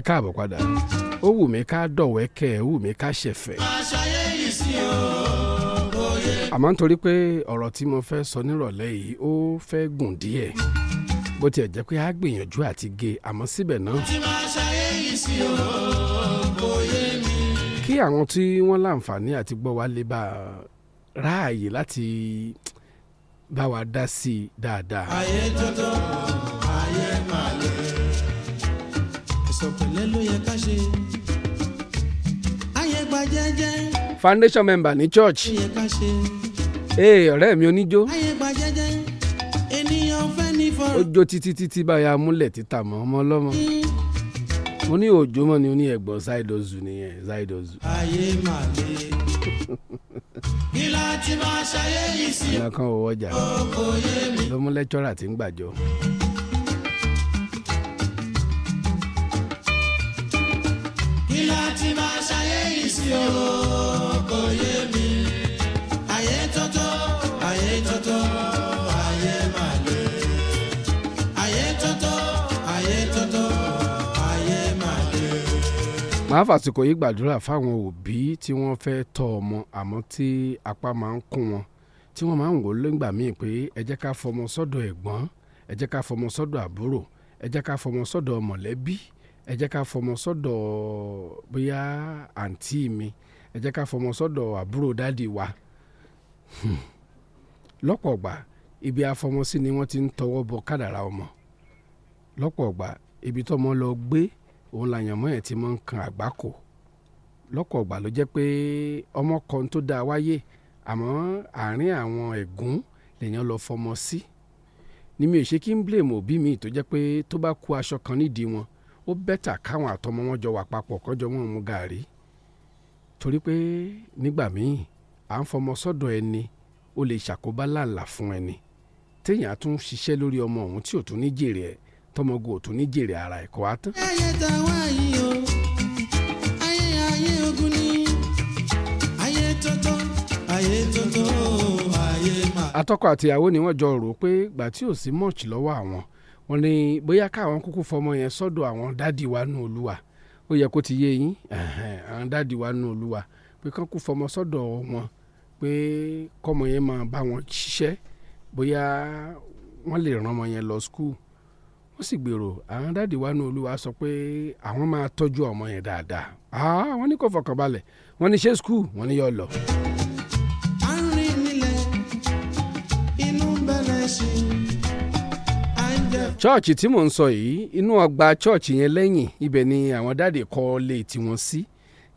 ẹ káàbọ̀ padà ó wù mí ká dọ̀wẹ́kẹ̀ ó wù mí ká ṣẹ̀fẹ̀. àmọ́ nítorí pé ọ̀rọ̀ tí mo fẹ́ sọ nírọ̀lẹ́ yìí ó fẹ́ gùn díẹ̀ bó tiẹ̀ jẹ́ pé a gbìyànjú àti ge àmọ́ síbẹ̀ náà. kí àwọn tí wọ́n láǹfààní àti gbọ́ wa lè bá ráàyè láti bá wa dá sí i dáadáa. ayé tọ́tọ́. foundation member ní church. ó yẹ ee ọ̀rẹ́ mi oníjó. ayé gba jẹ́jẹ́ ènìyàn fẹ́ ní fọ́ọ̀rọ̀. ó jó títí títí báyà múlẹ̀ títà mọ́ ọmọ ọlọ́mọ mo ní òjò mọ́ ni ó ní ẹ̀gbọ́n ṣáìdọ̀zù nìyẹn ṣáìdọ̀zù. ayé mà lè. kí la ti máa ṣayé kan ò wọjà ló lẹ́tọ́rà tí ń gbàjọ. kí láti máa ṣayé yìí sí o kò yé mi ayé tọ́tọ́ ayé tọ́tọ́ ayé máa lè ayé tọ́tọ́ ayé tọ́tọ́ ayé máa lè. màá fàsìkò yìí gbàdúrà fáwọn òbí tí wọ́n fẹ́ tọ́ ọmọ àmọ́ tí apá máa ń kún wọn tí wọ́n máa ń wò lẹ́gbà míì pé ẹ jẹ́ ká fọmọ sọ́dọ̀ ẹ̀gbọ́n ẹ jẹ́ ká fọmọ sọ́dọ̀ àbúrò ẹ jẹ́ ká fọmọ sọ́dọ̀ mọ̀lẹ́bí ẹ jẹ́ ká fọmọ sọ́dọ̀ bóyá àǹtí mi ẹ jẹ́ ká fọmọ sọ́dọ̀ àbúrò dáàdì wa lọ́pọ̀ ọ̀gbà ibi afọmọsí ni wọ́n ti ń tọwọ́ bọ kádàrá ọmọ lọ́pọ̀ ọ̀gbà ibi tọ́mọ lọ gbé òun làyànmọ́ ẹ̀ ti máa ń kan àgbákò lọ́pọ̀ ọ̀gbà ló jẹ́ pé ọmọ kan tó dáa wáyé àmọ́ àárín àwọn ẹ̀gún lèèyàn lọ fọmọ sí ni mi ò ṣe kí n blame òbí mi tó jẹ́ pé tó bá kú aṣọ kan nídìí wọn ó bẹ́tà káwọn àtọmọ wọn jọ wà papọ̀ kọjọ wọn mu gàrí torí pé nígbà míì à ń fọmọ sọ́dọ̀ ẹni ó lè ṣàkóbá làǹlà fún ẹni téèyàn tún ṣiṣẹ́ lórí ọmọ òun tí ò tún ní jèrè ẹ̀ tọmọgùn ò tún ní jèrè ara ẹ̀ kọ́ á tán. ayé táwa yìí o ayé ayé ogun ni ayé tótó ayé tótó ayé mà. atọ́kọ àtìyàwó ni wọ́n jọ rò pé gbà tí ò sí mọ́ọ̀chì lọ́wọ́ àwọn wọ́n ní bóyá káwọn kúkú fọmọ yẹn sọ́dọ̀ àwọn dáàdì wa nù olúwa ó yẹ kó ti yé yín àwọn dáàdì wa nù olúwa pé kán kú fọmọ sọ́dọ̀ wọn pé kọ́mọ yẹn máa bá wọn ṣiṣẹ́ bóyá wọ́n lè rán ọmọ yẹn lọ skul wọ́n sì gbèrò àwọn dáàdì wa nù olúwa sọ pé àwọn máa tọ́jú ọmọ yẹn dáadáa àwọn ní kò fọkànbalẹ̀ wọ́n ní ṣe skul wọ́n ní yọ lọ. chọ́ọ̀chì tí mò ń sọ yìí inú ọgbà chọ́ọ̀chì yẹn lẹ́yìn ibẹ̀ ni àwọn dáàdì kọ́ lé tiwọn sí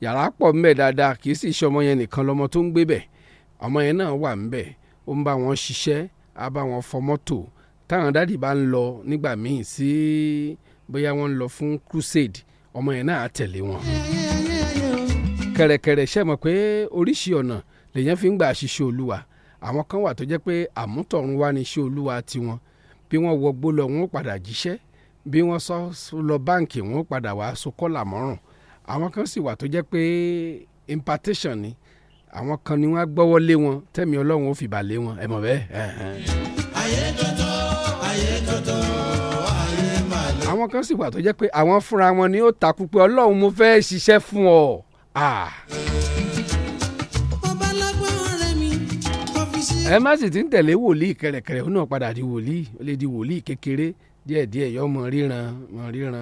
yàrá pọ̀ ń bẹ dáadáa kì í sì ṣe ọmọ yẹn nìkan lọ́mọ tó ń gbé bẹ̀ ọmọ yẹn náà wà ń ó ń bá wọn ṣiṣẹ́ á bá wọn fọ mọ́tò táwọn dáàdì bá ń lọ nígbà míì sí bóyá wọ́n ń lọ fún crusade ọmọ yẹn náà á tẹ̀lé wọn. kẹ̀rẹ̀kẹ̀rẹ̀ ṣe mọ̀ pé oríṣi ọ̀nà lèèyàn fi ń gbà ṣiṣẹ́ olúwa àwọn kan wà tó jẹ́ pé àmútọ̀run wá ní iṣẹ́ olúwa tiwọn bí wọ́n wọgbó lọ wọ́n padà jíṣẹ́ bí wọ́n sọ lọ báǹkì wọ́n padà wá sokọ́là mọ́rùn àwọn kan sì wà tó jẹ́ pé impartation ni àwọn kan ni wọ́n gbọ́wọ́ lé wọn tẹ̀mí ọlọ́run ó fìbà lé wọn ẹ mọ̀ bẹ́ẹ̀. ayé tọ́tọ́ ayé tọ́tọ́ ayé máa àwọn kan sì wà tó jẹ́ pé àwọn fúnra wọn ni ó takú pé ọlọ́run mo fẹ́ ṣiṣẹ́ fún ọ. Ah. ẹ má sì ti ń tẹ̀lé wòlíì kẹrẹkẹrẹ ó náà padà di wòlíì ó lè di wòlíì kékeré díẹ̀díẹ̀ yọ mọ ríran mọ ríran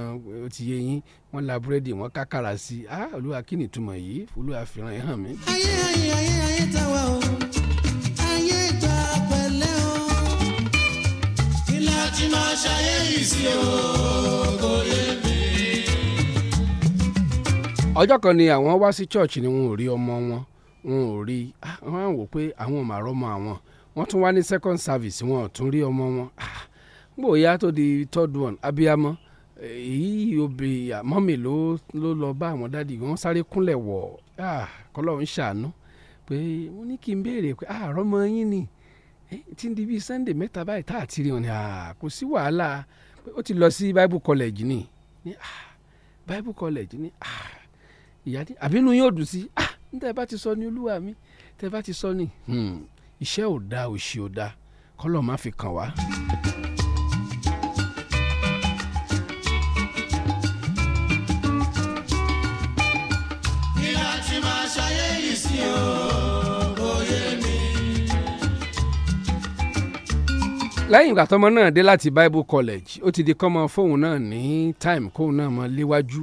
ó ti yé yín wọ́n la búrẹ́dì wọ́n kákàrà sí i ah olúwa kí ni ìtumọ̀ yìí olúwa fìràn ẹ̀ hàn mí. ayé ayé ayé ayé ta wa o ayé gba pẹ̀lẹ́ o kí la ti máa ṣayé sí o kò yé mi. ọjọ́ kan ni àwọn wá sí church ni wọn ò rí ọmọ wọn n ò rí ah, wọn á wò pé àwọn ò mà rọ́mọ àwọn wọ́n tún wá ní second service wọn ò tún rí ọmọ wọn ah, bóyá tó di third one abiyamọ èyí obìnrin àmọ́ mi ló ló lọ bá àwọn dádì wọn sáré kúnlẹ̀ wọ̀ ah, kọ́lọ́ ń ṣàánú pé wọ́n ní kí n béèrè pé àárọ̀ mọ yín ni tí ń di bíi sunday mẹ́ta báyìí tá à ti rí wọn ni kò sí wàhálà ó ti lọ sí bible college ni bible college ni ìyá ni àbínú yóò dùn sí ah tẹ́ bá ti sọ ní olúwa mi tẹ́ bá ti sọ ní hmm, iṣẹ́ ò dáa òṣì ò dáa kọ́lọ̀ má fi kàn wá. lẹ́yìn ìgbà tọmọ náà dé láti Bible College ó ti di kọ́mọ fóun náà ní time kóun náà mọ léwájú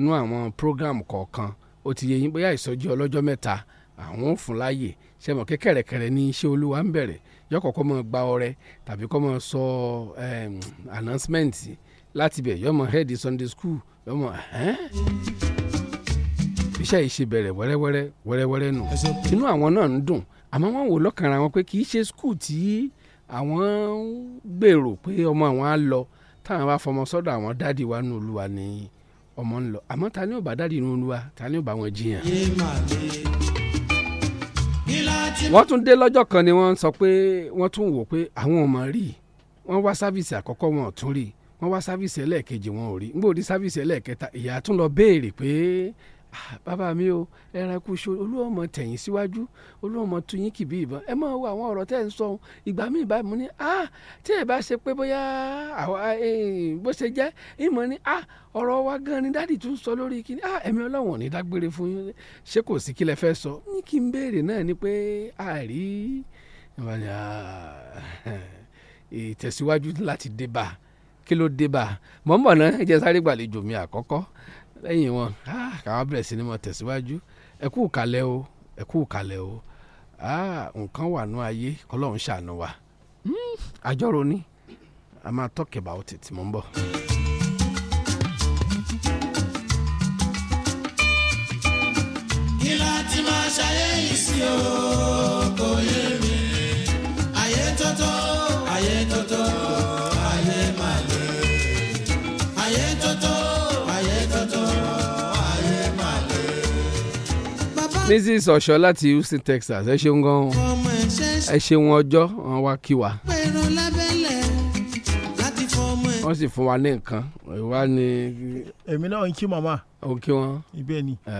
nú àwọn program kọ̀ọ̀kan ó ti yẹ yín bóyá ìsọjí ọlọ́jọ́ mẹ́ta àwọn ò fún láàyè ṣe mọ̀ kékèrèkèrè ní iṣẹ́ olúwa ń bẹ̀rẹ̀ yọkọ̀ kọ́ mọ́ gba ọrẹ tàbí kọ́ mọ́ sọ ehm, announcement láti bẹ̀ yọmọ head sunday school yọmọ iṣẹ́ ìṣe bẹ̀rẹ̀ wẹ́rẹ́wẹ́rẹ́ wẹ́rẹ́wẹ́rẹ́ nù inú àwọn náà ń dùn àmọ́ wọ́n wò lọ́kànra wọn pé kì í ṣe school tí àwọn gbèrò pé ọmọ àwọn á lọ táwọn bá fọmọ sọ́dọ̀ àwọn dáàdi wa nù olúwa nìyí ọmọ ń lọ àmọ́ ta ni ò bá dárí irun olúwa ta ni ò bá wọn jiyàn. wọ́n tún dé lọ́jọ́ kan ni wọ́n sọ pé wọ́n tún wò pé àwọn ọmọ rí wọ́n wá sáfìsì àkọ́kọ́ wọn ò tún rí wọ́n wá sáfìsì ẹlẹ́ẹ̀kejì wọn ò rí nígbà òdi sáfìsì ẹlẹ́ẹ̀kẹta ìyá tún lọ béèrè pé Ah, bàbá mi o ẹranko ṣo olúwa ọmọ tẹ̀yìn síwájú olúwa ọmọ tún yín kìbí ìbọn ẹ máa wo àwọn ọ̀rọ̀ tẹ́ ẹ̀ ń sọ ohun ìgbà míì báyìí mo ní ah tí ẹ bá ṣe pé bóyá eh, bó ṣe jẹ́ ìmọ̀ ni ah ọ̀rọ̀ wa gan ni dáàdì tún sọ lórí kíni ah ẹ̀mí ọlọ́wọ̀n ní dágbére fún yín ṣé kò sí kí lẹ fẹ́ sọ ní kí n béèrè náà ni pé àrí ah, ìtẹ̀síwájú láti dé bá kí ló dé bá mọ̀ọ́mọ̀ náà ẹ gbàlejò mi àkọ́kọ́ lẹ́yìn wọn ah, káwọn bẹ̀rẹ̀ sí ni mo tẹ̀síwájú ẹ kú kalẹ̀ o ẹ kú kalẹ̀ o ah, nǹkan wà nú ayé kọlọ́run ṣàánú wa hmm, àjọrò ni a máa talk about it mò ń bọ̀. ayé tó tó. mrs ọ̀ṣọ́ láti houston texas ẹ ṣeun gan ẹ ṣeun ọjọ́ wọn wá kí wa wọ́n sì fún wa ní nǹkan ìwà ni. èmi náà ń kí màmá. ò kí wọn. ibẹ̀ ni. ẹ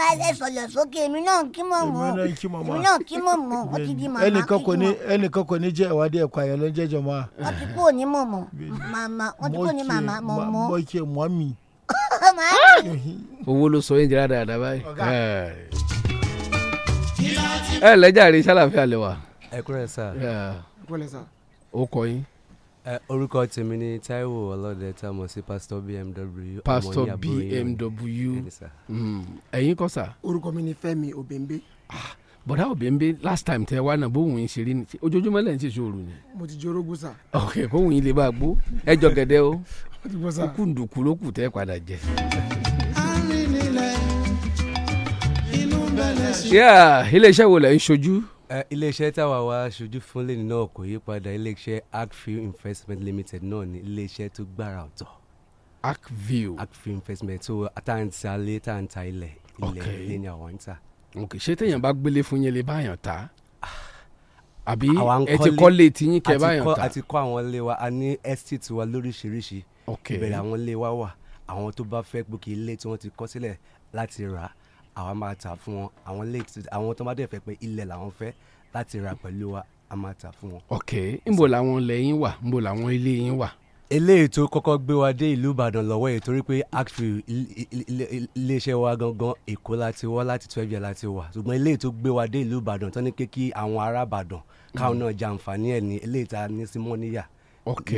máa sókè èmi náà ń kí mọ̀mọ́ èmi náà ń kí mọ̀mọ́ èmi náà ń kí mọ̀mọ́ ó ti di màmá kí mọ̀. ẹnìkan kò ní jẹ́ ìwádìí ẹ̀kọ́ ayọ̀ ló ń jẹ́jọ́ mọ́ a. wọ́n ti kó ní mọ̀mọ́ màmá wọ́n ti kó ní màmá mọ̀mọ́. mọ̀ máa ah! ń dùn. owó ló sọ yín jẹ́ dáadáa báyìí. ẹ eh. eh, lẹ́jà rí sálàfíà lè wà. ẹ kúrẹ́ sá. ẹ kúrẹ́ sá. ó kọ yín. Eh, orúkọ tèmi ni Táíwò Ọlọ́dẹ tá a mọ̀ sí Pastor BMW. Pastor BMW hmm. ẹ̀yin kọ́ sá. orúkọ mi ni Fẹ́mi Obembe ah, bọ̀dá òbẹ̀ǹbẹ̀ last time tẹ wá náà bóun yín ṣe rí ni ojoojúmọ́ lẹ́yìn tí ìṣòro ni. mo ti joro gbó sa. ok bóun yín lè bá a gbó ẹjọ gẹ̀dẹ̀ o kúkú ndùkú ló kù tẹ́ padà jẹ. iléeṣẹ́ wo lẹ̀ ń ṣojú. iléeṣẹ́ táwa wá ṣojú fún lẹ́ni náà kò yí padà iléeṣẹ́ Agfield Investment Limited náà ni iléeṣẹ́ tó gbára ọ̀tọ̀. Agfield Agfield Investment tó àtàǹtàlé tàǹtà ilẹ̀ ilẹ̀ ilé ni àwọn ń tà. ok ṣé téèyàn bá gbélé fún yẹn lè báyàn ta àbí ẹ ti kọ́ lé tiyín kẹ báyàn ta. a kọ́ àwọn ilé wa a ní estate wa lóríṣiríṣi ìbẹ̀rẹ̀ àwọn ilé wa wà àwọn tó bá fẹ́ gbókè ilé tí wọ́n ti kọ́ sílẹ̀ láti rà àwa máa tà fún wọn àwọn ilé àwọn tó bá dẹ̀ fẹ́ pé ilẹ̀ làwọn fẹ́ láti rà pẹ̀lú wa a máa tà fún wọn. ok nbo làwọn ilé yín wà nbo làwọn ilé yín wà. eléyìí tó kọ́kọ́ gbé wa dé ìlú ìbàdàn lọ́wọ́ yìí torí pé actually iléeṣẹ́ wa gangan èkó láti wá láti twelve years láti wà ṣùgbọ́n eléyìí tó gbé wa dé ìlú ìbàdàn tó ní pé kí àwọn ará ìbàdàn káwọn hmm. náà jàǹfààní ẹ̀ ní eléyìí tá ní sí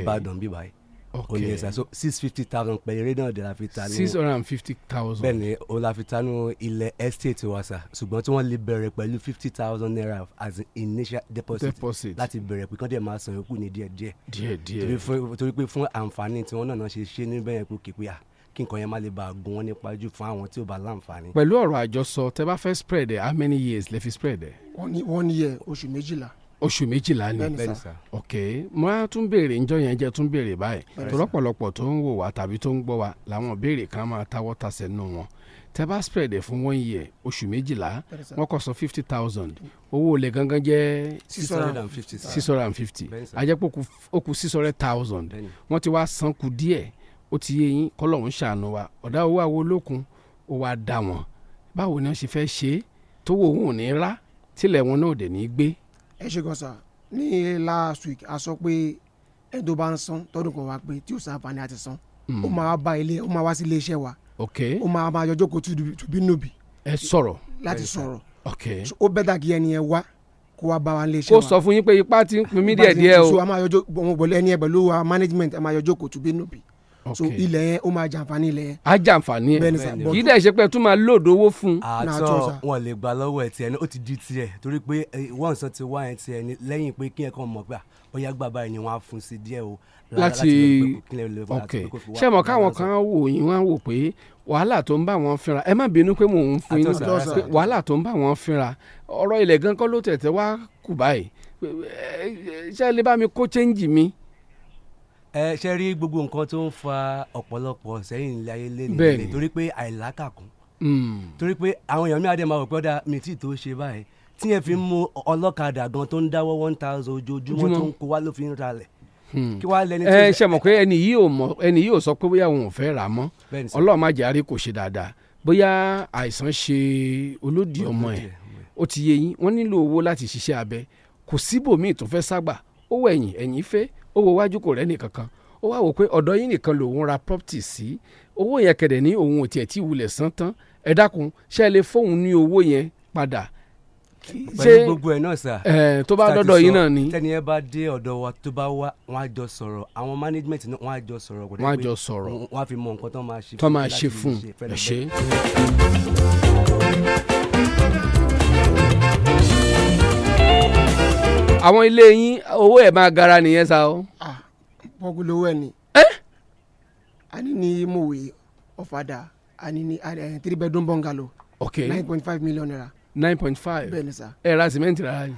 ìbàdàn bíbáyìí ok òní ẹsẹ so six fifty thousand pẹ̀lú náà de la fi ta ní. six hundred and fifty thousand. bẹ́ẹ̀ni o la fi ta ní ilẹ̀ estate wa sa ṣùgbọ́n tí wọ́n lè bẹ̀rẹ̀ pẹ̀lú fifty thousand naira as an initial deposit. deposit láti bẹ̀rẹ̀ pé kán dẹ̀ máa san yòókù ní díẹ̀ díẹ̀. díẹ̀ díẹ̀ torí pé fún àǹfààní tí wọ́n náà ṣe ṣe níbẹ̀ yẹn pé kìpé à kí nǹkan yẹn má lè bá a gun wọn nípa jù fún àwọn tí ò bá láǹfààní. pẹ̀lú ọ̀rọ̀ àjọsọ tẹ bá fẹ́ spread ẹ̀ how many years lè fi spread ẹ̀. one year oṣù méjìlá oṣù méjìlá ni ok mo á tún béèrè ǹjọ́ yẹn jẹ́ tún béèrè báyìí tọ́lọ́pọ̀lọpọ̀ tó ń wò wá tàbí tó ń gbọ́ wá làwọn béèrè kan máa táwọ́ tasẹ̀ nù wọn tẹ́ bá spread fún one year oṣù méjìlá wọ́n kò sọ fifty thousand owó olè gangan jẹ́ six hundred and fifty six hundred ajẹ́pọ̀ ó six hundred thousand wọ́n ti wá san kù díẹ̀ ó ti yé yín kọ́lọ́hún ṣàánú wa ọ̀dà owó àwọn olókun ó wá dà wọ́n báwo ni wọ́n ṣe fẹ́ ṣe é tówó òun ò ní rá tilẹ̀ wọn náà dẹ̀ ní gbé ẹ ṣe gan sa ní last week a sọ pé ẹni tó bá ń san tọdún kan wá pé tí ó sàǹfààní àti san ó hmm. máa bá ilé ó máa wá sí ilé iṣẹ́ wa ó máa máa yọjọ́ kó tùbí nùbí. ẹ sọ̀rọ̀ láti sọ̀rọ̀ ó bẹ́tà kí ẹni yẹn wá kó wá bá wa lè ṣe wa. ó sọ fún yín pé ipá ti ń pin mí díẹ̀ díẹ̀ o. so a máa yọjọ́ ọmọ ẹni ẹ pẹ̀lú wa management a máa yọjọ́ kó tùbí nùbí so ilẹ̀ yẹn ó máa jàǹfààní ilẹ̀ yẹn. a jàǹfààní ẹ kì í dẹ̀ ṣe pé tún máa lòdò owó fún. àtọ ah, wọn lè gbà lọ́wọ́ ẹ tiẹ̀ ní ó ti di tiẹ̀ torí pé wọn sọ ti wá ẹ tiẹ̀ ní lẹ́yìn pé kí ẹ kàn mọ̀ pé ah, bóyá gbàgbà yẹn wọn á fún sí díẹ̀ o. láti ok ṣé mo káwọn kan wò yín wọn wò pé wàhálà tó ń bá wọn fínra ẹ má bínú pé mò ń fún yín ah, wàhálà tó ń bá wọn fínra ọ̀rọ̀ ilẹ̀ gan kọ́ ló tẹ̀tẹ̀ wá kù báyìí ṣé ẹ lè bá mi kó chẹ́ǹjì mi ẹ ṣe rí gbogbo nǹkan tó ń fa ọ̀pọ̀lọpọ̀ sẹ́yìn ilé ayé lé nílé torí pé àìlákàkún hmm. torí pé àwọn èèyàn mi àdé máa wọ̀ pé ọ̀dà mi tí tó ṣe báyìí tí yẹn fi ń mú ọlọ́kadà gan tó ń dáwọ́ one thousand ojoojúmọ́ tó ń kó wá ló fi ń ralẹ̀ hmm. kí wàá lẹni tí. ẹ ṣe mọ̀ pé ẹni yìí ò mọ̀ ẹni yìí ò sọ pé bóyá òun ò fẹ́ rà mọ́ ọlọ́run má jẹ́ àrí kò ṣe dáadáa bóyá àìsàn ṣe olódì ọmọ ẹ̀ ó ti yé yín wọ́n nílò owó láti ṣiṣẹ́ abẹ kò síbòmíì tó fẹ́ ságbà ó wẹ̀yìn ẹ̀yìn fẹ́ ó wo wájú kò rẹ́ nìkankan ó wá wò pé ọ̀dọ́ yín nìkan lòun ra property sí owó yẹn kẹ̀dẹ̀ ní òun ò tiẹ̀ tí wulẹ̀ san tán ẹ dákun ṣe lè fóun ní owó yẹn padà pẹ̀lú gbogbo ẹ̀ náà sà. ẹ tó bá dọ́dọ̀ yín náà ni. tẹ́ni bá dé ọ̀dọ̀ wa tó bá wá wọn á jọ sọ̀rọ̀ àwọn management náà wọn á jọ sọ̀rọ̀. wọn á jọ sọ̀rọ̀ wọn á fi mọ nǹkan tó máa ṣe fún un. tó máa ṣe fún un ẹ ṣe àwọn ilé yín owó ẹ̀ máa gara nìyẹn sa o. bọ́gù lówó ẹ̀ ni. a ní ní mòwe ọ̀fadà a ní eh, three bedroom bungalow. ok nine point five million naira. nine point five bẹ́ẹ̀ ni sa. ẹ ra sìmẹ́ǹtì rárá ni.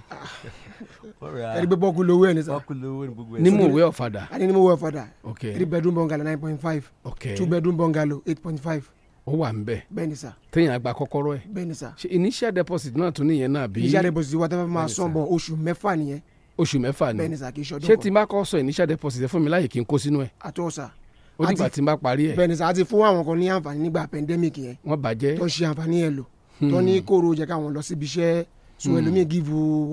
ẹ rí i pé bọ́gù lówó ẹ̀ ni sa. bọ́gù lówó ni gbogbo ẹ̀. ní mòwe ọ̀fadà. a ní ní ọ̀fadà. ok three bedroom bungalow nine point five. ok two bedroom bungalow eight point five ó wà ń bẹ bẹ́ẹ̀ni sà téèyàn àgbà kọ́kọ́rọ́ ẹ bẹ́ẹ̀ni sà ṣe initial deposit náà tún nìyẹn náà bí. initial deposit wa tẹ́fẹ́ máa sàn bọ̀ oṣù mẹ́fà nìyẹn. oṣù mẹ́fà ni bẹ́ẹ̀ni sà kì í ṣọdún kan ṣé tí n bá kọ́ sọ initial deposit ẹ fún mi láàyè kí n kó sínú ẹ. àtọ́ sà ó dìgbà tí n bá parí ẹ. bẹ́ẹ̀ni sà àti fún àwọn kan ní àǹfààní nígbà pandemic yẹn. wọ́n bàjẹ́ tó ṣe àǹfààní ẹ lò tó hmm. ní kóró jẹ́ káwọn lọ síbi iṣẹ́ so hmm. ẹlòmíì give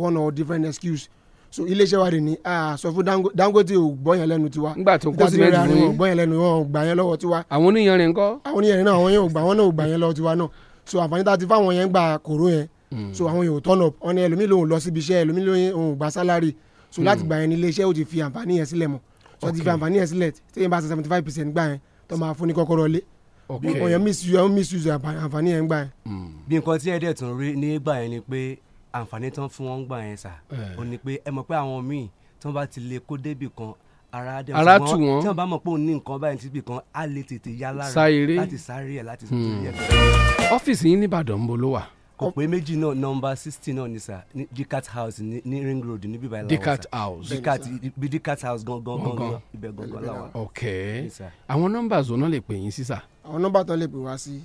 one or different excuse so iléeṣẹ́ wa rè ní a sọ fún Dangote ò gbọ́yàn lẹ́nu tiwa nígbà tó kó sílẹ̀ jù ní gbọ́yàn lẹ́nu wọn ò gbà yẹn lọ́wọ́ tiwa. àwọn oníyanrìn ńkọ́. àwọn oníyanrìn náà àwọn yẹn ò gbà wọn náà ò gbà yẹn lọ́wọ́ tiwa náà so àǹfààní tá a ti fáwọn yẹn gbà kóró yẹn hmm. so àwọn yẹn ò tọ́nà wọn ni ẹlòmíì lòun lọ síbi iṣẹ́ ẹlòmíì lòun ò gbà sálárì so hmm. láti gbà yẹn ní iléeṣẹ́ ò so ti fi àǹfààní yẹn seventy five percent gbà yẹn tó máa fún ní kọ́kọ́rọ́ lé ọ̀yàn misuse àǹfààní yẹn gbà yẹn. Hmm. bí nǹkan tí àǹfààní tán fún wọn gbà yẹn sà eh. ó ní pé ẹ mọ̀ pé àwọn míì tí wọ́n bá ti lè kó débì kan ara dẹ̀ tí wọ́n tí wọ́n bá mọ̀ pé òun ní nǹkan báyìí síbì kan á lè tètè yá lára láti sáré ẹ̀ láti hmm. tètè yẹ. ọ́fíìsì yín ní ń bo ló wà. kò pé méjì náà nọmba sixteen náà ni sà ní Dikat House ní Ring Road níbí báyìí làwọn sà Dikat House Dikat ibi House gangan gangan ibẹ̀ gangan làwọn. ok àwọn nọmba zona lè pè yín sí sà. àwọn nọmba tó lè pè wá sí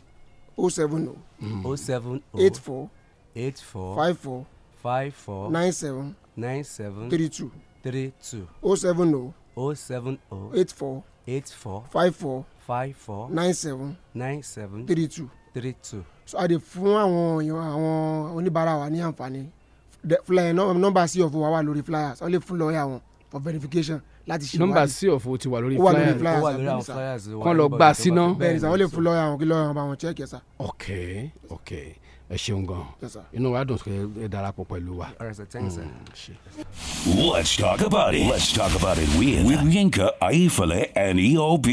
o oh seven o oh. o oh seven eight four eight four five four five four nine seven nine seven three two three two o oh seven o oh o oh seven o eight four eight four five four five four nine seven nine seven three two three two. so a lè fún àwọn èèyàn àwọn oníbàárà wa ní àǹfààní flyer nọ́mbà sí ọ̀fọ̀ wa wà lórí flyers wọ́n lè fún lọ́ọ̀yà wọn for verification láti ṣe wáyé nọ́mbà sí ọ̀fọ̀ ti wà lórí flyers ó wà flyers lọ gbà síná. bẹ́ẹ̀ni sà wọ́n lè fún lọ́ọ̀yà wọn kí lọ́ọ̀yà wọn bá wọn check ẹ sà. ok ok. okay ẹ ṣeun gan inú wa dùn ẹ darapọ̀ pẹ̀lú wa. Mm, let's talk about it let's talk about it with, with Yinka Ayifale and EOB.